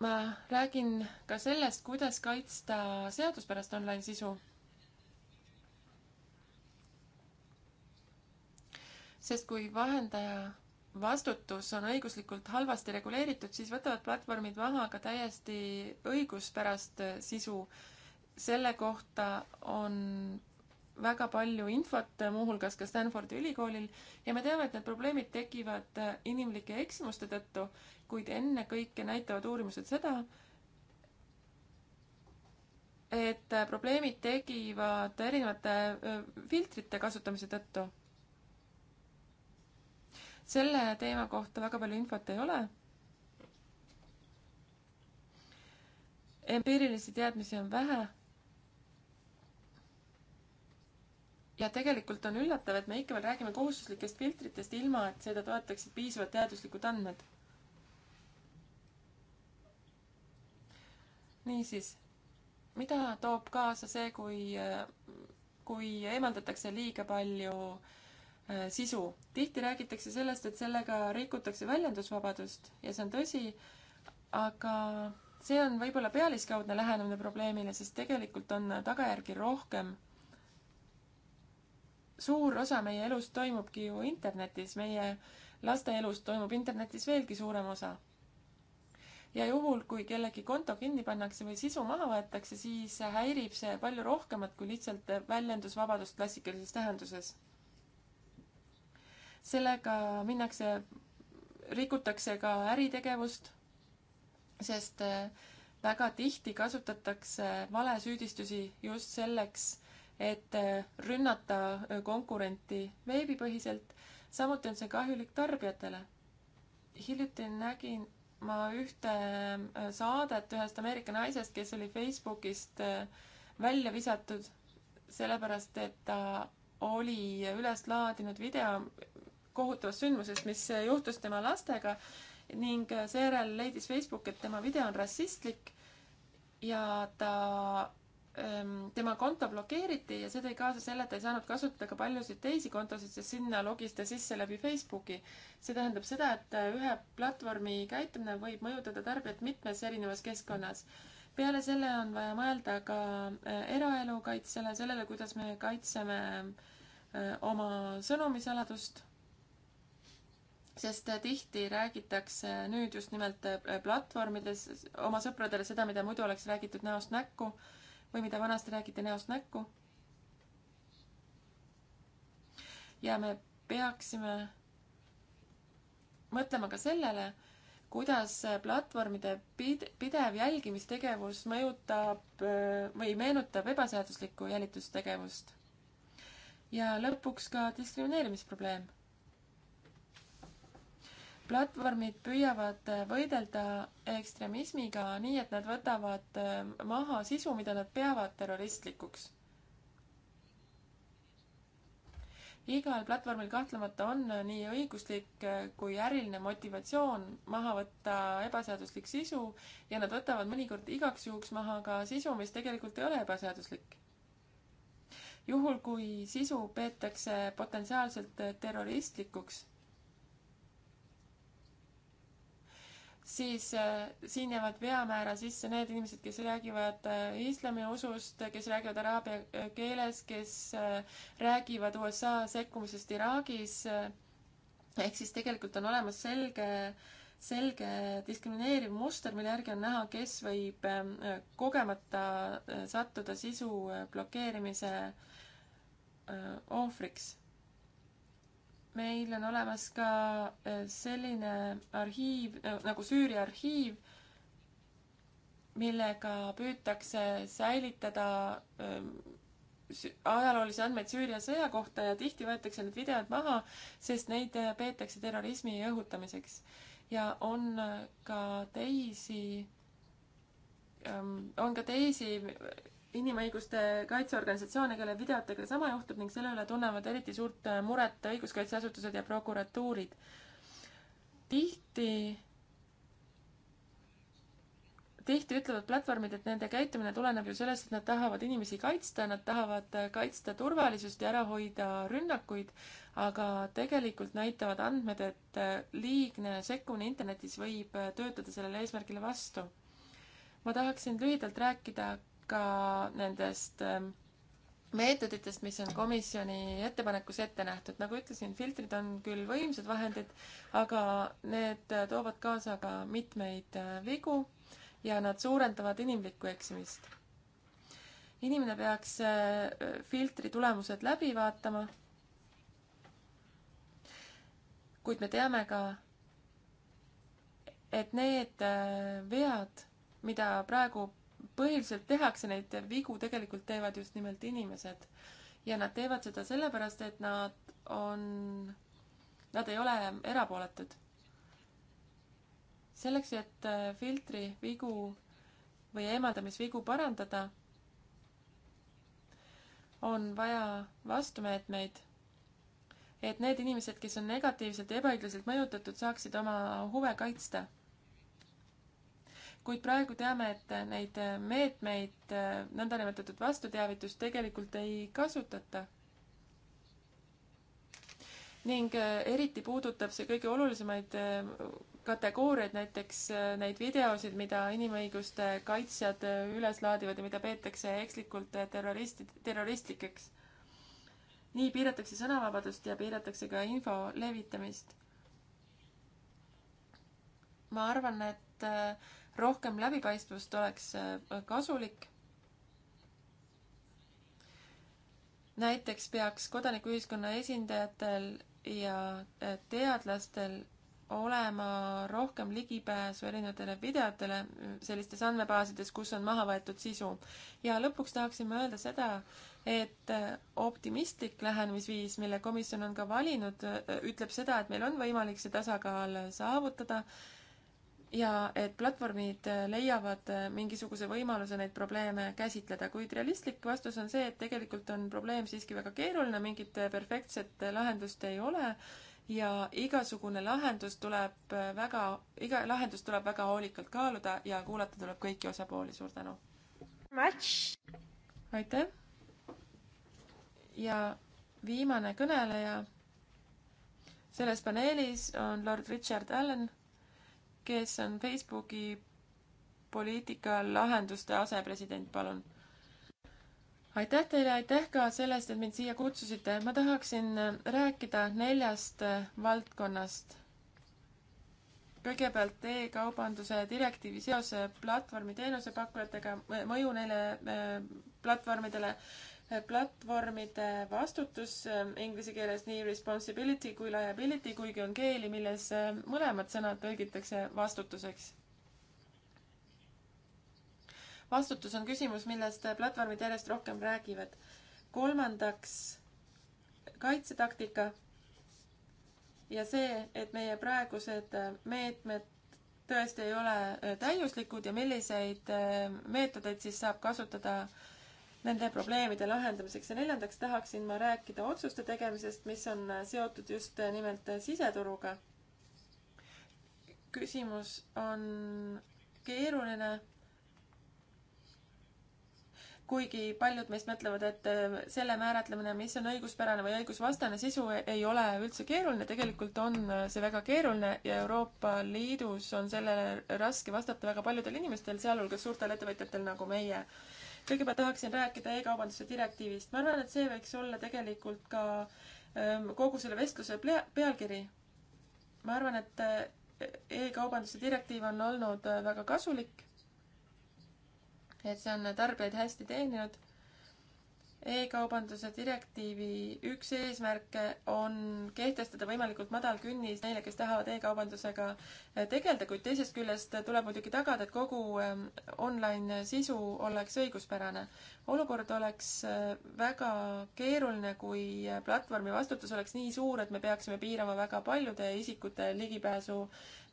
ma räägin ka sellest, kuidas kaitsta seaduspärast online sisu. sest kui vahendaja vastutus on õiguslikult halvasti reguleeritud, siis võtavad platvormid maha ka täiesti õiguspärast sisu. selle kohta on väga palju infot, muuhulgas ka Stanfordi ülikoolil, ja me teame, et need probleemid tekivad inimlike eksimuste tõttu, kuid ennekõike näitavad uurimused seda, et probleemid tekivad erinevate äh, filtrite kasutamise tõttu selle teema kohta väga palju infot ei ole. empiirilisi teadmisi on vähe. ja tegelikult on üllatav, et me ikka veel räägime kohustuslikest filtritest, ilma et seda toetaksid piisavalt teaduslikud andmed. niisiis, mida toob kaasa see, kui, kui eemaldatakse liiga palju äh, Äh, sisu. tihti räägitakse sellest, et sellega rikutakse väljendusvabadust ja see on tõsi, aga see on võib-olla pealiskaudne lähenemine probleemile, sest tegelikult on tagajärgi rohkem. suur osa meie elust toimubki ju internetis, meie laste elust toimub internetis veelgi suurem osa. ja juhul, kui kellegi konto kinni pannakse või sisu maha võetakse, siis häirib see palju rohkemat kui lihtsalt väljendusvabadust klassikalises tähenduses sellega minnakse, rikutakse ka äritegevust, sest eh, väga tihti kasutatakse valesüüdistusi just selleks, et eh, rünnata eh, konkurenti veebipõhiselt. samuti on see kahjulik tarbijatele. hiljuti nägin ma ühte saadet ühest Ameerika naisest, kes oli Facebookist välja visatud sellepärast, et ta oli üles laadinud video, kohutavast sündmusest, mis juhtus tema lastega ning seejärel leidis Facebook, et tema video on rassistlik ja ta ehm, tema konto blokeeriti ja see tõi kaasa selle, et ta ei saanud kasutada ka paljusid teisi kontosid, sest sinna logis ta sisse läbi Facebooki. see tähendab seda, et ühe platvormi käitumine võib mõjutada tarbijat mitmes erinevas keskkonnas. peale selle on vaja mõelda ka e, eraelu kaitsele, sellele, kuidas me kaitseme e, oma sõnumisaladust sest äh, tihti räägitakse nüüd just nimelt äh, platvormides oma sõpradele seda, mida muidu oleks räägitud näost näkku või mida vanasti räägiti näost näkku. ja me peaksime mõtlema ka sellele, kuidas äh, platvormide pid-, pidev jälgimistegevus mõjutab või meenutab ebaseaduslikku jälitustegevust. ja lõpuks ka diskrimineerimisprobleem platvormid püüavad äh, võidelda ekstremismiga nii, et nad võtavad äh, maha sisu, mida nad peavad terroristlikuks. igal platvormil kahtlemata on äh, nii õiguslik kui äriline motivatsioon maha võtta ebaseaduslik sisu ja nad võtavad mõnikord igaks juhuks maha ka sisu, mis tegelikult ei ole ebaseaduslik juhul, kui sisu peetakse potentsiaalselt terroristlikuks siis äh, siin jäävad veamäära sisse need inimesed, kes räägivad äh, islamiusust, kes räägivad araabia äh, keeles, kes räägivad USA sekkumisest Iraagis. ehk siis tegelikult on olemas selge, selge diskrimineeriv muster, mille järgi on näha, kes võib kogemata sattuda sisu blokeerimise ohvriks meil on olemas ka äh, selline arhiiv äh, nagu Süüria arhiiv, millega püütakse säilitada ähm, ajaloolisi andmeid Süüria sõja kohta ja tihti võetakse need videod maha, sest neid äh, peetakse terrorismi õhutamiseks. ja on ka teisi, ähm, on ka teisi inimõiguste kaitseorganisatsioone, kelle videotega sama juhtub ning selle üle tunnevad eriti suurt äh, muret õiguskaitseasutused ja prokuratuurid. tihti, tihti ütlevad platvormid, et nende käitumine tuleneb ju sellest, et nad tahavad inimesi kaitsta, nad tahavad äh, kaitsta turvalisust ja ära hoida rünnakuid, aga tegelikult näitavad andmed, et äh, liigne sekkumine internetis võib töötada sellele eesmärgile vastu ma tahaksin lühidalt rääkida ka nendest ähm, meetoditest, mis on komisjoni ettepanekus ette nähtud. nagu ütlesin, filtrid on küll võimsad vahendid, aga need toovad kaasa ka mitmeid äh, vigu ja nad suurendavad inimlikku eksimist. inimene peaks äh, filtri tulemused läbi vaatama. kuid me teame ka, et need äh, vead, mida praegu põhiliselt tehakse neid vigu, tegelikult teevad just nimelt inimesed. ja nad teevad seda sellepärast, et nad on, nad ei ole erapooletud. selleks, et äh, filtri vigu või eemaldamisvigu parandada, on vaja vastumeetmeid, et need inimesed, kes on negatiivselt ja ebaõiglaselt mõjutatud, saaksid oma huve kaitsta kuid praegu teame, et neid meetmeid, äh, nõndanimetatud vastuteavitust tegelikult ei kasutata. ning äh, eriti puudutab see kõige olulisemaid äh, kategooriaid, näiteks neid videosid, mida inimõiguste kaitsjad üles laadivad ja mida peetakse ekslikult terroristi, terroristlikeks. nii piiratakse sõnavabadust ja piiratakse ka info levitamist. ma arvan, et rohkem läbipaistvust oleks äh, kasulik. näiteks peaks kodanikuühiskonna esindajatel ja äh, teadlastel olema rohkem ligipääsu erinevatele videotele äh, sellistes andmebaasides, kus on maha võetud sisu. ja lõpuks tahaksin ma öelda seda, et optimistlik lähenemisviis, mille komisjon on ka valinud, ütleb seda, et meil on võimalik see tasakaal saavutada ja et platvormid äh, leiavad äh, mingisuguse võimaluse neid probleeme käsitleda, kuid realistlik vastus on see, et tegelikult on probleem siiski väga keeruline, mingit äh, perfektset lahendust ei ole ja igasugune lahendus tuleb väga, iga lahendus tuleb väga hoolikalt kaaluda ja kuulata tuleb kõiki osapooli, suur tänu! aitäh! ja viimane kõneleja selles paneelis on lord Richard Allan kes on Facebooki poliitika lahenduste asepresident, palun. aitäh teile, aitäh ka sellest, et mind siia kutsusite. ma tahaksin rääkida neljast valdkonnast. kõigepealt e-kaubanduse direktiivi seos platvormi teenusepakkujatega, mõju neile eh, platvormidele platvormide vastutus äh, inglise keeles nii responsibility kui liability, kuigi on keeli, milles äh, mõlemad sõnad tõlgitakse vastutuseks. vastutus on küsimus, millest äh, platvormid järjest rohkem räägivad. kolmandaks, kaitsetaktika ja see, et meie praegused meetmed tõesti ei ole täiuslikud ja milliseid meetodeid siis saab kasutada äh, nende probleemide lahendamiseks ja neljandaks tahaksin ma rääkida otsuste tegemisest, mis on seotud just nimelt siseturuga. küsimus on keeruline. kuigi paljud meist mõtlevad, et selle määratlemine, mis on õiguspärane või õigusvastane sisu, ei ole üldse keeruline, tegelikult on see väga keeruline ja Euroopa Liidus on sellele raske vastata väga paljudel inimestel, sealhulgas suurtel ettevõtjatel nagu meie kõigepealt tahaksin rääkida e-kaubanduse direktiivist. ma arvan, et see võiks olla tegelikult ka ähm, kogu selle vestluse pealkiri. ma arvan, et äh, e-kaubanduse direktiiv on olnud äh, väga kasulik. et see on äh, tarbijaid hästi teeninud e-kaubanduse direktiivi üks eesmärke on kehtestada võimalikult madal künnis neile, kes tahavad e-kaubandusega eh, tegeleda, kuid teisest küljest tuleb muidugi tagada, et kogu eh, online sisu oleks õiguspärane. olukord oleks eh, väga keeruline, kui platvormi vastutus oleks nii suur, et me peaksime piirama väga paljude isikute ligipääsu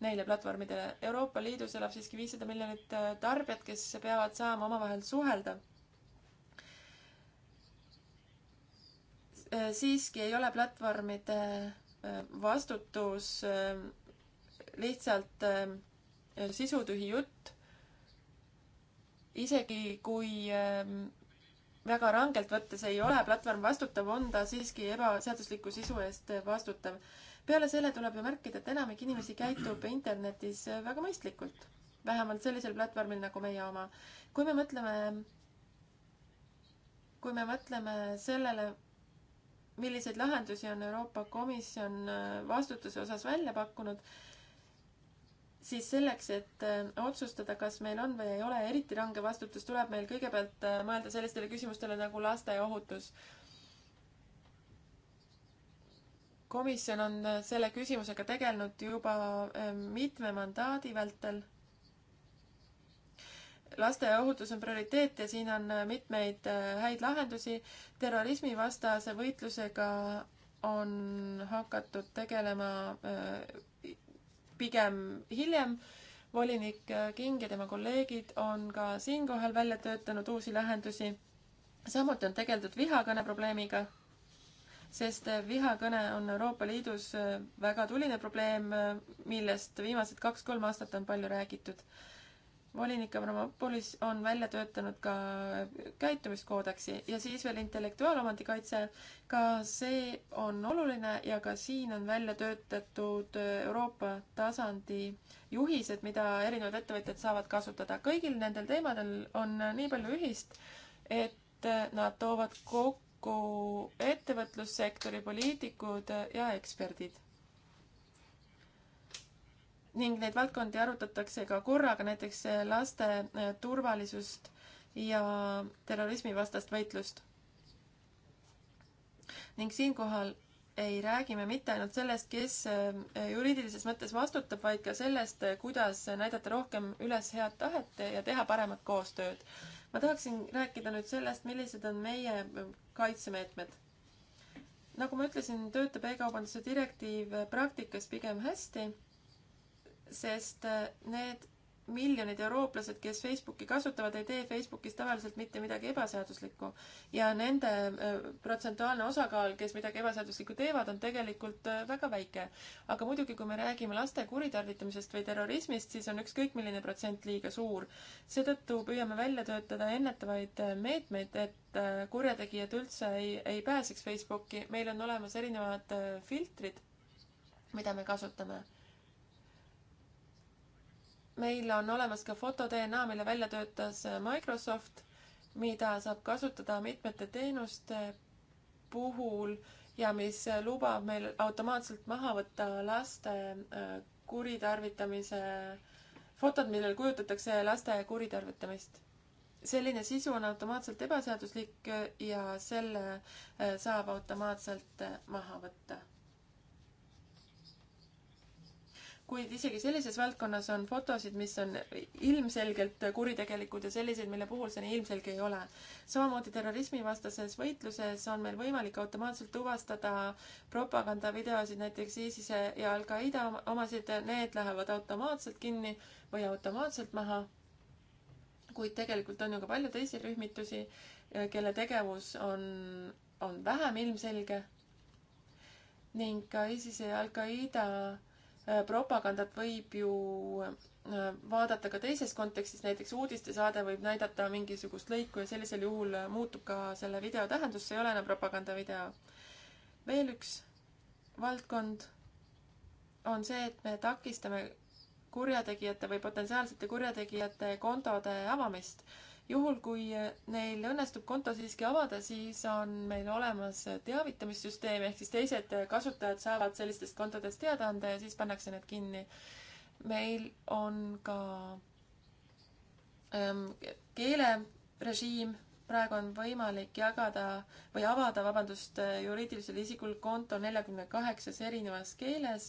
neile platvormidele. Euroopa Liidus elab siiski viissada miljonit tarbijat, kes peavad saama omavahel suhelda Äh, siiski ei ole platvormide äh, vastutus äh, lihtsalt sisutühi jutt. isegi kui ähm, väga rangelt võttes ei ole platvorm vastutav, on ta siiski ebaseadusliku sisu eest vastutav. peale selle tuleb ju märkida, et enamik inimesi käitub internetis väga mõistlikult, vähemalt sellisel platvormil nagu meie oma. kui me mõtleme, kui me mõtleme sellele, milliseid lahendusi on Euroopa Komisjon äh, vastutuse osas välja pakkunud, siis selleks, et äh, otsustada, kas meil on või ei ole eriti range vastutus, tuleb meil kõigepealt äh, mõelda sellistele küsimustele nagu laste ohutus. komisjon on selle küsimusega tegelenud juba mitme mandaadi vältel laste ohutus on prioriteet ja siin on äh, mitmeid äh, häid lahendusi. terrorismivastase võitlusega on hakatud tegelema äh, pigem hiljem. volinik King ja tema kolleegid on ka siinkohal välja töötanud uusi lahendusi. samuti on tegeldud vihakõne probleemiga, sest vihakõne on Euroopa Liidus väga tuline probleem, millest viimased kaks-kolm aastat on palju räägitud volinik Avramopolis on välja töötanud ka käitumiskoodeksi ja siis veel intellektuaalomandi kaitse. ka see on oluline ja ka siin on välja töötatud Euroopa tasandi juhised, mida erinevad ettevõtjad saavad kasutada. kõigil nendel teemadel on nii palju ühist, et nad toovad kokku ettevõtlussektori poliitikud ja eksperdid ning neid valdkondi arutatakse ka korraga, näiteks äh, laste äh, turvalisust ja terrorismivastast võitlust. ning siinkohal ei räägi me mitte ainult sellest, kes äh, juriidilises mõttes vastutab, vaid ka sellest, kuidas näidata rohkem üles head tahet ja teha paremat koostööd. ma tahaksin rääkida nüüd sellest, millised on meie kaitsemeetmed. nagu ma ütlesin, töötab e-kaubanduse direktiiv praktikas pigem hästi sest äh, need miljonid eurooplased, kes Facebooki kasutavad, ei tee Facebookis tavaliselt mitte midagi ebaseaduslikku. ja nende äh, protsentuaalne osakaal, kes midagi ebaseaduslikku teevad, on tegelikult äh, väga väike. aga muidugi, kui me räägime laste kuritarvitamisest või terrorismist, siis on ükskõik milline protsent liiga suur. seetõttu püüame välja töötada ennetavaid meetmeid, et kurjategijad üldse ei, ei pääseks Facebooki. meil on olemas erinevad filtrid, mida me kasutame meil on olemas ka foto-DNA, mille välja töötas äh, Microsoft, mida saab kasutada mitmete teenuste puhul ja mis äh, lubab meil automaatselt maha võtta laste äh, kuritarvitamise fotod, millel kujutatakse laste kuritarvitamist. selline sisu on automaatselt ebaseaduslik ja selle saab automaatselt maha võtta kuid isegi sellises valdkonnas on fotosid, mis on ilmselgelt kuritegelikud ja selliseid, mille puhul see nii ilmselge ei ole. samamoodi terrorismivastases võitluses on meil võimalik automaatselt tuvastada propagandavideosid, näiteks ISISe ja Al-Qaeda omasid, need lähevad automaatselt kinni või automaatselt maha kuid tegelikult on ju ka palju teisi rühmitusi, kelle tegevus on, on vähem ilmselge. ning ka ISISe ja Al-Qaeda Äh, propagandat võib ju äh, vaadata ka teises kontekstis, näiteks uudistesaade võib näidata mingisugust lõiku ja sellisel juhul äh, muutub ka selle video tähendus, see ei ole enam propagandavideo. veel üks valdkond on see, et me takistame kurjategijate või potentsiaalsete kurjategijate kontode avamist juhul, kui eh, neil õnnestub konto siiski avada, siis on meil olemas eh, teavitamissüsteem, ehk siis teised eh, kasutajad saavad sellistest kontodest teada anda ja siis pannakse need kinni. meil on ka ähm, keelerežiim, praegu on võimalik jagada või avada, vabandust, juriidilisel isikul konto neljakümne kaheksas erinevas keeles.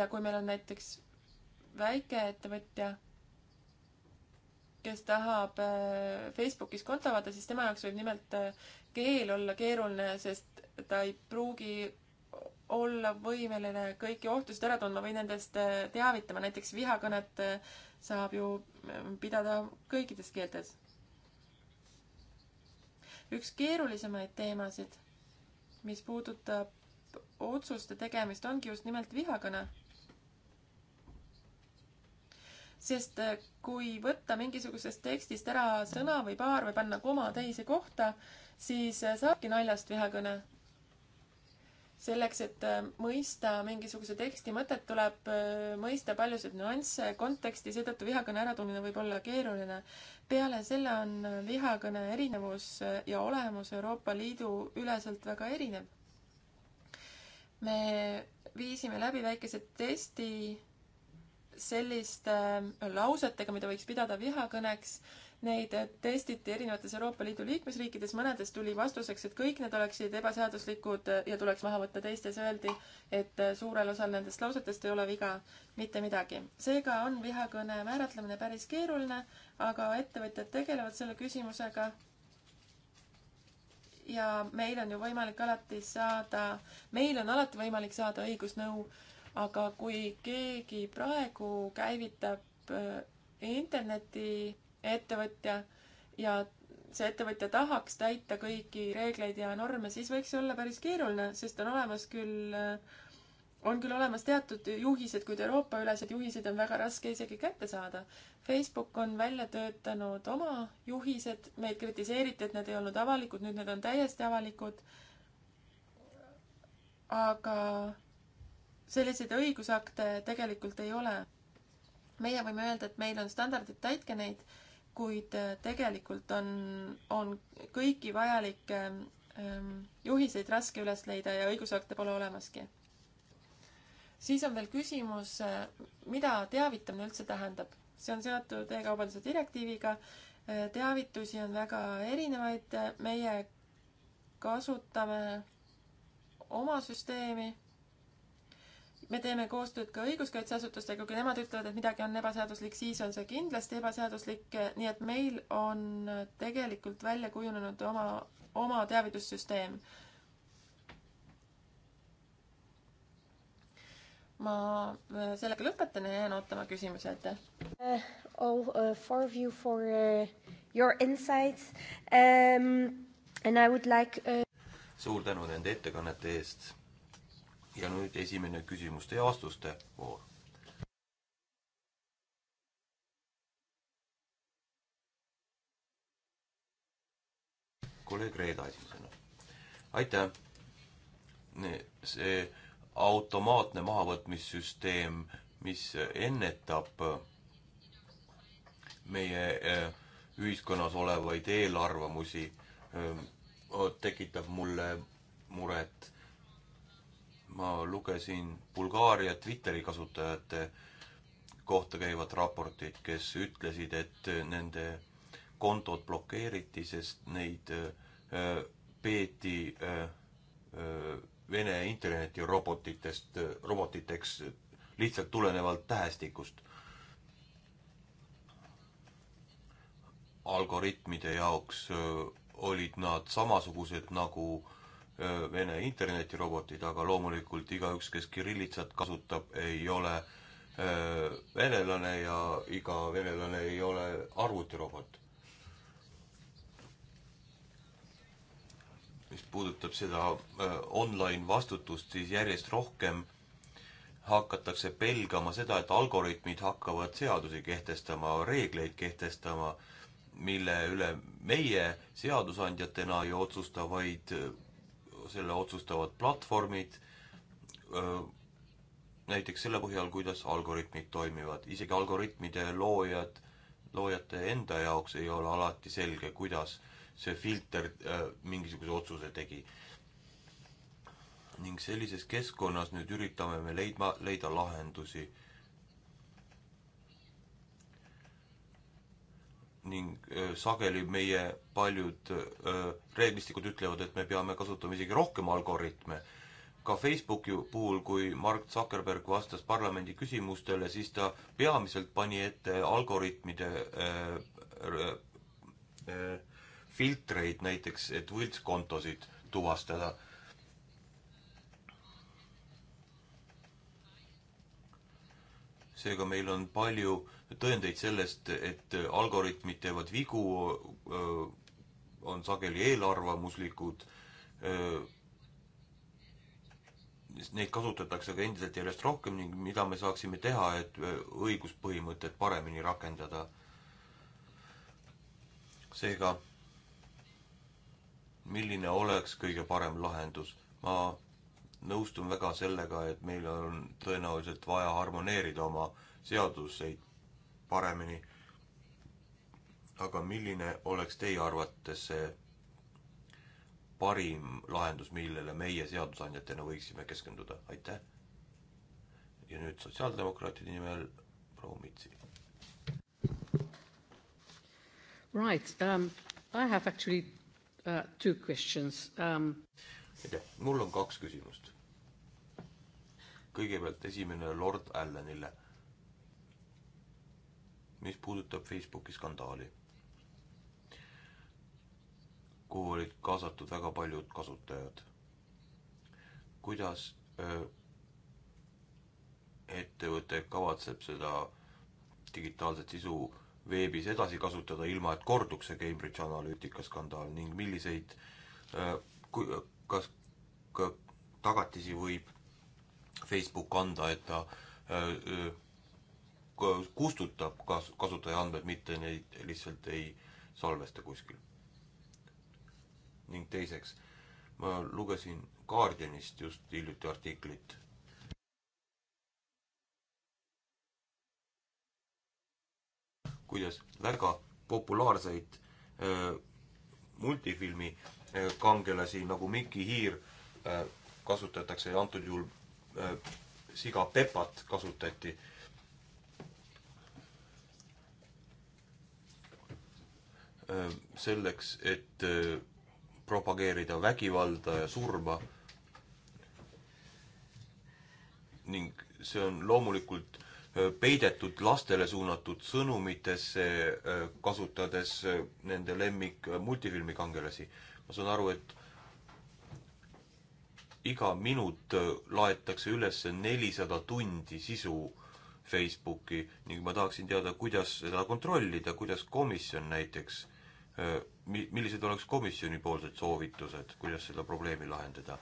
ja kui meil on näiteks väikeettevõtja kes tahab äh, Facebookis konto avada, siis tema jaoks võib nimelt äh, keel olla keeruline, sest ta ei pruugi olla võimeline kõiki ohtusid ära tundma või nendest äh, teavitama, näiteks vihakõnet saab ju pidada kõikides keeltes. üks keerulisemaid teemasid, mis puudutab otsuste tegemist, ongi just nimelt vihakõne sest äh, kui võtta mingisugusest tekstist ära sõna või paar või panna koma teise kohta, siis äh, saabki naljast vihakõne. selleks, et äh, mõista mingisuguse teksti mõtet, tuleb mõista paljusid nüansse, konteksti, seetõttu vihakõne äratundmine võib olla keeruline. peale selle on vihakõne erinevus ja olemus Euroopa Liidu üleselt väga erinev. me viisime läbi väikese testi selliste äh, lausetega, mida võiks pidada vihakõneks. Neid äh, testiti erinevates Euroopa Liidu liikmesriikides, mõnedes tuli vastuseks, et kõik need oleksid ebaseaduslikud äh, ja tuleks maha võtta, teistes öeldi, et suurel osal nendest lausetest ei ole viga mitte midagi. seega on vihakõne määratlemine päris keeruline, aga ettevõtjad tegelevad selle küsimusega ja meil on ju võimalik alati saada, meil on alati võimalik saada õigusnõu aga kui keegi praegu käivitab äh, internetiettevõtja ja see ettevõtja tahaks täita kõiki reegleid ja norme, siis võiks see olla päris keeruline, sest on olemas küll, äh, on küll olemas teatud juhised, kuid Euroopa-ülesed juhised on väga raske isegi kätte saada. Facebook on välja töötanud oma juhised, meid kritiseeriti, et need ei olnud avalikud, nüüd need on täiesti avalikud. aga selliseid õigusakte tegelikult ei ole. meie võime öelda, et meil on standardid, täitke neid, kuid äh, tegelikult on, on kõiki vajalikke ähm, juhiseid raske üles leida ja õigusakte pole olemaski. siis on veel küsimus, äh, mida teavitamine üldse tähendab. see on seotud e-kaubanduse direktiiviga. Äh, teavitusi on väga erinevaid, meie kasutame oma süsteemi me teeme koostööd ka õiguskaitseasutustega, kui nemad ütlevad, et midagi on ebaseaduslik, siis on see kindlasti ebaseaduslik, nii et meil on tegelikult välja kujunenud oma, oma teavitussüsteem. ma äh, sellega lõpetan ja jään ootama küsimusi, aitäh uh,! All oh, uh, four of you for uh, your insights um, and I would like uh... suur tänu nende ettekannete eest ja nüüd esimene küsimuste ja vastuste voor. kolleeg Reeda esimesena. aitäh. see automaatne mahavõtmissüsteem, mis ennetab meie eh, ühiskonnas olevaid eelarvamusi, eh, tekitab mulle muret ma lugesin Bulgaaria Twitteri kasutajate kohta käivat raportit, kes ütlesid, et nende kontod blokeeriti, sest neid äh, peeti äh, äh, Vene internetirobotitest, robotiteks lihtsalt tulenevalt tähestikust. algoritmide jaoks olid nad samasugused nagu äh, Vene internetirobotid, aga loomulikult igaüks, kes kirillitsat kasutab, ei ole venelane ja iga venelane ei ole arvutirobot. mis puudutab seda online vastutust, siis järjest rohkem hakatakse pelgama seda, et algoritmid hakkavad seadusi kehtestama, reegleid kehtestama, mille üle meie seadusandjatena ei otsusta, vaid selle otsustavad platvormid, näiteks selle põhjal, kuidas algoritmid toimivad, isegi algoritmide loojad, loojate enda jaoks ei ole alati selge, kuidas see filter mingisuguse otsuse tegi. ning sellises keskkonnas nüüd üritame me leidma, leida lahendusi ning sageli meie paljud reeglistikud ütlevad, et me peame kasutama isegi rohkem algoritme. ka Facebooki puhul, kui Mark Zuckerberg vastas parlamendi küsimustele, siis ta peamiselt pani ette algoritmide äh, äh, filtreid näiteks, et võltskontosid tuvastada seega meil on palju tõendeid sellest, et algoritmid teevad vigu, on sageli eelarvamuslikud, neid kasutatakse aga endiselt järjest rohkem ning mida me saaksime teha, et õiguspõhimõtted paremini rakendada. seega, milline oleks kõige parem lahendus? ma nõustun väga sellega, et meil on tõenäoliselt vaja harmoneerida oma seaduseid paremini. aga milline oleks teie arvates see parim lahendus, millele meie seadusandjatena võiksime keskenduda, aitäh! ja nüüd sotsiaaldemokraatide nimel proua Mitsi. Right um,, I have actually uh, two questions um.... aitäh, mul on kaks küsimust. kõigepealt esimene Lord Allanile mis puudutab Facebooki skandaali, kuhu olid kaasatud väga paljud kasutajad. kuidas öö, ettevõte kavatseb seda digitaalset sisu veebis edasi kasutada, ilma et korduks see Cambridge Analytica skandaal ning milliseid öö, kas ka tagatisi võib Facebook anda, et ta öö, öö, kustutab kas-, kasutaja andmed, mitte neid lihtsalt ei salvesta kuskil. ning teiseks, ma lugesin Guardianist just hiljuti artiklit, kuidas väga populaarseid äh, multifilmi äh, kangelasi nagu Mikki Hiir äh, kasutatakse ja antud juhul äh, siga Pepat kasutati Äh, selleks, et äh, propageerida vägivalda ja surma. ning see on loomulikult äh, peidetud lastele suunatud sõnumitesse, kasutades nende lemmik multifilmi kangelasi. ma saan aru, et iga minut laetakse üles nelisada tundi sisu Facebooki ning ma tahaksin teada, kuidas seda kontrollida, kuidas komisjon näiteks mi-, millised oleks komisjonipoolsed soovitused, kuidas seda probleemi lahendada?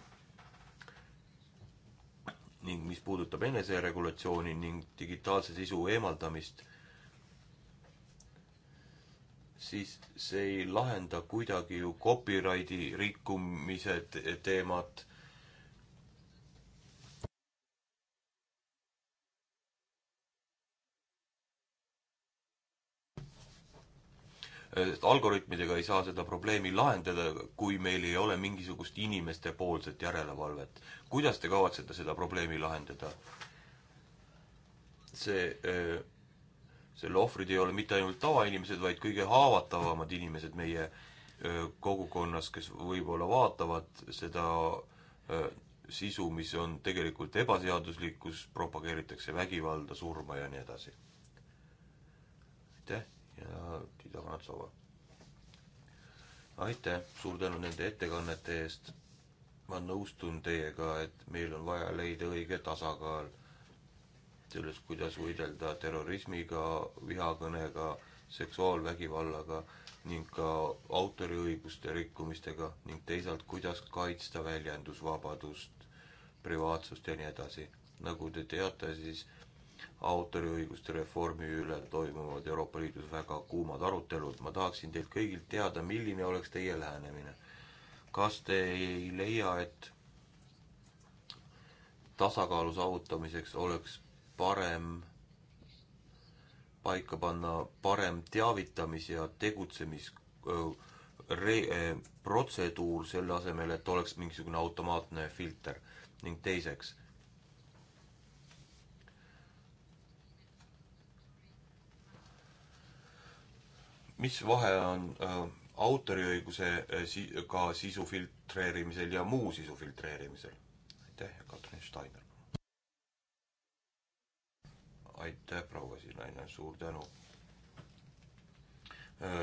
ning mis puudutab eneseregulatsiooni ning digitaalse sisu eemaldamist, siis see ei lahenda kuidagi ju copyrighti rikkumise teemat sest algoritmidega ei saa seda probleemi lahendada, kui meil ei ole mingisugust inimestepoolset järelevalvet. kuidas te kavatsete seda probleemi lahendada? see, äh, selle ohvrid ei ole mitte ainult tavainimesed, vaid kõige haavatavamad inimesed meie äh, kogukonnas, kes võib-olla vaatavad seda äh, sisu, mis on tegelikult ebaseaduslik, kus propageeritakse vägivalda, surma ja nii edasi. aitäh ja Liida Vanatsova. aitäh, suur tänu nende ettekannete eest. ma nõustun teiega, et meil on vaja leida õige tasakaal selles, kuidas võidelda terrorismiga, vihakõnega, seksuaalvägivallaga ning ka autoriõiguste rikkumistega ning teisalt, kuidas kaitsta väljendusvabadust, privaatsust ja nii edasi. nagu te teate, siis autoriõiguste reformi üle toimuvad Euroopa Liidus väga kuumad arutelud. ma tahaksin teilt kõigilt teada, milline oleks teie lähenemine. kas te ei leia, et tasakaalu saavutamiseks oleks parem paika panna parem teavitamis- ja tegutsemis- re-, protseduur selle asemel, et oleks mingisugune automaatne filter. ning teiseks mis vahe on äh, autoriõiguse äh, si-, ka sisu filtreerimisel ja muu sisu filtreerimisel? aitäh, Katrin Steiner. aitäh, proua Sinaine, suur tänu äh,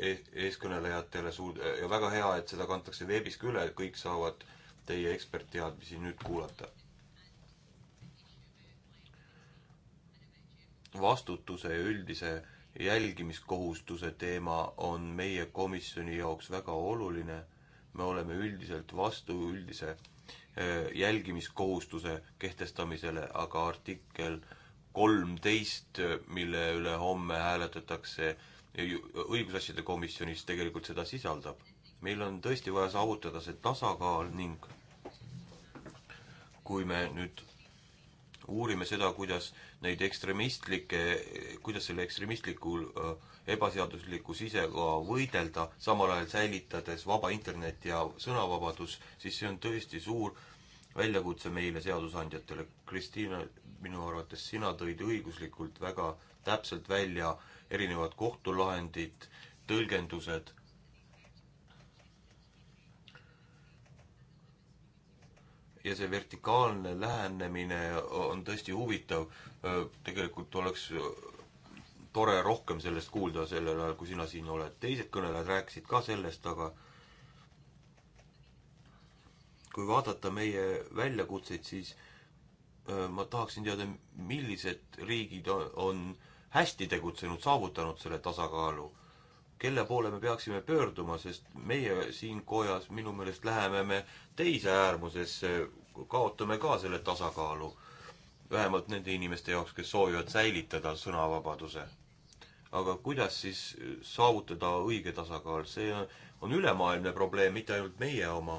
ees, eeskõnelejatele suur ja väga hea, et seda kantakse veebis ka üle, kõik saavad teie ekspertteadmisi nüüd kuulata. vastutuse ja üldise jälgimiskohustuse teema on meie komisjoni jaoks väga oluline. me oleme üldiselt vastu üldise eh, jälgimiskohustuse kehtestamisele, aga artikkel kolmteist, mille üle homme hääletatakse õigusasjade komisjonis, tegelikult seda sisaldab. meil on tõesti vaja saavutada see tasakaal ning kui me nüüd Nagu uurime seda, kuidas neid ekstremistlikke, kuidas selle ekstremistliku äh, ebaseadusliku sisega võidelda, samal ajal säilitades vaba internet ja sõnavabadus, siis see on tõesti suur väljakutse meile, seadusandjatele. Kristiina, minu arvates sina tõid õiguslikult väga täpselt välja erinevad kohtulahendid, tõlgendused ja see vertikaalne lähenemine on tõesti huvitav. tegelikult oleks tore rohkem sellest kuulda sellel ajal, kui sina siin oled. teised kõnelejad rääkisid ka sellest, aga kui vaadata meie väljakutseid, siis ma tahaksin teada, millised riigid on hästi tegutsenud, saavutanud selle tasakaalu kelle poole me peaksime pöörduma, sest meie siin kojas minu meelest läheme me teise äärmusesse, kaotame ka selle tasakaalu. vähemalt nende inimeste jaoks, kes soovivad säilitada sõnavabaduse. aga kuidas siis saavutada õige tasakaal, see on, on ülemaailmne probleem, mitte ainult meie oma.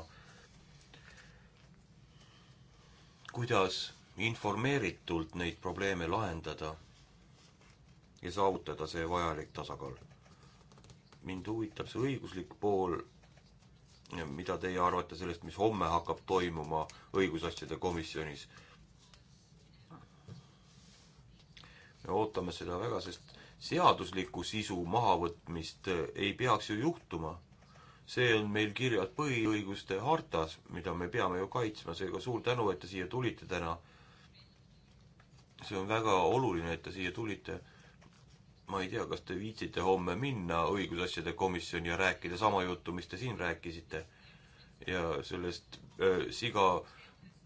kuidas informeeritult neid probleeme lahendada ja saavutada see vajalik tasakaal? mind huvitab see õiguslik pool, mida teie arvate sellest, mis homme hakkab toimuma õigusasjade komisjonis? me ootame seda väga, sest seaduslikku sisu mahavõtmist ei peaks ju juhtuma. see on meil kirjas põhiõiguste hartas, mida me peame ju kaitsma, seega suur tänu, et te siia tulite täna. see on väga oluline, et te siia tulite ma ei tea, kas te viitsite homme minna õigusasjade komisjoni ja rääkida sama juttu, mis te siin rääkisite. ja sellest äh, siga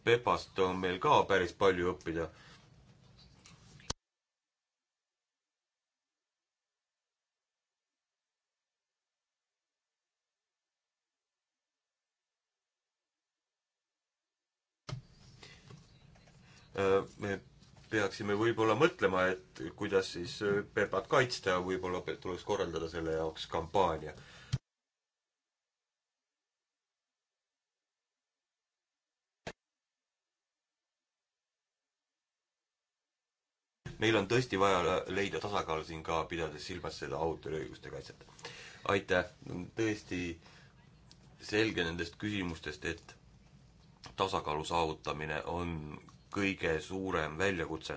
Pepast on meil ka päris palju õppida. Äh, me äh, peaksime võib-olla mõtlema, et kuidas siis äh, PEPA-t kaitsta, võib-olla tuleks korraldada selle jaoks kampaania. meil on tõesti vaja leida tasakaal siin ka, pidades silmas seda autoriõiguste kaitset. aitäh, tõesti selge nendest küsimustest, et tasakaalu saavutamine on kõige suurem väljakutse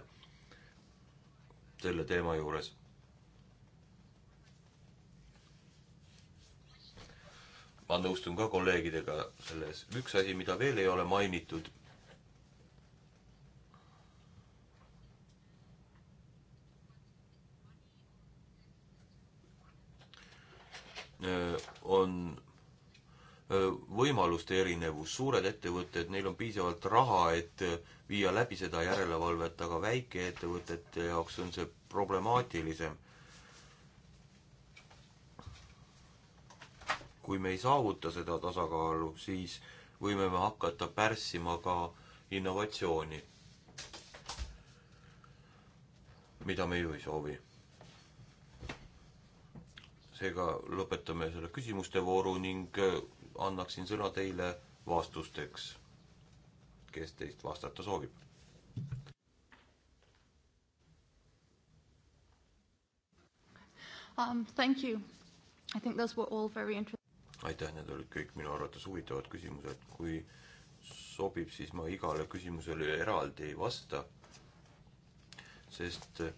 selle teema juures? ma nõustun ka kolleegidega selles. üks asi, mida veel ei ole mainitud, on võimaluste erinevus, suured ettevõtted, neil on piisavalt raha, et viia läbi seda järelevalvet, aga väikeettevõtete jaoks on see problemaatilisem. kui me ei saavuta seda tasakaalu, siis võime me hakata pärssima ka innovatsiooni, mida me ju ei soovi seega lõpetame selle küsimuste vooru ning annaksin sõna teile vastusteks. kes teist vastata soovib? Um, thank you. I think those were all very interesting. aitäh, need olid kõik minu arvates huvitavad küsimused, kui sobib, siis ma igale küsimusele eraldi ei vasta, sest äh,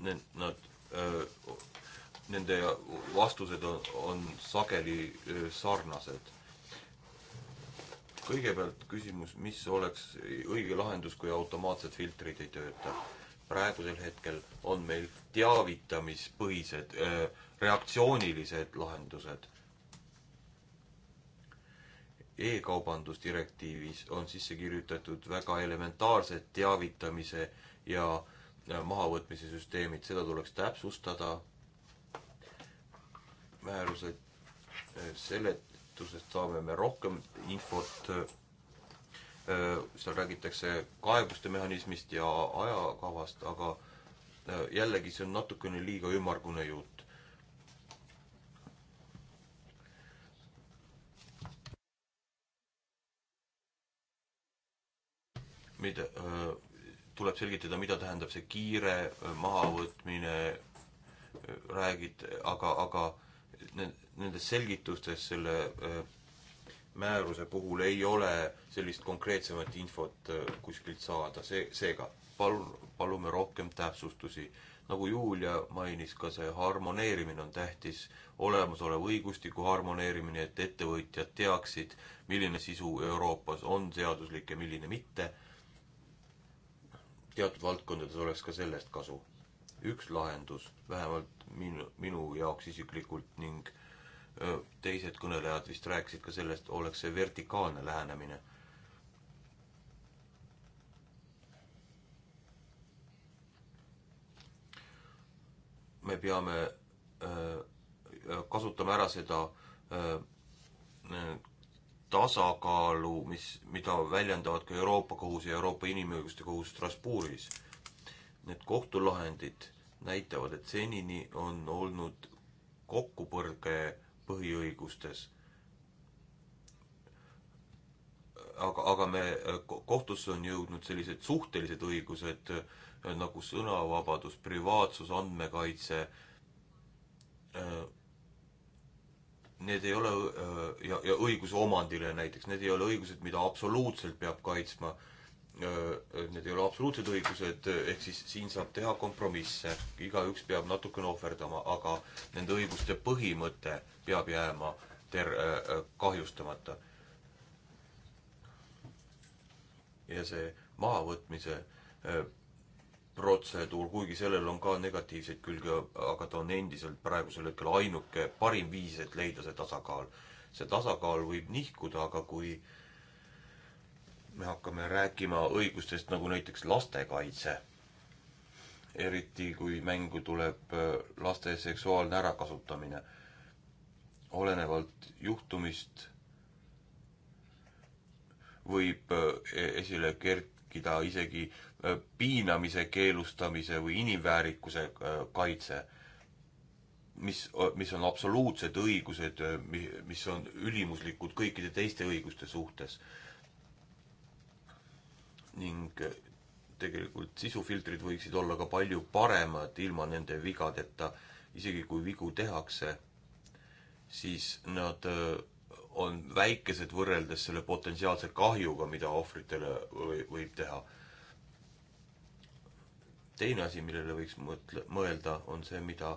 need, nad öö, äh, nende vastused on, on sageli sarnased. kõigepealt küsimus, mis oleks õige lahendus, kui automaatsed filtrid ei tööta? praegusel hetkel on meil teavitamispõhised, reaktsioonilised lahendused. E-kaubandusdirektiivis on sisse kirjutatud väga elementaarsed teavitamise ja mahavõtmise süsteemid, seda tuleks täpsustada määruse seletusest saame me rohkem infot, seal räägitakse kaebuste mehhanismist ja ajakavast, aga jällegi, see on natukene liiga ümmargune jutt. mida, tuleb selgitada, mida tähendab see kiire mahavõtmine, räägid, aga, aga nendes selgitustes selle äh, määruse puhul ei ole sellist konkreetsemat infot äh, kuskilt saada, see, seega palun, palume rohkem täpsustusi. nagu Julia mainis, ka see harmoneerimine on tähtis, olemasoleva õigustiku harmoneerimine, et ettevõtjad teaksid, milline sisu Euroopas on seaduslik ja milline mitte. teatud valdkondades oleks ka sellest kasu üks lahendus, vähemalt minu, minu jaoks isiklikult ning teised kõnelejad vist rääkisid ka sellest, oleks see vertikaalne lähenemine. me peame kasutama ära seda tasakaalu, mis, mida väljendavad ka Euroopa Kohus ja Euroopa Inimõiguste Kohus Strasbourgis Need kohtulahendid näitavad, et senini on olnud kokkupõrge põhiõigustes. aga, aga me, kohtusse on jõudnud sellised suhtelised õigused äh, nagu sõnavabadus, privaatsus, andmekaitse. Äh, need ei ole äh, ja, ja õigus omandile näiteks, need ei ole õigused, mida absoluutselt peab kaitsma Äh, äh, need ei ole absoluutsed õigused, ehk siis siin saab teha kompromisse, igaüks peab natukene ohverdama, aga nende õiguste põhimõte peab jääma ter-, äh, kahjustamata. ja see mahavõtmise protseduur, kuigi sellel on ka negatiivseid külgi, aga ta on endiselt praegusel hetkel ainuke parim viis, et leida see tasakaal. see tasakaal võib nihkuda, aga kui äh, me hakkame rääkima õigustest nagu näiteks lastekaitse. eriti kui mängu tuleb äh, laste seksuaalne ärakasutamine. olenevalt juhtumist võib äh, e-, esile kerkida isegi äh, piinamise keelustamise või inimväärikuse kaitse, mis, mis on absoluutsed õigused, mis on ülimuslikud kõikide teiste õiguste suhtes ning tegelikult sisufiltrid võiksid olla ka palju paremad ilma nende vigadeta, isegi kui vigu tehakse, siis nad äh, on väikesed võrreldes selle potentsiaalse kahjuga, mida ohvritele võib teha. teine asi, millele võiks mõtle, mõelda, on see, mida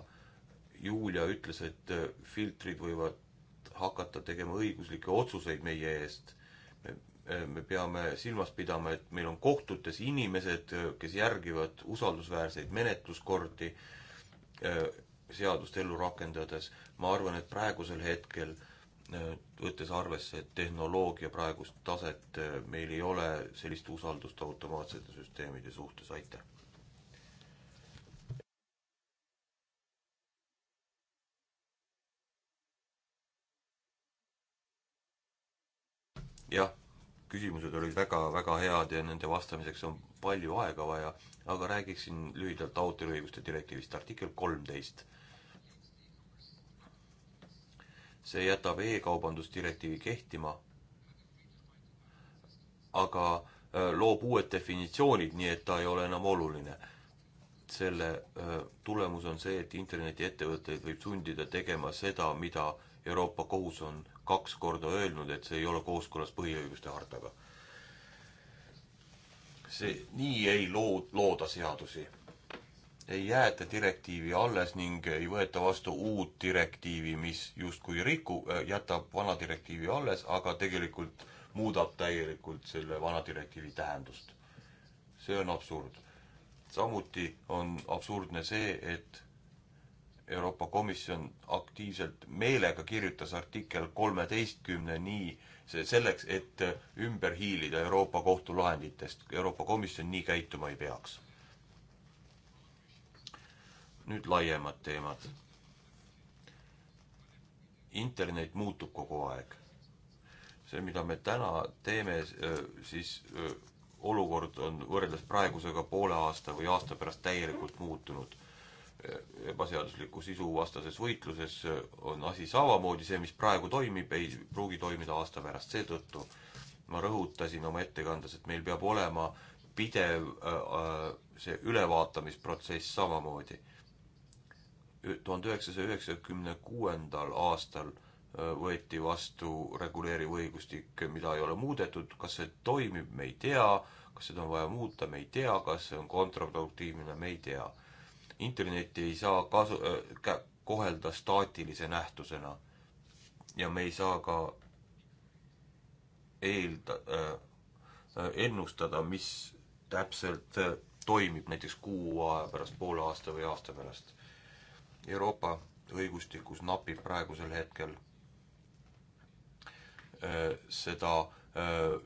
Julia ütles, et äh, filtrid võivad hakata tegema õiguslikke otsuseid meie eest Äh, me peame silmas pidama, et meil on kohtutes inimesed, äh, kes järgivad usaldusväärseid menetluskordi äh, seadust ellu rakendades. ma arvan, et praegusel hetkel, võttes arvesse tehnoloogia praegust taset, meil ei ole sellist usaldust automaatsete süsteemide suhtes, aitäh. jah küsimused olid väga-väga head ja nende vastamiseks on palju aega vaja, aga räägiksin lühidalt autoriõiguste direktiivist, artikkel kolmteist. see jätab e-kaubandusdirektiivi kehtima, aga loob uued definitsioonid, nii et ta ei ole enam oluline. selle tulemus on see, et internetiettevõtteid võib sundida tegema seda, mida Euroopa Kohus on kaks korda öelnud, et see ei ole kooskõlas põhiõiguste hartaga. see, nii ei loo-, looda seadusi. ei jäeta direktiivi alles ning ei võeta vastu uut direktiivi, mis justkui riku-, äh, jätab vana direktiivi alles, aga tegelikult muudab täielikult selle vana direktiivi tähendust. see on absurd. samuti on absurdne see, et Euroopa Komisjon aktiivselt meelega kirjutas artikkel kolmeteistkümne nii, see selleks, et ümber hiilida Euroopa Kohtu lahenditest. Euroopa Komisjon nii käituma ei peaks. nüüd laiemad teemad. internet muutub kogu aeg. see, mida me täna teeme, äh, siis äh, olukord on võrreldes praegusega poole aasta või aasta pärast täielikult muutunud ebaseadusliku sisu vastases võitluses äh, on asi samamoodi, see, mis praegu toimib, ei pruugi toimida aasta pärast, seetõttu ma rõhutasin oma ettekandes, et meil peab olema pidev äh, äh, see ülevaatamisprotsess samamoodi. tuhande üheksasaja üheksakümne kuuendal aastal võeti vastu reguleeriv õigustik, mida ei ole muudetud, kas see toimib, me ei tea, kas seda on vaja muuta, me ei tea, kas see on kontraproduktiivne, me ei tea internetti ei saa kasu- äh,, kohelda staatilise nähtusena. ja me ei saa ka eelda äh, äh,, ennustada, mis täpselt äh, toimib näiteks kuu aja pärast, poole aasta või aasta pärast. Euroopa õigustikus napib praegusel hetkel äh, seda äh,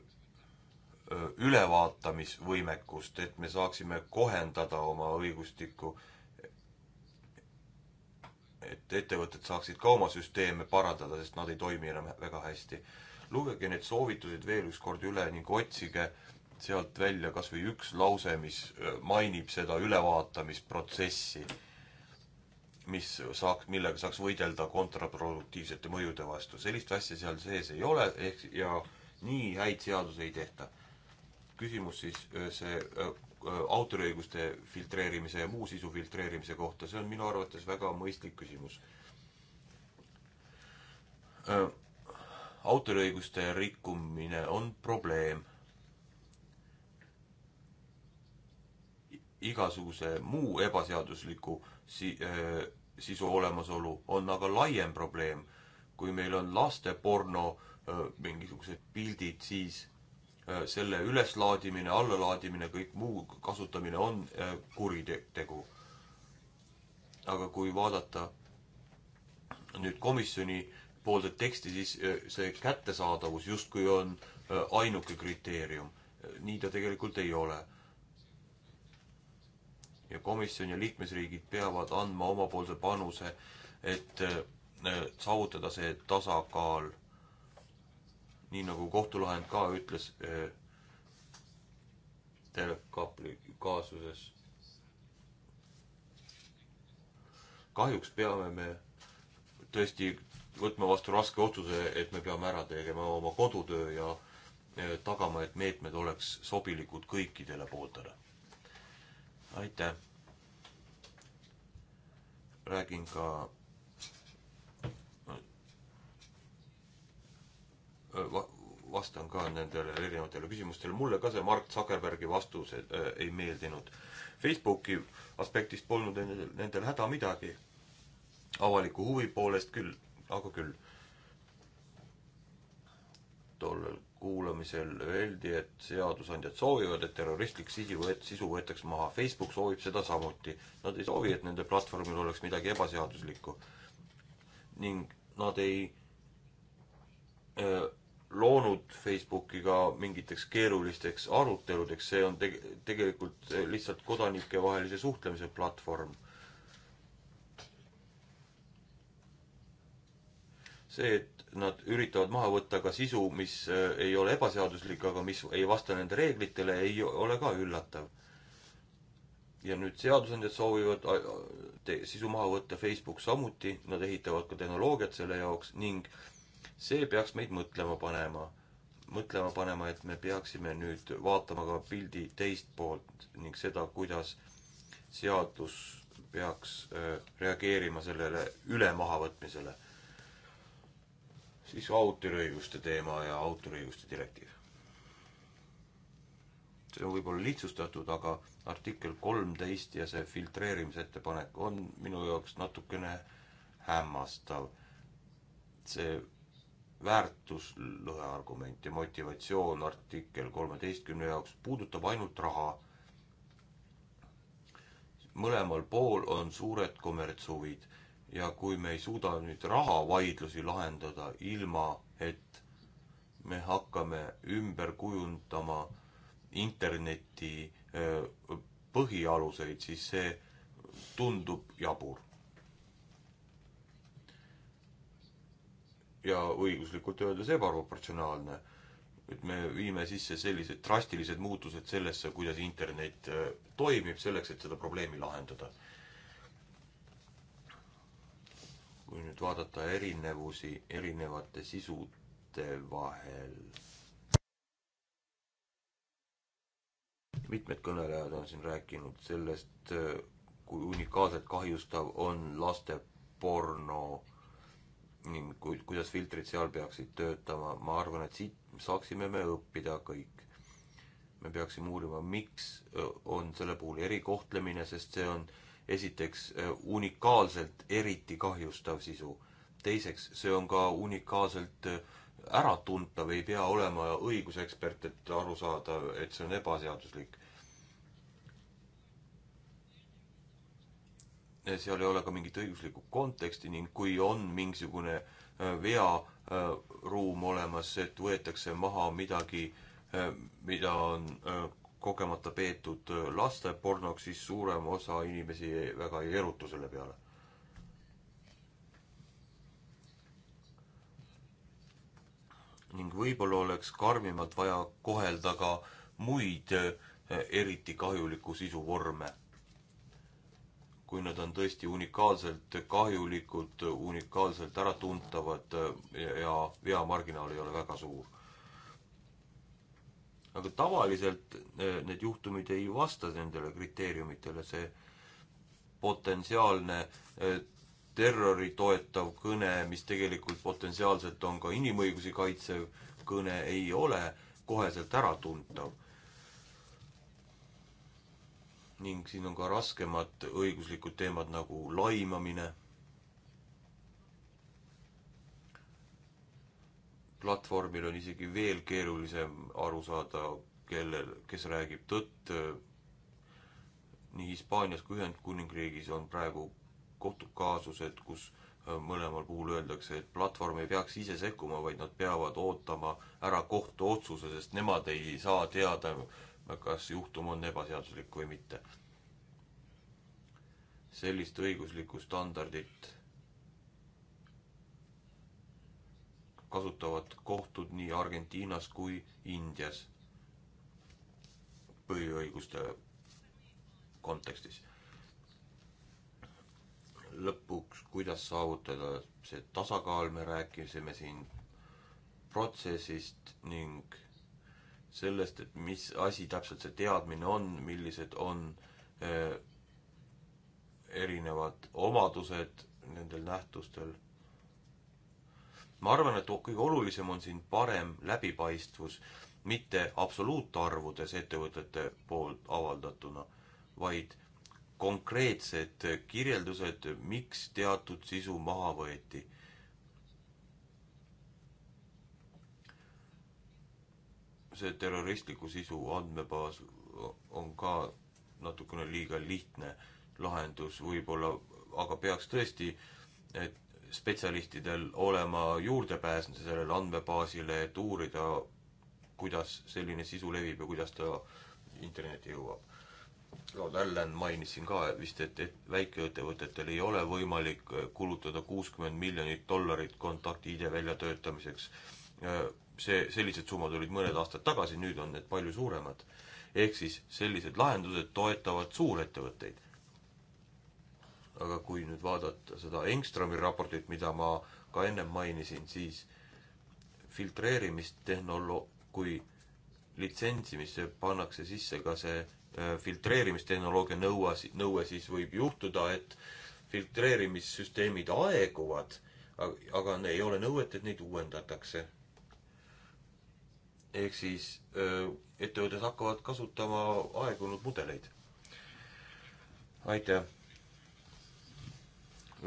ülevaatamisvõimekust, et me saaksime kohendada oma õigustikku et ettevõtted saaksid ka oma süsteeme parandada, sest nad ei toimi enam väga hästi. lugege need soovitused veel ükskord üle ning otsige sealt välja kas või üks lause, mis mainib seda ülevaatamisprotsessi, mis saaks, millega saaks võidelda kontraproduktiivsete mõjude vastu. sellist asja seal sees ei ole, ehk ja nii häid seadusi ei tehta. küsimus siis see Äh, autoriõiguste filtreerimise ja muu sisu filtreerimise kohta, see on minu arvates väga mõistlik küsimus. Äh, autoriõiguste rikkumine on probleem. igasuguse muu ebaseadusliku si-, äh, sisu olemasolu on aga laiem probleem. kui meil on lasteporno mingisugused pildid, siis Äh, selle üleslaadimine, allalaadimine, kõik muu kasutamine on äh, kuritegu. aga kui vaadata nüüd komisjoni poolset teksti, siis äh, see kättesaadavus justkui on ainuke kriteerium. nii ta tegelikult ei ole. ja komisjon ja liikmesriigid peavad andma omapoolse panuse, et saavutada see tasakaal nii nagu kohtulahend ka ütles eh, telekapli kaasuses. kahjuks peame me tõesti võtma vastu raske otsuse, et me peame ära tegema oma kodutöö ja eh, tagama, et meetmed oleks sobilikud kõikidele pooltele. aitäh! räägin ka va-, vastan ka nendele erinevatele küsimustele, mulle ka see Mark Zuckerbergi vastus äh, ei meeldinud. Facebooki aspektist polnud nendel, nendel häda midagi, avaliku huvi poolest küll, aga küll. tollel kuulamisel öeldi, et seadusandjad soovivad, et terroristlik sisi võet-, sisu võetaks maha, Facebook soovib seda samuti. Nad ei soovi, et nende platvormil oleks midagi ebaseaduslikku. ning nad ei öö, loonud Facebooki ka mingiteks keerulisteks aruteludeks, see on teg-, tegelikult eh, lihtsalt kodanikevahelise suhtlemise platvorm. see, et nad üritavad maha võtta ka sisu, mis eh, ei ole ebaseaduslik, aga mis ei vasta nende reeglitele, ei ole ka üllatav. ja nüüd seadusandjad soovivad eh, sisu maha võtta, Facebook samuti, nad ehitavad ka tehnoloogiat selle jaoks ning äh, see peaks meid mõtlema panema, mõtlema panema, et me peaksime nüüd vaatama ka pildi teist poolt ning seda, kuidas seadus peaks äh, reageerima sellele üle mahavõtmisele. siis autoriõiguste teema ja autoriõiguste direktiiv. see on võib-olla lihtsustatud, aga artikkel kolmteist ja see filtreerimise ettepanek on minu jaoks natukene hämmastav. see väärtuslõhe argument ja motivatsioon artikkel kolmeteistkümne jaoks puudutab ainult raha. mõlemal pool on suured kommertshuvid ja kui me ei suuda nüüd rahavaidlusi lahendada ilma, et me hakkame ümber kujundama interneti põhialuseid, siis see tundub jabur ja õiguslikult öeldes ebaproportsionaalne, et me viime sisse sellised drastilised muutused sellesse, kuidas internet äh, toimib, selleks et seda probleemi lahendada. kui nüüd vaadata erinevusi erinevate sisude vahel, mitmed kõnelejad on siin rääkinud sellest, äh, kui unikaalselt kahjustav on laste porno ning ku-, kuidas filtrid seal peaksid töötama, ma arvan, et siit saaksime me õppida kõik. me peaksime uurima, miks on selle puhul erikohtlemine, sest see on esiteks unikaalselt eriti kahjustav sisu. teiseks, see on ka unikaalselt äratuntav, ei pea olema õigusekspert, et aru saada, et see on ebaseaduslik. seal ei ole ka mingit õiguslikku konteksti ning kui on mingisugune äh, vearuum äh, olemas, et võetakse maha midagi, äh, mida on kogemata peetud lastepornoks, siis suurem osa inimesi väga ei erutu selle peale. ning võib-olla oleks karmimalt vaja kohelda ka muid eriti kahjuliku sisu vorme kui nad on tõesti unikaalselt kahjulikud, unikaalselt äratuntavad ja veamarginaal ei ole väga suur. aga tavaliselt eh, need juhtumid ei vasta nendele kriteeriumitele, see potentsiaalne eh, terrori toetav kõne, mis tegelikult potentsiaalselt on ka inimõigusi kaitsev kõne, ei ole koheselt äratuntav ning siin on ka raskemad õiguslikud teemad nagu laimamine, platvormil on isegi veel keerulisem aru saada, kellel, kes räägib tõtt, nii Hispaanias kui Ühendkuningriigis on praegu kohtukaasused, kus äh, mõlemal puhul öeldakse, et platvorm ei peaks ise sekkuma, vaid nad peavad ootama ära kohtuotsuse, sest nemad ei saa teada, kas juhtum on ebaseaduslik või mitte. sellist õiguslikku standardit kasutavad kohtud nii Argentiinas kui Indias põhiõiguste kontekstis. lõpuks, kuidas saavutada see tasakaal, me rääkisime siin protsessist ning sellest, et mis asi täpselt see teadmine on, millised on äh, erinevad omadused nendel nähtustel. ma arvan, et kõige olulisem on siin parem läbipaistvus, mitte absoluutarvudes ettevõtete poolt avaldatuna, vaid konkreetsed kirjeldused, miks teatud sisu maha võeti see terroristliku sisu andmebaas on ka natukene liiga lihtne lahendus võib-olla, aga peaks tõesti spetsialistidel olema juurdepääs sellele andmebaasile, et uurida, kuidas selline sisu levib ja kuidas ta internetti jõuab. Lord Allan mainis siin ka vist, et, et väikeettevõtetel ei ole võimalik kulutada kuuskümmend miljonit dollarit kontakti-ID väljatöötamiseks see, sellised summad olid mõned aastad tagasi, nüüd on need palju suuremad. ehk siis sellised lahendused toetavad suurettevõtteid. aga kui nüüd vaadata seda Engströmi raportit, mida ma ka ennem mainisin, siis filtreerimistehnoloo-, kui litsentsimisse pannakse sisse ka see äh, filtreerimistehnoloogia nõue, nõue, siis võib juhtuda, et filtreerimissüsteemid aeguvad, aga ei ole nõuet, et neid uuendatakse ehk siis ettevõtted hakkavad kasutama aegunud mudeleid. aitäh!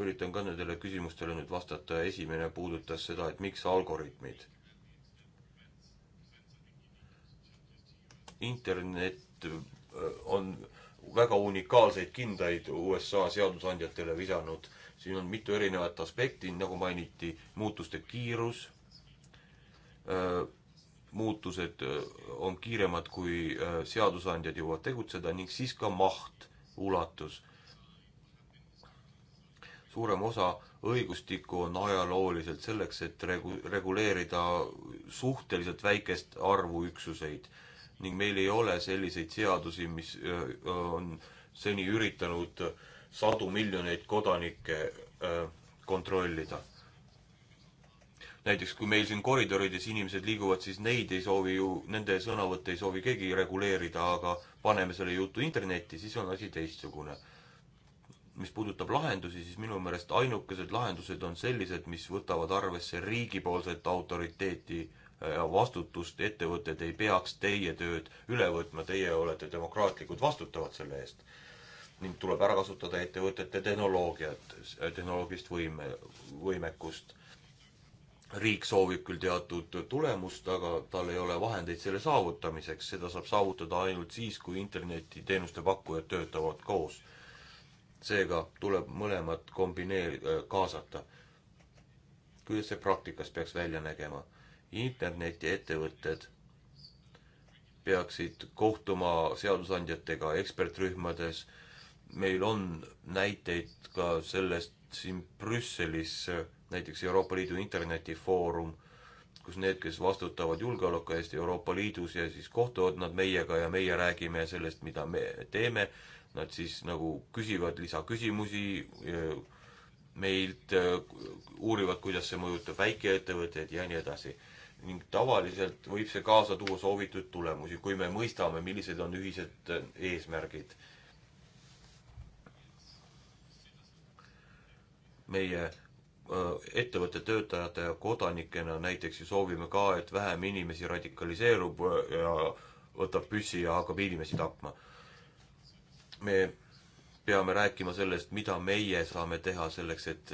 üritan ka nendele küsimustele nüüd vastata, esimene puudutas seda, et miks algoritmid? internet on väga unikaalseid kindaid USA seadusandjatele visanud, siin on mitu erinevat aspekti, nagu mainiti, muutuste kiirus, muutused on kiiremad, kui seadusandjad jõuavad tegutseda ning siis ka maht, ulatus. suurem osa õigustikku on ajalooliselt selleks, et regu-, reguleerida suhteliselt väikest arvu üksuseid ning meil ei ole selliseid seadusi, mis on seni üritanud sadu miljoneid kodanikke kontrollida näiteks kui meil siin koridorides inimesed liiguvad, siis neid ei soovi ju, nende sõnavõtte ei soovi keegi reguleerida, aga paneme selle jutu internetti, siis on asi teistsugune. mis puudutab lahendusi, siis minu meelest ainukesed lahendused on sellised, mis võtavad arvesse riigipoolset autoriteeti ja äh, vastutust, ettevõtted ei peaks teie tööd üle võtma, teie olete demokraatlikud, vastutavad selle eest ning tuleb ära kasutada ettevõtete tehnoloogiat, äh, tehnoloogilist võime, võimekust riik soovib küll teatud tulemust, aga tal ei ole vahendeid selle saavutamiseks, seda saab saavutada ainult siis, kui internetiteenuste pakkujad töötavad koos. seega tuleb mõlemad kombineer-, äh, kaasata. kuidas see praktikas peaks välja nägema? internetiettevõtted peaksid kohtuma seadusandjatega ekspertrühmades, meil on näiteid ka sellest siin Brüsselis äh, näiteks Euroopa Liidu internetifoorum, kus need, kes vastutavad julgeoleku eest Euroopa Liidus ja siis kohtuvad nad meiega ja meie räägime sellest, mida me teeme, nad siis nagu küsivad lisaküsimusi meilt, uurivad, kuidas see mõjutab väikeettevõtteid ja nii edasi. ning tavaliselt võib see kaasa tuua soovitud tulemusi, kui me mõistame, millised on ühised eesmärgid. meie Äh, ettevõtte töötajate ja kodanikena näiteks ju soovime ka, et vähem inimesi radikaliseerub äh, ja võtab püssi ja hakkab inimesi tapma. me peame rääkima sellest, mida meie saame teha selleks, et,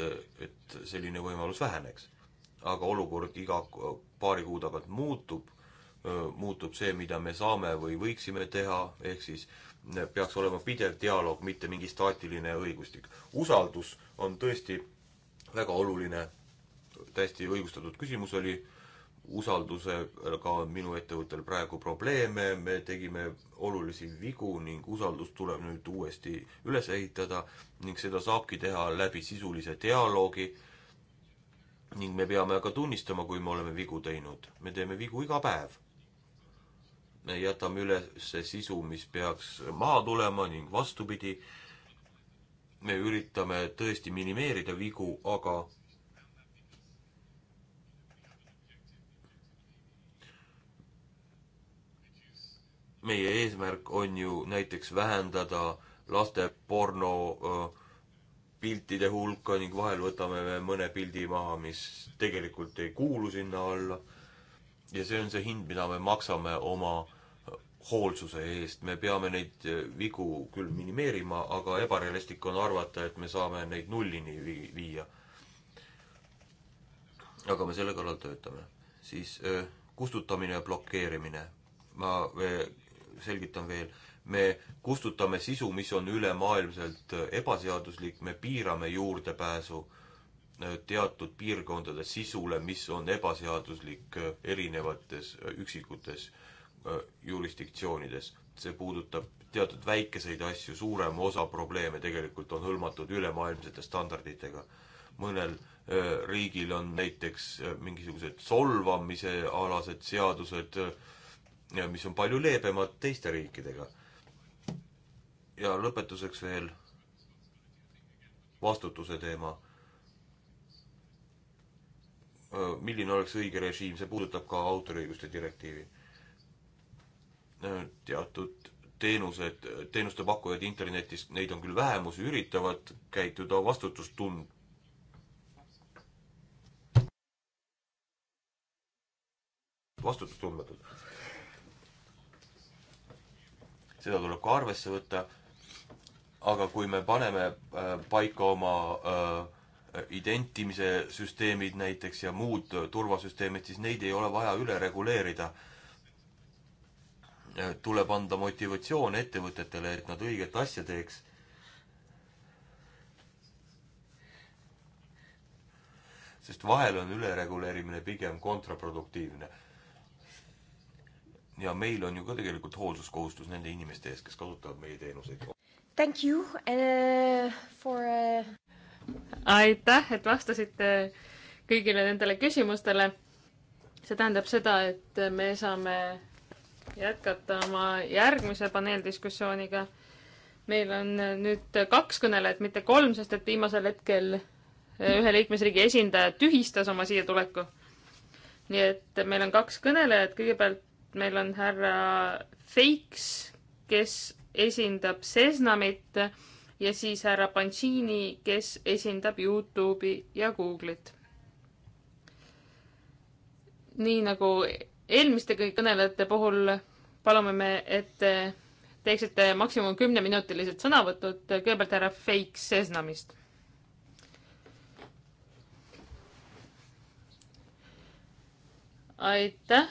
et selline võimalus väheneks. aga olukord iga paari kuu tagant muutub, äh, muutub see, mida me saame või võiksime teha, ehk siis peaks olema pidev dialoog, mitte mingi staatiline õigustik. usaldus on tõesti väga oluline, täiesti õigustatud küsimus oli, usaldusega on minu ettevõttel praegu probleeme, me tegime olulisi vigu ning usaldus tuleb nüüd uuesti üles ehitada ning seda saabki teha läbi sisulise dialoogi ning me peame ka tunnistama, kui me oleme vigu teinud. me teeme vigu iga päev. me jätame üles sisu, mis peaks maha tulema ning vastupidi me üritame tõesti minimeerida vigu, aga meie eesmärk on ju näiteks vähendada laste porno piltide hulka ning vahel võtame me mõne pildi maha, mis tegelikult ei kuulu sinna alla. ja see on see hind, mida me maksame oma äh, hoolsuse eest, me peame neid eh, vigu küll minimeerima, aga ebarealistlik on arvata, et me saame neid nullini vi-, viia. aga me selle kallal töötame. siis eh, kustutamine ja blokeerimine. ma eh, selgitan veel, me kustutame sisu, mis on ülemaailmselt ebaseaduslik, me piirame juurdepääsu teatud piirkondade sisule, mis on ebaseaduslik erinevates üksikutes äh, Äh, jurisdiktsioonides. see puudutab teatud väikeseid asju, suurem osa probleeme tegelikult on hõlmatud ülemaailmsete standarditega. mõnel äh, riigil on näiteks äh, mingisugused solvamise alased seadused, mis on palju leebemad teiste riikidega. ja lõpetuseks veel vastutuse teema. milline oleks õige režiim, see puudutab ka autoriõiguste direktiivi teatud teenused, teenuste pakkujad internetis, neid on küll vähemus, üritavad käituda vastutustund-. vastutustundmatult. seda tuleb ka arvesse võtta. aga kui me paneme äh, paika oma äh, identimise süsteemid näiteks ja muud turvasüsteemid, siis neid ei ole vaja üle reguleerida Äh, tuleb anda motivatsioon ettevõtetele, et nad õiget asja teeks. sest vahel on ülereguleerimine pigem kontraproduktiivne. ja meil on ju ka tegelikult hoolsuskohustus nende inimeste ees, kes kasutavad meie teenuseid. Thank you uh, for uh... aitäh, et vastasite kõigile nendele küsimustele. see tähendab seda, et me saame jätkata oma järgmise paneeldiskussiooniga. meil on nüüd kaks kõnelejat, mitte kolm, sest et viimasel hetkel eh, ühe liikmesriigi esindaja tühistas oma siia tuleku. nii et meil on kaks kõnelejat, kõigepealt meil on härra Feiks, kes esindab Sesnamit ja siis härra Pansini, kes esindab Youtube'i ja Google'it. nii nagu eelmiste kõnelejate puhul palume me, et teeksite maksimum kümneminutilised sõnavõtud, kõigepealt härra Feiks Sesnamist. aitäh,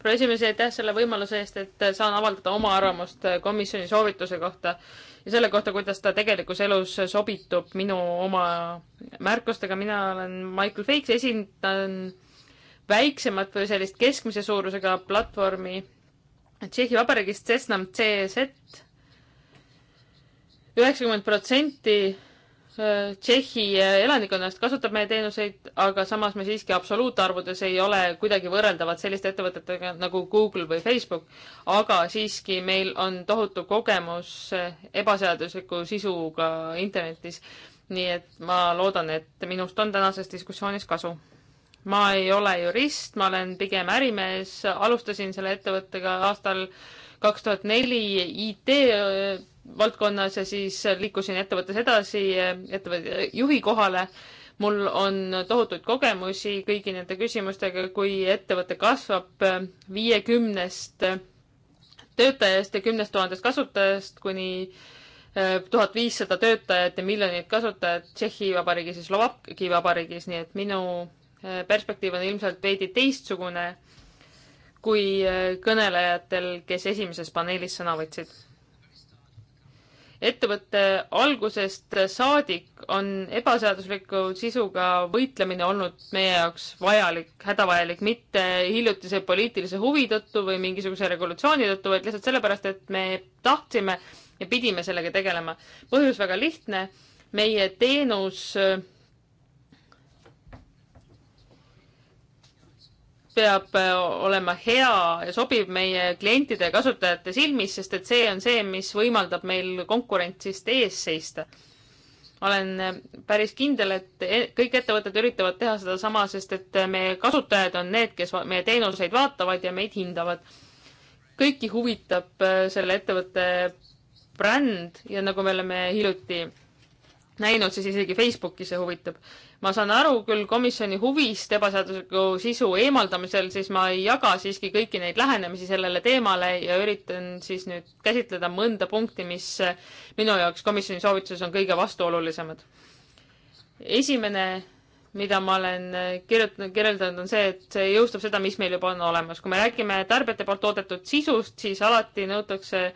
proua esimees, aitäh selle võimaluse eest, et saan avaldada oma arvamust komisjoni soovituse kohta ja selle kohta, kuidas ta tegelikus elus sobitub minu oma märkustega. mina olen Michael Feiks, esindan väiksemat või sellist keskmise suurusega platvormi Tšehhi Vabariigis Cessnam CZ. üheksakümmend protsenti äh, Tšehhi äh, elanikkonnast kasutab meie teenuseid, aga samas me siiski absoluutarvudes ei ole kuidagi võrreldavad selliste ettevõtetega nagu Google või Facebook. aga siiski meil on tohutu kogemus äh, ebaseadusliku sisuga internetis. nii et ma loodan, et minust on tänases diskussioonis kasu ma ei ole jurist, ma olen pigem ärimees, alustasin selle ettevõttega aastal kaks tuhat neli IT äh, valdkonnas ja siis liikusin ettevõttes edasi ettevõtte juhi kohale. mul on tohutuid kogemusi kõigi nende küsimustega, kui ettevõte kasvab äh, viiekümnest äh, töötajast ja kümnest tuhandest kasutajast kuni tuhat viissada töötajat ja miljonit kasutajat Tšehhi Vabariigis ja Slovakkia Vabariigis, nii et minu perspektiiv on ilmselt veidi teistsugune kui äh, kõnelejatel, kes esimeses paneelis sõna võtsid. ettevõtte algusest saadik on ebaseadusliku sisuga võitlemine olnud meie jaoks vajalik, hädavajalik, mitte hiljutise poliitilise huvi tõttu või mingisuguse regulatsiooni tõttu, vaid lihtsalt sellepärast, et me tahtsime ja pidime sellega tegelema. põhjus väga lihtne, meie teenus äh, peab äh, olema hea ja sobiv meie klientide ja kasutajate silmis, sest et see on see, mis võimaldab meil konkurentsist ees seista. olen äh, päris kindel, et e, kõik ettevõtted üritavad teha sedasama, sest et äh, meie kasutajad on need, kes meie teenuseid vaatavad ja meid hindavad. kõiki huvitab selle ettevõtte bränd ja nagu me oleme hiljuti näinud, siis isegi Facebooki see huvitab ma saan aru küll komisjoni huvist ebaseadusliku sisu eemaldamisel, siis ma ei jaga siiski kõiki neid lähenemisi sellele teemale ja üritan siis nüüd käsitleda mõnda punkti, mis minu jaoks komisjoni soovituses on kõige vastuolulisemad. esimene, mida ma olen kirjutanud, kirjeldanud, on see, et see jõustab seda, mis meil juba on olemas. kui me räägime tarbijate poolt toodetud sisust, siis alati nõutakse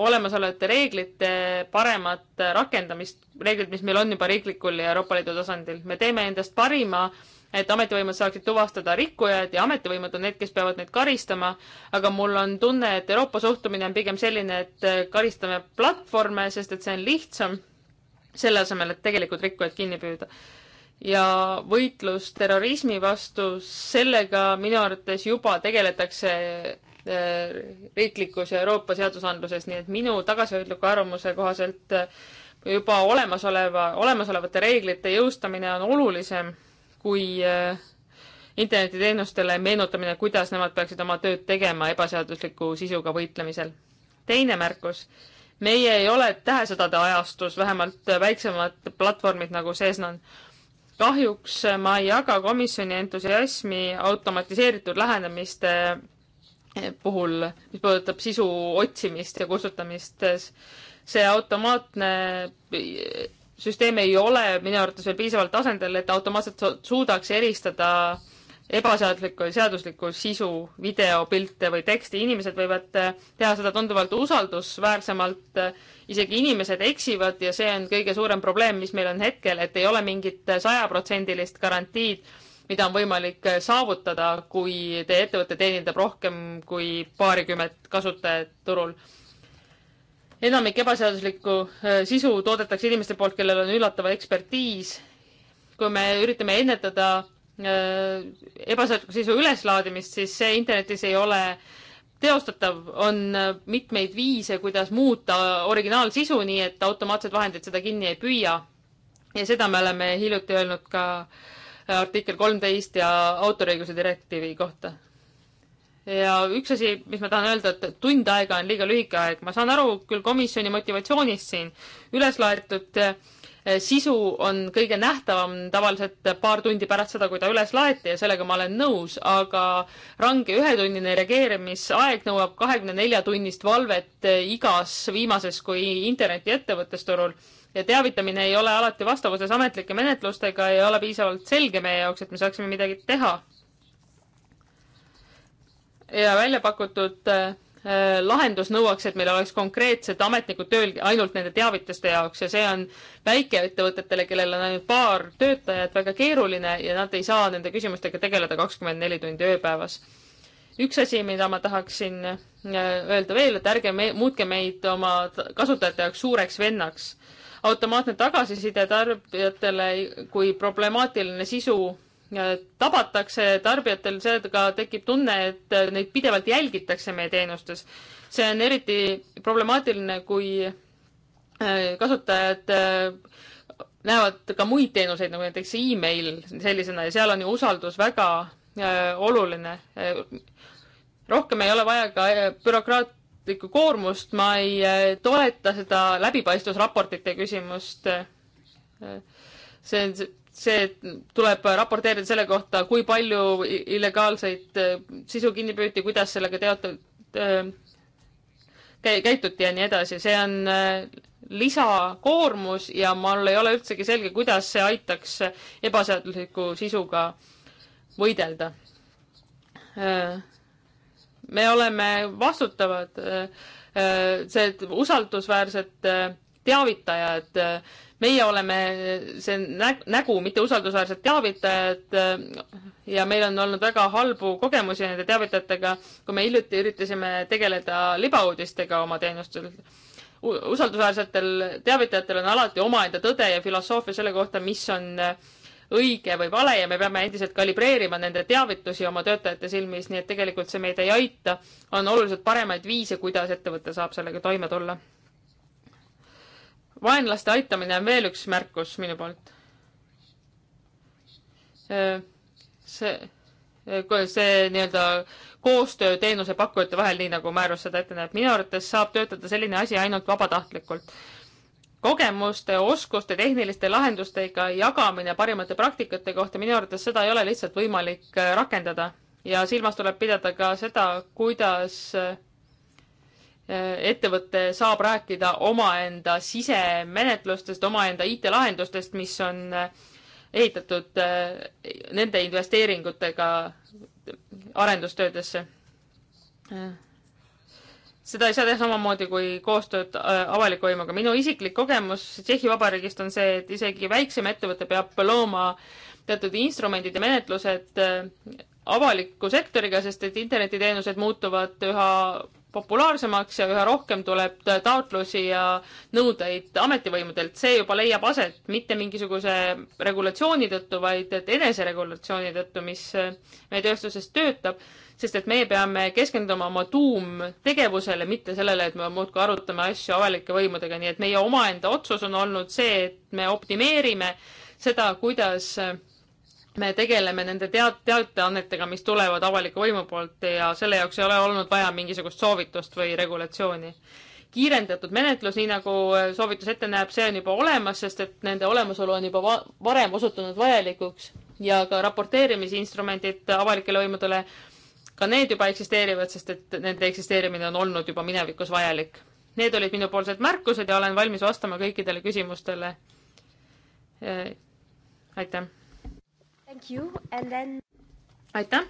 olemasolevate reeglite paremat rakendamist, reeglid, mis meil on juba riiklikul ja Euroopa Liidu tasandil. me teeme endast parima, et ametivõimud saaksid tuvastada rikkujad ja ametivõimud on need, kes peavad neid karistama, aga mul on tunne, et Euroopa suhtumine on pigem selline, et karistame platvorme, sest et see on lihtsam, selle asemel, et tegelikult rikkujad kinni püüda ja võitlus terrorismi vastu, sellega minu arvates juba tegeletakse riiklikus ja Euroopa seadusandluses, nii et minu tagasihoidliku arvamuse kohaselt eh, juba olemasoleva, olemasolevate reeglite jõustamine on olulisem kui eh, internetiteenustele meenutamine, kuidas nemad peaksid oma tööd tegema ebaseadusliku sisuga võitlemisel. teine märkus, meie ei ole tähesõdade ajastus, vähemalt väiksemad platvormid nagu Cessnan kahjuks ma ei jaga komisjoni entusiasmi automatiseeritud lähenemiste puhul, mis puudutab sisu otsimist ja kustutamist, see automaatne süsteem ei ole minu arvates veel piisavalt tasandil, et automaatselt suudaks eristada ebaseaduslikku ja seaduslikku sisu, videopilte või teksti. inimesed võivad äh, teha seda tunduvalt usaldusväärsemalt. Äh, isegi inimesed eksivad ja see on kõige suurem probleem, mis meil on hetkel, et ei ole mingit äh, sajaprotsendilist garantiid, garantiid mida on võimalik äh, saavutada, kui teie ettevõte teenindab rohkem kui paarikümmet kasutajat turul. enamik ebaseaduslikku äh, sisu toodetakse inimeste poolt, kellel on üllatav ekspertiis. kui me üritame ennetada äh, ebaseadusliku sisu üleslaadimist, siis see internetis ei ole teostatav, on mitmeid viise, kuidas muuta originaalsisu, nii et automaatsed vahendid seda kinni ei püüa. ja seda me oleme hiljuti öelnud ka äh, artikkel kolmteist ja autoriõiguse direktiivi kohta. ja üks asi, mis ma tahan öelda, et tund aega on liiga lühike aeg, ma saan aru küll komisjoni motivatsioonist siin, üleslaetud eh, sisu on kõige nähtavam tavaliselt paar tundi pärast seda, kui ta üles laeti ja sellega ma olen nõus, aga range ühetunnine reageerimisaeg nõuab kahekümne nelja tunnist valvet eh, igas viimases kui internetiettevõttes turul ja teavitamine ei ole alati vastavuses ametlike menetlustega, ei ole piisavalt selge meie jaoks, et me saaksime midagi teha. ja välja pakutud äh, lahendus nõuaks, et meil oleks konkreetsed ametnikud tööl ainult nende teavituste jaoks ja see on väikeettevõtetele, kellel on ainult paar töötajat, väga keeruline ja nad ei saa nende küsimustega tegeleda kakskümmend neli tundi ööpäevas. üks asi, mida ma tahaksin äh, öelda veel, et ärge me, muutke meid oma kasutajate jaoks suureks vennaks automaatne tagasiside tarbijatele, kui problemaatiline sisu tabatakse, tarbijatel sellega tekib tunne, et neid pidevalt jälgitakse meie teenustes. see on eriti problemaatiline, kui äh, kasutajad äh, näevad ka muid teenuseid, nagu näiteks email sellisena ja seal on ju usaldus väga äh, oluline. rohkem ei ole vaja ka bürokraat-, ametlikku koormust, ma ei äh, toeta seda läbipaistvusraportite küsimust. see on see, et tuleb raporteerida selle kohta, kui palju illegaalseid äh, sisu kinni püüti, kuidas sellega teatud äh, käituti ja nii edasi, see on lisakoormus ja mul ei ole üldsegi selge, kuidas see aitaks ebaseadusliku sisuga võidelda me oleme vastutavad, äh, äh, see usaldusväärsed äh, teavitajad, meie oleme see nägu, mitte usaldusväärsed teavitajad ja meil on olnud väga halbu kogemusi nende teavitajatega, kui me hiljuti üritasime tegeleda libauudistega oma teenustel. usaldusväärsetel teavitajatel on alati omaenda tõde ja filosoofia selle kohta, mis on äh, õige või vale ja me peame endiselt kalibreerima nende teavitusi oma töötajate silmis, nii et tegelikult see meid ei aita. on oluliselt paremaid viise, kuidas ettevõte saab sellega toime tulla. vaenlaste aitamine on veel üks märkus minu poolt. see, see nii-öelda koostöö teenusepakkujate vahel, nii nagu määrus seda ette näeb. minu arvates saab töötada selline asi ainult vabatahtlikult kogemuste, oskuste, tehniliste lahendustega jagamine parimate praktikate kohta, minu arvates seda ei ole lihtsalt võimalik äh, rakendada ja silmas tuleb pidada ka seda, kuidas äh, ettevõte saab rääkida omaenda sisemenetlustest, omaenda IT-lahendustest, mis on äh, ehitatud nende investeeringutega arendustöödesse seda ei saa teha samamoodi kui koostööd äh, avaliku võimuga. minu isiklik kogemus Tšehhi Vabariigist on see, et isegi väiksem ettevõte peab looma teatud instrumendid ja menetlused äh, avaliku sektoriga, sest et internetiteenused muutuvad üha populaarsemaks ja üha rohkem tuleb taotlusi ja nõudeid ametivõimudelt. see juba leiab aset mitte mingisuguse regulatsiooni tõttu, vaid eneseregulatsiooni tõttu, mis äh, meie tööstuses töötab sest et meie peame keskenduma oma tuumtegevusele, mitte sellele, et me muudkui arutame asju avalike võimudega, nii et meie omaenda otsus on olnud see, et me optimeerime seda, kuidas me tegeleme nende teat-, teateannetega, mis tulevad avaliku võimu poolt ja selle jaoks ei ole olnud vaja mingisugust soovitust või regulatsiooni. kiirendatud menetlus, nii nagu soovitus ette näeb, see on juba olemas, sest et nende olemasolu on juba va varem osutunud vajalikuks ja ka raporteerimisinstrumendid avalikele võimudele ka need juba eksisteerivad, sest et nende eksisteerimine on olnud juba minevikus vajalik. Need olid minupoolsed märkused ja olen valmis vastama kõikidele küsimustele. Äh, aitäh. Then... aitäh.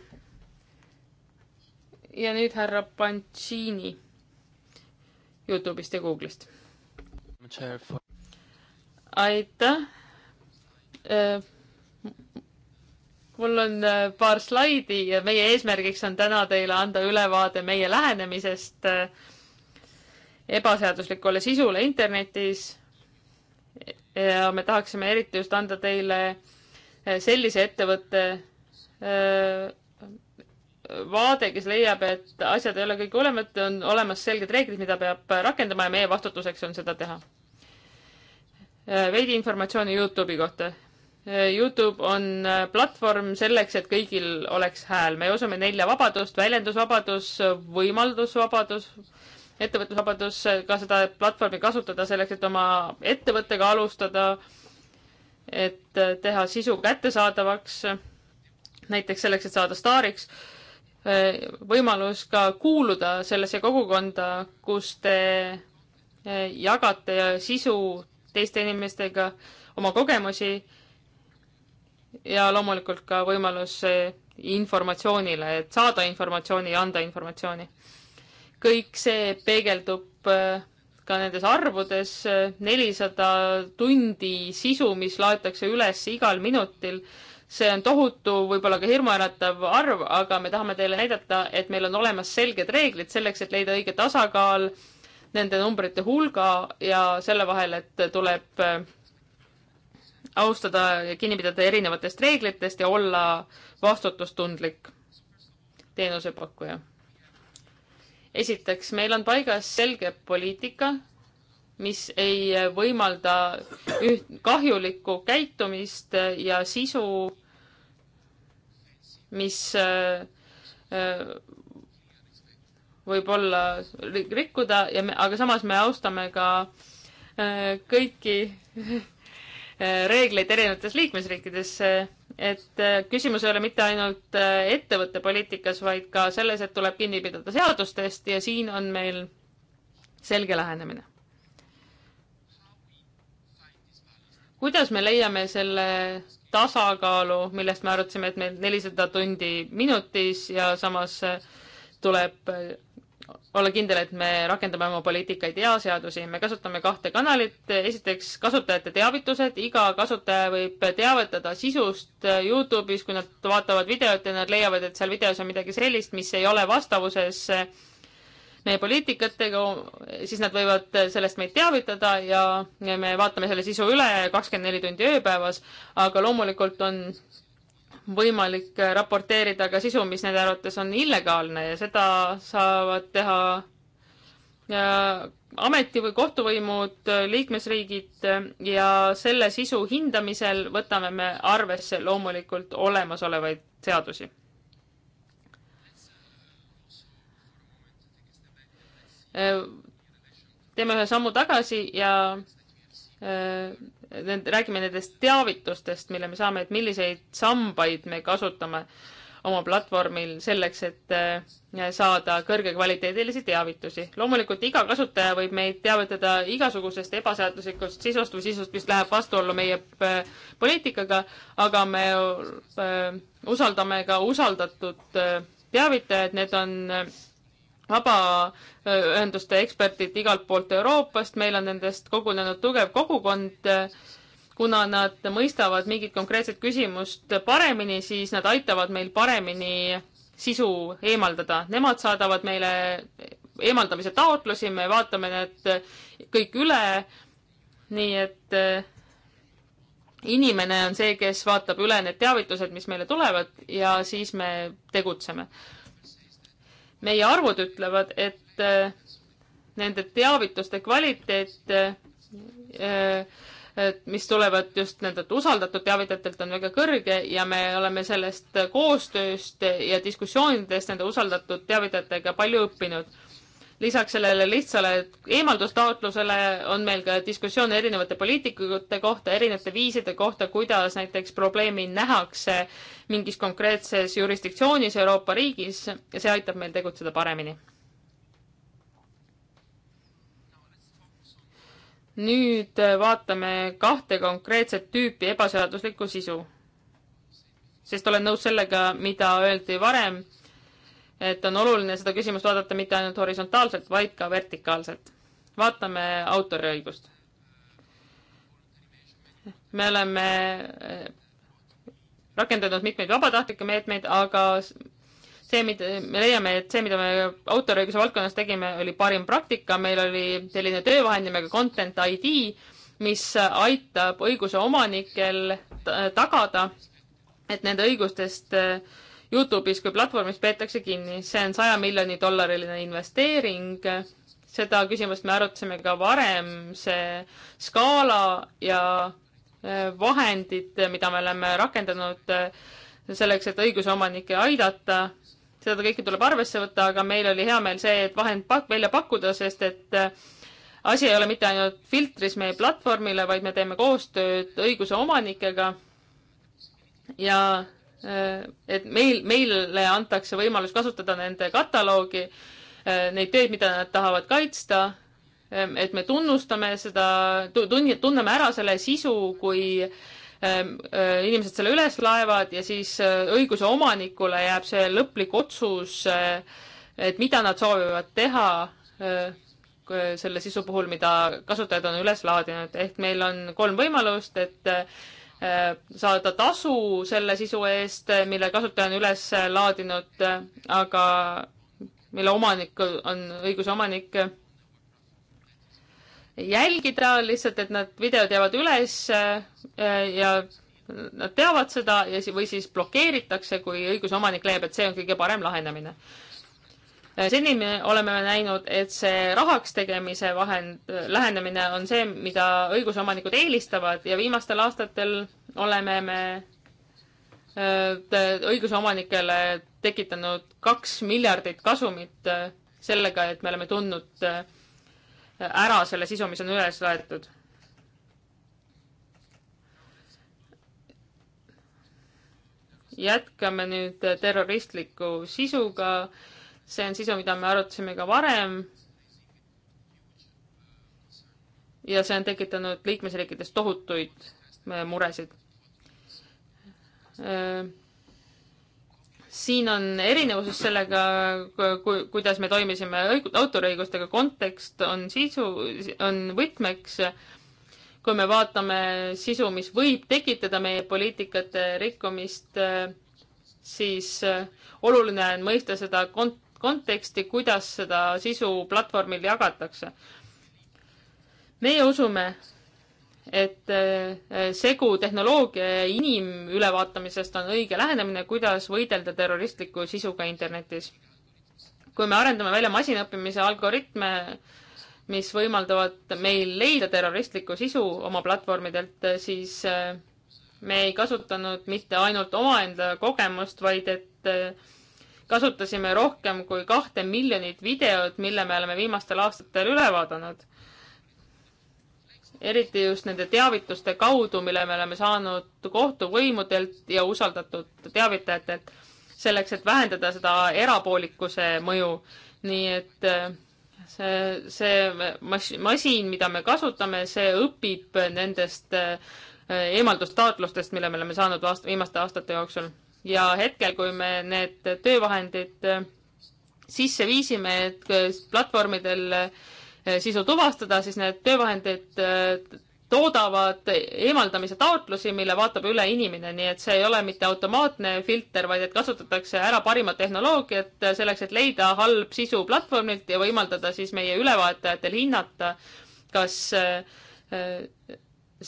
ja nüüd härra Pancini Youtube'ist ja Google'ist. aitäh äh, mul on äh, paar slaidi ja meie eesmärgiks on täna teile anda ülevaade meie lähenemisest äh, ebaseaduslikule sisule internetis. ja me tahaksime eriti just anda teile äh, sellise ettevõtte vaade, kes leiab, et asjad ei ole kõik olemas, on olemas selged reeglid, mida peab rakendama ja meie vastutuseks on seda teha. veidi informatsiooni Youtube'i kohta. Youtube on äh, platvorm selleks, et kõigil oleks hääl. me usume nelja vabadust, väljendusvabadus, võimaldusvabadus, ettevõtlusvabadus, ka seda platvormi kasutada selleks, et oma ettevõttega alustada, et äh, teha sisu kättesaadavaks, näiteks selleks, et saada staariks, äh, võimalus ka kuuluda sellesse kogukonda, kus te jagate sisu teiste inimestega, oma kogemusi ja loomulikult ka võimalus eh, informatsioonile, et saada informatsiooni ja anda informatsiooni. kõik see peegeldub eh, ka nendes arvudes, eh, nelisada tundi sisu, mis laetakse üles igal minutil, see on tohutu, võib-olla ka hirmuäratav arv, aga me tahame teile näidata, et meil on olemas selged reeglid selleks, et leida õige tasakaal nende numbrite hulga ja selle vahel, et tuleb austada ja kinni pidada erinevatest reeglitest ja olla vastutustundlik teenusepakkuja. esiteks, meil on paigas selge poliitika, mis ei võimalda üht kahjulikku käitumist ja sisu, mis äh, äh, võib olla rikkuda ja me, aga samas me austame ka äh, kõiki Äh, reegleid erinevates liikmesriikides. Äh, et äh, küsimus ei ole mitte ainult ettevõtte poliitikas, vaid ka selles, et tuleb kinni pidada seadustest ja siin on meil selge lähenemine. kuidas me leiame selle tasakaalu, millest me arutasime, et meil nelisada tundi minutis ja samas tuleb olla kindel, et me rakendame oma poliitikaid ja seadusi. me kasutame kahte kanalit. esiteks kasutajate teavitused. iga kasutaja võib teavitada sisust Youtube'is, kui nad vaatavad videot ja nad leiavad, et seal videos on midagi sellist, mis ei ole vastavuses meie poliitikatega, siis nad võivad sellest meid teavitada ja me vaatame selle sisu üle kakskümmend neli tundi ööpäevas. aga loomulikult on võimalik äh, raporteerida ka sisu, mis nende arvates on illegaalne ja seda saavad teha ameti- või kohtuvõimud, äh, liikmesriigid äh, ja selle sisu hindamisel võtame me arvesse loomulikult olemasolevaid seadusi. teeme ühe sammu tagasi ja räägime nendest teavitustest, mille me saame, et milliseid sambaid me kasutame oma platvormil selleks, et äh, saada kõrgekvaliteedilisi teavitusi. loomulikult iga kasutaja võib meid teavitada igasugusest ebaseaduslikust sisust või sisust, mis läheb vastuollu meie äh, poliitikaga, aga me äh, usaldame ka usaldatud teavitajad, need on vabaühenduste eksperdid igalt poolt Euroopast, meil on nendest kogunenud tugev kogukond. kuna nad mõistavad mingit konkreetset küsimust paremini, siis nad aitavad meil paremini sisu eemaldada. Nemad saadavad meile eemaldamise taotlusi, me vaatame need kõik üle. nii et eh, inimene on see, kes vaatab üle need teavitused, mis meile tulevad ja siis me tegutseme meie arvud ütlevad, et äh, nende teavituste kvaliteet, äh, äh, mis tulevad just nendelt usaldatud teavitajatelt, on väga kõrge ja me oleme sellest koostööst ja diskussioonidest nende usaldatud teavitajatega palju õppinud lisaks sellele lihtsale eemaldustaotlusele on meil ka diskussioon erinevate poliitikute kohta, erinevate viiside kohta, kuidas näiteks probleemi nähakse mingis konkreetses jurisdiktsioonis Euroopa riigis ja see aitab meil tegutseda paremini. nüüd vaatame kahte konkreetset tüüpi ebaseaduslikku sisu. sest olen nõus sellega, mida öeldi varem et on oluline seda küsimust vaadata mitte ainult horisontaalselt, vaid ka vertikaalselt. vaatame autoriõigust. me oleme eh, rakendanud mitmeid vabatahtlikke meetmeid, aga see, mida me leiame, et see, mida me autoriõiguse valdkonnas tegime, oli parim praktika, meil oli selline töövahend nimega Content ID, mis aitab õiguse omanikel tagada, et nende õigustest äh, Youtube'is kui platvormis peetakse kinni. see on saja miljoni dollariline investeering. seda küsimust me arutasime ka varem, see skaala ja e, vahendid, mida me oleme rakendanud e, selleks, et õiguseomanikke aidata, seda kõike tuleb arvesse võtta, aga meil oli hea meel see, et vahend pak-, välja pakkuda, sest et e, asi ei ole mitte ainult filtris meie platvormile, vaid me teeme koostööd õiguse omanikega ja Äh, et meil, meile antakse võimalus kasutada nende kataloogi, äh, neid teid, mida nad tahavad kaitsta, ähm, et me tunnustame seda, tunn-, tunneme ära selle sisu, kui ähm, äh, inimesed selle üles laevad ja siis õiguse omanikule jääb see lõplik otsus, et mida nad soovivad teha selle sisu puhul, mida kasutajad on üles laadinud, ehk meil on kolm võimalust, et Äh, saada tasu selle sisu eest, mille kasutaja on üles laadinud, aga mille omanik on õiguse omanik jälgida lihtsalt, et need videod jäävad üles äh, ja nad teavad seda ja si-, või siis blokeeritakse, kui õiguseomanik leiab, et see on kõige parem lahendamine seni me oleme näinud, et see rahaks tegemise vahend, lähenemine on see, mida õigusomanikud eelistavad ja viimastel aastatel oleme me äh, õiguseomanikele tekitanud kaks miljardit kasumit äh, sellega, et me oleme tundnud äh, ära selle sisu, mis on üles laetud jätkame nüüd terroristliku sisuga see on sisu, mida me arutasime ka varem. ja see on tekitanud liikmesriikides tohutuid äh, muresid. Äh, siin on erinevuses sellega, ku-, kuidas me toimisime autoriõigustega, kontekst on sisu, on võtmeks kui me vaatame sisu, mis võib tekitada meie poliitikate rikkumist, äh, siis oluline on mõista seda kont-, konteksti, kuidas seda sisu platvormil jagatakse. meie usume, et äh, segu tehnoloogia ja inimülevaatamisest on õige lähenemine, kuidas võidelda terroristliku sisuga internetis. kui me arendame välja masinõppimise algoritme, mis võimaldavad meil leida terroristlikku sisu oma platvormidelt, siis äh, me ei kasutanud mitte ainult omaenda kogemust, vaid et äh, kasutasime rohkem kui kahte miljonit videot, mille me oleme viimastel aastatel üle vaadanud. eriti just nende teavituste kaudu, mille me oleme saanud kohtuvõimudelt ja usaldatud teavitajatelt, selleks, et vähendada seda erapoolikuse mõju. nii et äh, see, see mas-, masin, mida me kasutame, see õpib nendest äh, eemaldustaotlustest, mille me oleme saanud aast-, viimaste aastate jooksul ja hetkel, kui me need töövahendid äh, sisse viisime, et äh, platvormidel äh, sisu tuvastada, siis need töövahendid toodavad eemaldamise taotlusi, mille vaatab üle inimene, nii et see ei ole mitte automaatne filter, vaid et kasutatakse ära parimat tehnoloogiat selleks, et leida halb sisu platvormilt ja võimaldada siis meie ülevaatajatel hinnata, kas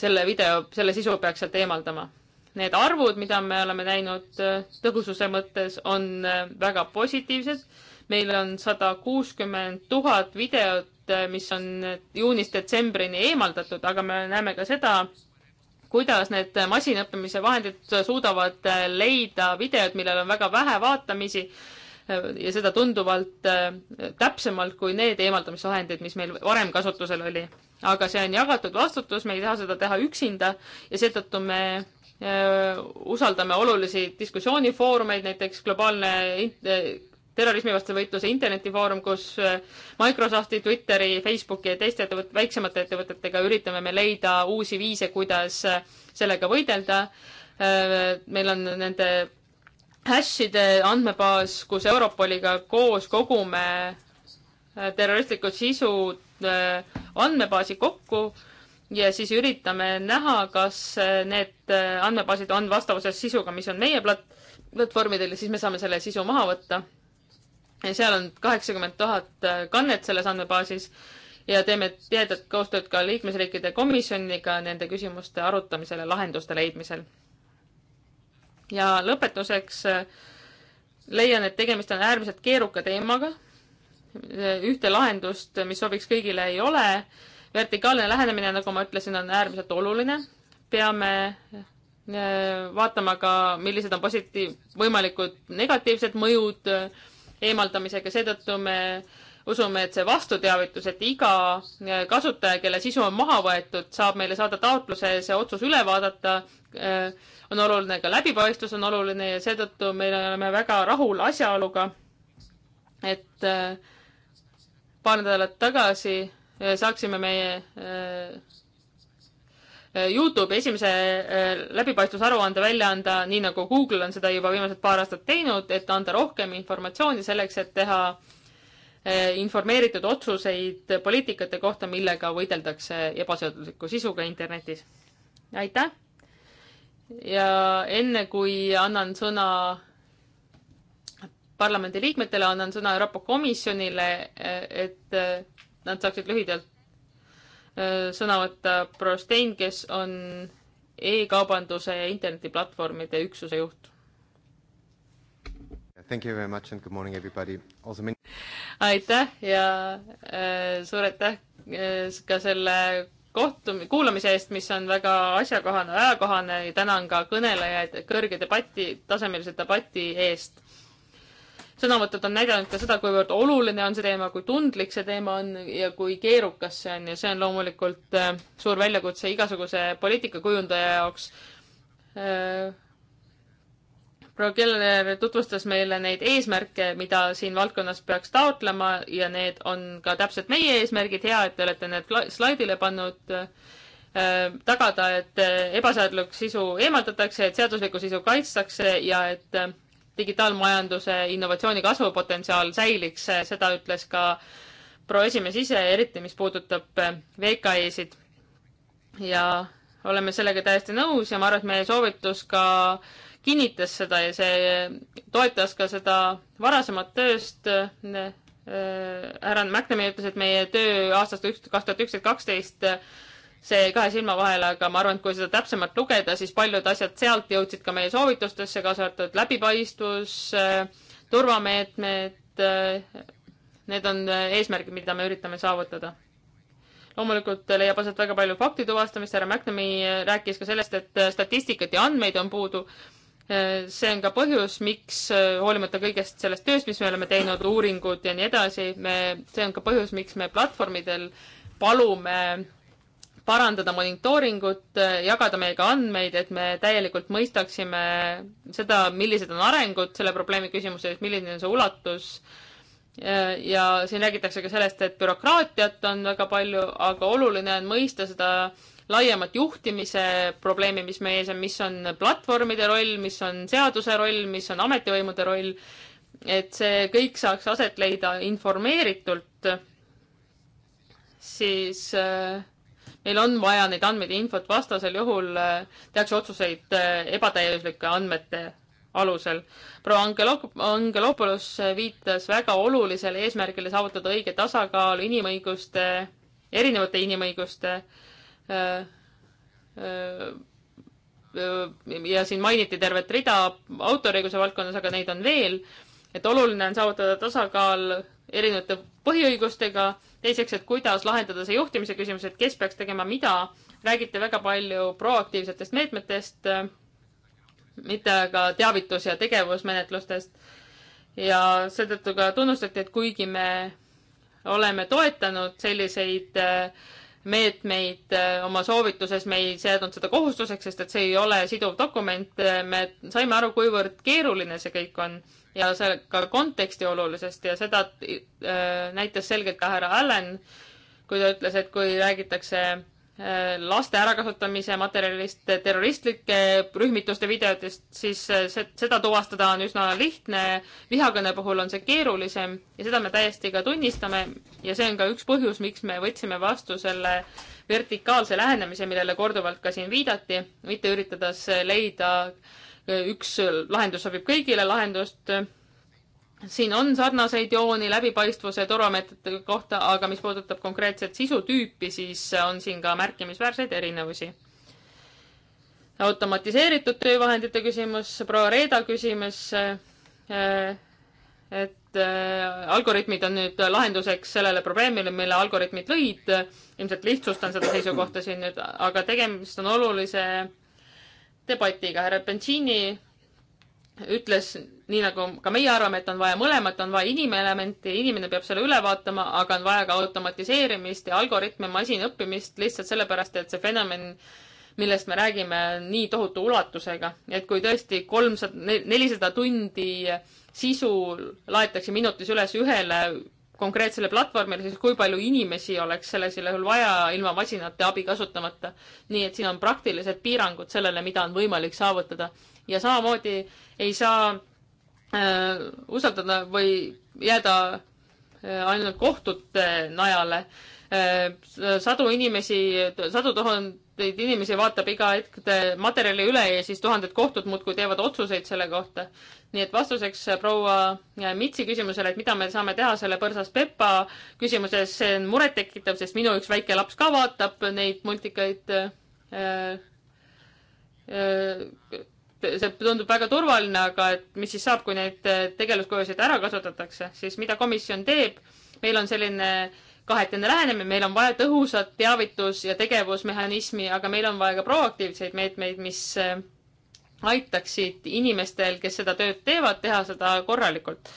selle video, selle sisu peaks sealt eemaldama need arvud, mida me oleme näinud äh, tõhususe mõttes, on äh, väga positiivsed. meil on sada kuuskümmend tuhat videot, äh, mis on juunist detsembrini eemaldatud, aga me näeme ka seda, kuidas need masinõppimise vahendid suudavad leida videod, millel on väga vähe vaatamisi ja seda tunduvalt täpsemalt kui need eemaldamisvahendid, mis meil varem kasutusel oli. aga see on jagatud vastutus, me ei saa seda teha üksinda ja seetõttu me usaldame olulisi diskussioonifoorumeid, näiteks globaalne terrorismivastase võitluse internetifoorum, kus äh, Microsofti, Twitteri, Facebooki ja teiste ettevõt-, väiksemate ettevõtetega üritame me leida uusi viise, kuidas äh, sellega võidelda. Äh, meil on nende hashide andmebaas, kus Europoliga koos kogume terroristlikku sisu andmebaasi kokku ja siis üritame näha, kas äh, need äh, andmebaasid on vastavuses sisuga, mis on meie plat-, platvormidel ja siis me saame selle sisu maha võtta. ja seal on kaheksakümmend tuhat äh, kannet selles andmebaasis ja teeme tihedat koostööd ka liikmesriikide komisjoniga nende küsimuste arutamisel ja lahenduste leidmisel. ja lõpetuseks leian, et tegemist on äärmiselt keeruka teemaga. ühte lahendust, mis sobiks kõigile, ei ole vertikaalne lähenemine, nagu ma ütlesin, on äärmiselt oluline. peame äh, vaatama ka, millised on positiiv, võimalikud negatiivsed mõjud äh, eemaldamisega, seetõttu me usume, et see vastuteavitus, et iga äh, kasutaja, kelle sisu on maha võetud, saab meile saada taotluse see otsus üle vaadata, on oluline, ka läbipaistvus on oluline ja seetõttu me oleme väga rahul asjaoluga, et paar nädalat tagasi Äh, saaksime meie äh, äh, Youtube esimese läbipaistvusaruande välja anda, nii nagu Google on seda juba viimased paar aastat teinud, et anda rohkem informatsiooni selleks, et teha informeeritud otsuseid poliitikate kohta, millega võideldakse ebaseadusliku sisuga internetis. aitäh! ja enne, kui annan sõna parlamendiliikmetele, annan sõna Euroopa Komisjonile, et nad saaksid lühidalt äh, sõna võtta Prostein, kes on e-kaubanduse ja internetiplatvormide üksuse juht. Thank you very much and good morning everybody. Also min-. aitäh ja äh, suur aitäh äh, ka selle kohtum-, kuulamise eest, mis on väga asjakohane, ajakohane ja tänan ka kõnelejaid kõrge debati, tasemelise debati eest sõnavõtud on näidanud ka seda, kuivõrd oluline on see teema, kui tundlik see teema on ja kui keerukas see on ja see on loomulikult äh, suur väljakutse igasuguse poliitikakujundaja jaoks. Äh, proua Keller tutvustas meile neid eesmärke, mida siin valdkonnas peaks taotlema ja need on ka täpselt meie eesmärgid. hea, et te olete need slaidile pannud äh, tagada, et ebaseaduslik sisu eemaldatakse, et seaduslikku sisu kaitstakse ja et digitaalmajanduse innovatsiooni kasvupotentsiaal säiliks, seda ütles ka proesimees ise, eriti mis puudutab VKI-sid. ja oleme sellega täiesti nõus ja ma arvan, et meie soovitus ka kinnitas seda ja see toetas ka seda varasemat tööst. Äh, härra McNamee ütles, et meie töö aastast kaks tuhat üksteist, kaksteist see kahe silma vahel, aga ma arvan, et kui seda täpsemalt lugeda, siis paljud asjad sealt jõudsid ka meie soovitustesse, kaasa arvatud läbipaistvus, turvameetmed, need on eesmärgid, mida me üritame saavutada. loomulikult leiab aset väga palju fakti tuvastamist, härra McNamee rääkis ka sellest, et statistikat ja andmeid on puudu. see on ka põhjus, miks hoolimata kõigest sellest tööst, mis me oleme teinud, uuringud ja nii edasi, me, see on ka põhjus, miks me platvormidel palume parandada monitooringut, jagada meiega andmeid, et me täielikult mõistaksime seda, millised on arengud selle probleemi küsimuses, milline on see ulatus. ja siin räägitakse ka sellest, et bürokraatiat on väga palju, aga oluline on mõista seda laiemat juhtimise probleemi, mis meie ees on, mis on platvormide roll, mis on seaduse roll, mis on ametivõimude roll. et see kõik saaks aset leida informeeritult, siis äh, neil on vaja neid andmeid ja infot, vastasel juhul äh, tehakse otsuseid äh, ebatäiuslike andmete alusel. proua Angelop-, Angelopoulos äh, viitas väga olulisele eesmärgile saavutada õige tasakaal inimõiguste, erinevate inimõiguste ja siin mainiti tervet rida autoriõiguse valdkonnas, aga neid on veel, et oluline on saavutada tasakaal erinevate põhiõigustega, teiseks, et kuidas lahendada see juhtimise küsimus, et kes peaks tegema mida, räägite väga palju proaktiivsetest meetmetest, mitte aga teavitus- ja tegevusmenetlustest. ja seetõttu ka tunnustati, et kuigi me oleme toetanud selliseid äh, meetmeid äh, oma soovituses, me ei seadnud seda kohustuseks, sest et see ei ole siduv dokument, me saime aru, kuivõrd keeruline see kõik on ja sellega konteksti olulisest ja seda äh, näitas selgelt ka härra Allan, kui ta ütles, et kui räägitakse äh, laste ärakasutamise materjalist, terroristlike rühmituste videotest, siis äh, seda tuvastada on üsna lihtne. vihakõne puhul on see keerulisem ja seda me täiesti ka tunnistame ja see on ka üks põhjus, miks me võtsime vastu selle vertikaalse lähenemise, millele korduvalt ka siin viidati, mitte üritades leida äh, üks lahendus sobib kõigile lahendust. siin on sarnaseid jooni läbipaistvuse turvameetmete kohta, aga mis puudutab konkreetset sisutüüpi, siis on siin ka märkimisväärseid erinevusi automatiseeritud töövahendite küsimus, proua Reeda küsimus, et äh, algoritmid on nüüd lahenduseks sellele probleemile, mille algoritmid lõid. ilmselt lihtsustan seda seisukohta siin nüüd, aga tegemist on olulise debatiga. härra Bensini ütles, nii nagu ka meie arvame, et on vaja mõlemat, on vaja inimelementi, inimene peab selle üle vaatama, aga on vaja ka automatiseerimist ja algoritme, masinõppimist lihtsalt sellepärast, et see fenomen, millest me räägime, on nii tohutu ulatusega, et kui tõesti kolmsada, nelisada tundi sisu laetakse minutis üles ühele konkreetsele platvormile, siis kui palju inimesi oleks sellisel juhul vaja ilma masinate abi kasutamata. nii et siin on praktilised piirangud sellele, mida on võimalik saavutada ja samamoodi ei saa äh, usaldada või jääda äh, ainult kohtute najale äh,. sadu inimesi, sadu tuhand-, tuhandeid inimesi vaatab iga hetk materjali üle ja siis tuhanded kohtud muudkui teevad otsuseid selle kohta. nii et vastuseks proua Mitsi küsimusele, et mida me saame teha selle põrsas Pepa küsimuses, see on murettekitav, sest minu üks väike laps ka vaatab neid multikaid. Äh, äh, see tundub väga turvaline, aga et mis siis saab, kui neid tegelaskujusid ära kasutatakse, siis mida komisjon teeb? meil on selline äh, kahetine lähenemine, meil on vaja tõhusat teavitus- ja tegevusmehhanismi, aga meil on vaja ka proaktiivseid meetmeid, mis äh, aitaksid inimestel, kes seda tööd teevad, teha seda korralikult.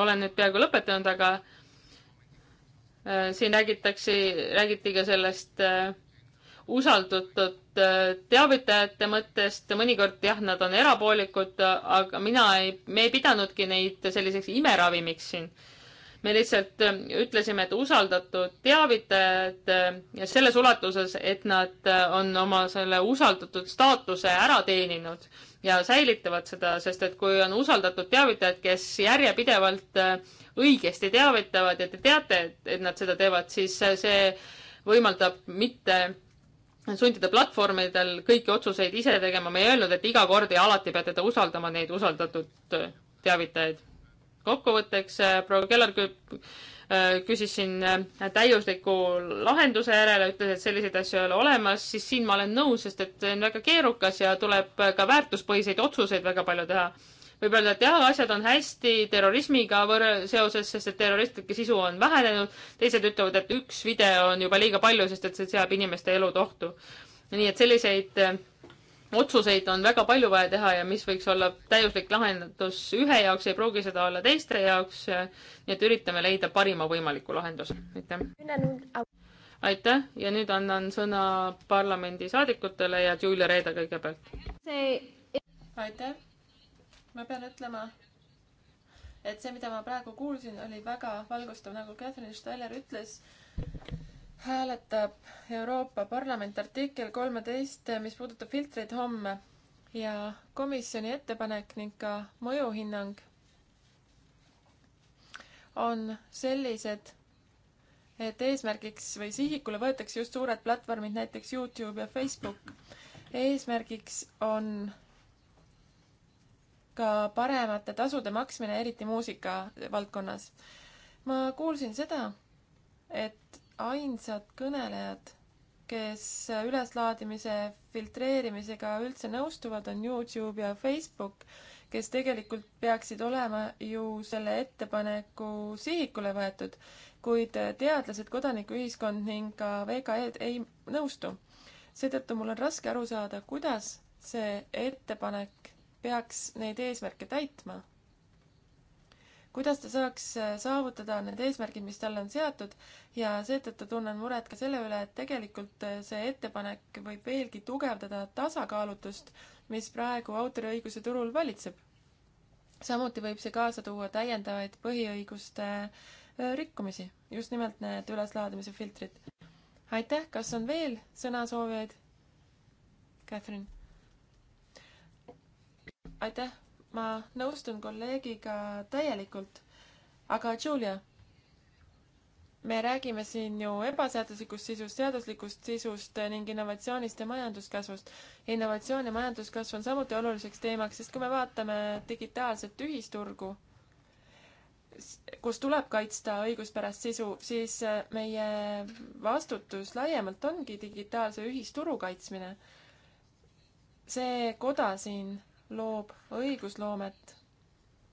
olen nüüd peaaegu lõpetanud, aga äh, siin räägitakse, räägiti ka sellest äh, usaldatud teavitajate mõttest, mõnikord jah, nad on erapoolikud, aga mina ei, me ei pidanudki neid selliseks imeravimiks siin me lihtsalt ähm, ütlesime, et usaldatud teavitajad ähm, ja selles ulatuses, et nad äh, on oma selle usaldatud staatuse ära teeninud ja säilitavad seda, sest et kui on usaldatud teavitajad, kes järjepidevalt äh, õigesti teavitavad ja te teate, et nad seda teevad, siis äh, see võimaldab mitte sundida platvormidel kõiki otsuseid ise tegema. me ei öelnud, et iga kord ja alati peate te usaldama neid usaldatud teavitajaid kokkuvõtteks äh, proua Kellar äh, küsis siin äh, täiusliku lahenduse järele, ütles, et selliseid asju ei ole olemas, siis siin ma olen nõus, sest et see on väga keerukas ja tuleb ka väärtuspõhiseid otsuseid väga palju teha. võib öelda, et jah, asjad on hästi terrorismiga võr-, seoses, sest et terroristlikke sisu on vähenenud, teised ütlevad, et üks video on juba liiga palju, sest et see seab inimeste elud ohtu. nii et selliseid otsuseid on väga palju vaja teha ja mis võiks olla täiuslik lahendus ühe jaoks, ei pruugi seda olla teiste jaoks. nii et üritame leida parima võimaliku lahenduse. aitäh. aitäh ja nüüd annan sõna parlamendisaadikutele ja Julia Reeda kõigepealt. aitäh. ma pean ütlema, et see, mida ma praegu kuulsin, oli väga valgustav, nagu Catherine Steiner ütles hääletab Euroopa Parlament artikkel kolmeteist, mis puudutab filtreid homme ja komisjoni ettepanek ning ka mõjuhinnang on sellised, et eesmärgiks või sihikule võetakse just suured platvormid, näiteks Youtube ja Facebook. eesmärgiks on ka paremate tasude maksmine, eriti muusika valdkonnas. ma kuulsin seda, et ainsad kõnelejad, kes üleslaadimise filtreerimisega üldse nõustuvad, on Youtube ja Facebook, kes tegelikult peaksid olema ju selle ettepaneku sihikule võetud, kuid teadlased, kodanikuühiskond ning ka VKE-d ei nõustu. seetõttu mul on raske aru saada, kuidas see ettepanek peaks neid eesmärke täitma kuidas ta saaks äh, saavutada need eesmärgid, mis talle on seatud ja seetõttu tunnen muret ka selle üle, et tegelikult äh, see ettepanek võib veelgi tugevdada tasakaalutust, mis praegu autoriõiguse turul valitseb. samuti võib see kaasa tuua täiendavaid põhiõiguste äh, rikkumisi, just nimelt need üleslaadimise filtrid. aitäh, kas on veel sõnasoovijaid? Catherine. aitäh ma nõustun kolleegiga täielikult, aga Julia, me räägime siin ju ebaseaduslikust sisust, seaduslikust sisust ning innovatsioonist ja majanduskasvust. innovatsioon ja majanduskasv on samuti oluliseks teemaks, sest kui me vaatame digitaalset ühisturgu, kus tuleb kaitsta õiguspärast sisu, siis äh, meie vastutus laiemalt ongi digitaalse ühisturu kaitsmine. see koda siin loob õigusloomet,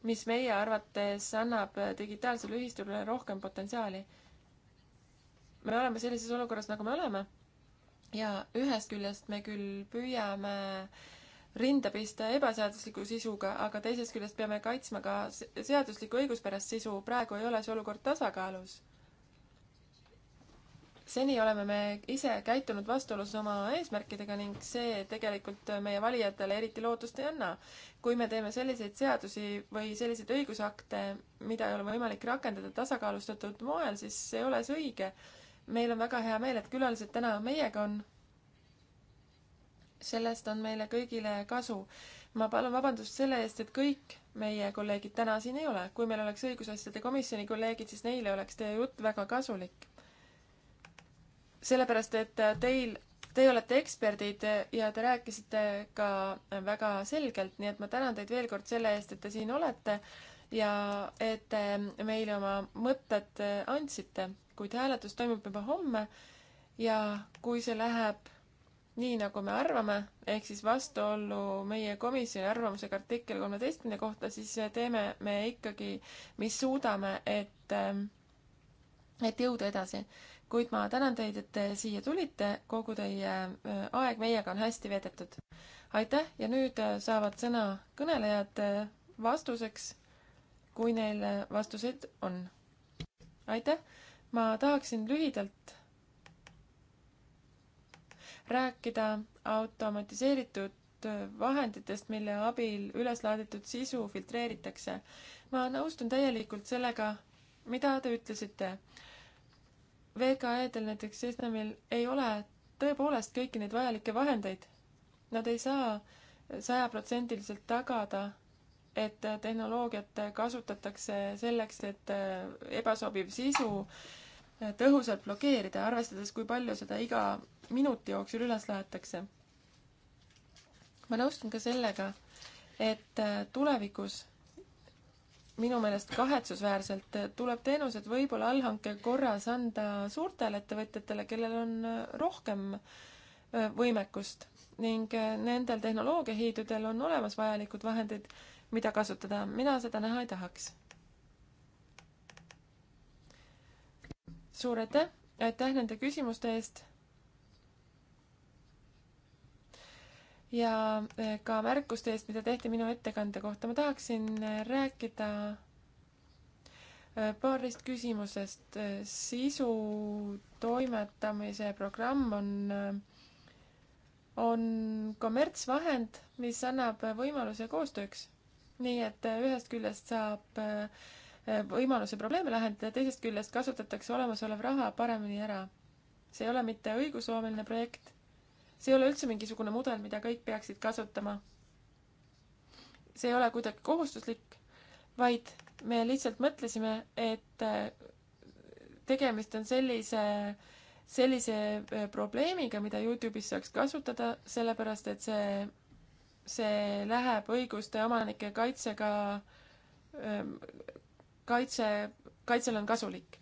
mis meie arvates annab digitaalsele ühistule rohkem potentsiaali. me oleme sellises olukorras, nagu me oleme ja ühest küljest me küll püüame rinda pista ebaseadusliku sisuga, aga teisest küljest peame kaitsma ka seaduslikku õiguspärast sisu. praegu ei ole see olukord tasakaalus seni oleme me ise käitunud vastuolus oma eesmärkidega ning see tegelikult meie valijatele eriti lootust ei anna. kui me teeme selliseid seadusi või selliseid õigusakte, mida ei ole võimalik rakendada tasakaalustatud moel, siis ei ole see õige. meil on väga hea meel, et külalised täna meiega on. sellest on meile kõigile kasu. ma palun vabandust selle eest, et kõik meie kolleegid täna siin ei ole. kui meil oleks õigusasjade komisjoni kolleegid, siis neile oleks teie jutt väga kasulik sellepärast, et teil, teie olete eksperdid ja te rääkisite ka väga selgelt, nii et ma tänan teid veel kord selle eest, et te siin olete ja et te meile oma mõtted andsite, kuid hääletus toimub juba homme ja kui see läheb nii, nagu me arvame, ehk siis vastuollu meie komisjoni arvamusega artikkel kolmeteistkümne kohta, siis teeme me ikkagi, mis suudame, et, et jõuda edasi kuid ma tänan teid, et te siia tulite, kogu teie äh, aeg meiega on hästi veedetud. aitäh ja nüüd äh, saavad sõna kõnelejad äh, vastuseks, kui neil vastuseid on. aitäh, ma tahaksin lühidalt rääkida automatiseeritud vahenditest, mille abil üles laaditud sisu filtreeritakse. ma nõustun täielikult sellega, mida te ütlesite VKE-del näiteks Sesnamil ei ole tõepoolest kõiki neid vajalikke vahendeid. Nad ei saa sajaprotsendiliselt tagada, et tehnoloogiat kasutatakse selleks, et ebasobiv sisu tõhusalt blokeerida, arvestades, kui palju seda iga minuti jooksul üles laetakse. ma nõustun ka sellega, et tulevikus minu meelest kahetsusväärselt tuleb teenused võib-olla allhanke korras anda suurtele ettevõtjatele, kellel on äh, rohkem äh, võimekust ning äh, nendel tehnoloogiahiidudel on olemas vajalikud vahendid, mida kasutada. mina seda näha ei tahaks. suur aitäh, aitäh nende küsimuste eest ja e, ka märkuste eest, mida tehti minu ettekande kohta. ma tahaksin e, rääkida e, paarist küsimusest. sisu toimetamise programm on, on kommertsvahend, mis annab võimaluse koostööks. nii et ühest küljest saab võimaluse probleeme lahendada, teisest küljest kasutatakse olemasolev raha paremini ära. see ei ole mitte õigusloomeline projekt see ei ole üldse mingisugune mudel, mida kõik peaksid kasutama. see ei ole kuidagi kohustuslik, vaid me lihtsalt mõtlesime, et äh, tegemist on sellise, sellise äh, probleemiga, mida Youtube'is saaks kasutada, sellepärast et see, see läheb õiguste omanike kaitsega, ähm, kaitse, kaitsel on kasulik.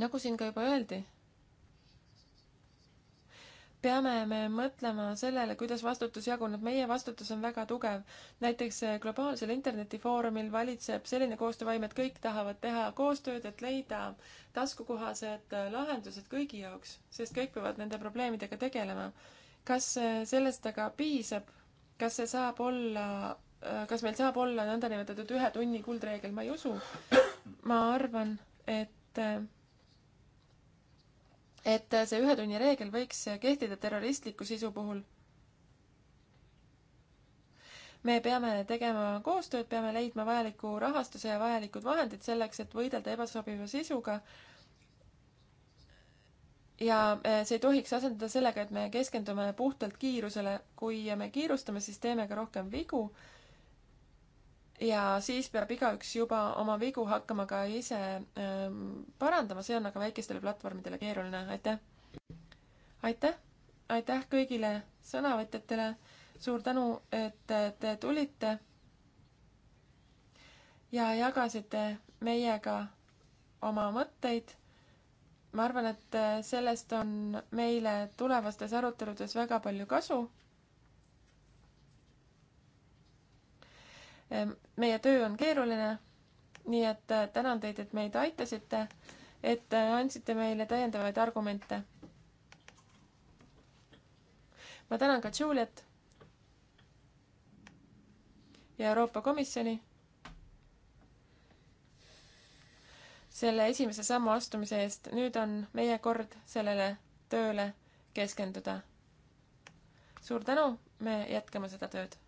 nagu siin ka juba öeldi peame me mõtlema sellele, kuidas vastutus jaguneb. meie vastutus on väga tugev. näiteks eh, globaalsel internetifoorumil valitseb selline koostöövaim, et kõik tahavad teha koostööd, et leida taskukohased eh, lahendused kõigi jaoks, sest kõik peavad nende probleemidega tegelema. kas eh, sellest aga piisab? kas see saab olla, kas meil saab olla nõndanimetatud ühe tunni kuldreegel? ma ei usu. ma arvan, et et see ühe tunni reegel võiks kehtida terroristliku sisu puhul. me peame tegema koostööd, peame leidma vajaliku rahastuse ja vajalikud vahendid selleks, et võidelda ebasobiva sisuga. ja eh, see ei tohiks asendada sellega, et me keskendume puhtalt kiirusele. kui me kiirustame, siis teeme ka rohkem vigu ja siis peab igaüks juba oma vigu hakkama ka ise ähm, parandama, see on aga väikestele platvormidele keeruline, aitäh! aitäh, aitäh kõigile sõnavõtjatele, suur tänu, et te tulite ja jagasite meiega oma mõtteid. ma arvan, et sellest on meile tulevastes aruteludes väga palju kasu meie töö on keeruline, nii et äh, tänan teid, et meid aitasite, et äh, andsite meile täiendavaid argumente. ma tänan ka Juliet ja Euroopa Komisjoni selle esimese sammu astumise eest. nüüd on meie kord sellele tööle keskenduda. suur tänu, me jätkame seda tööd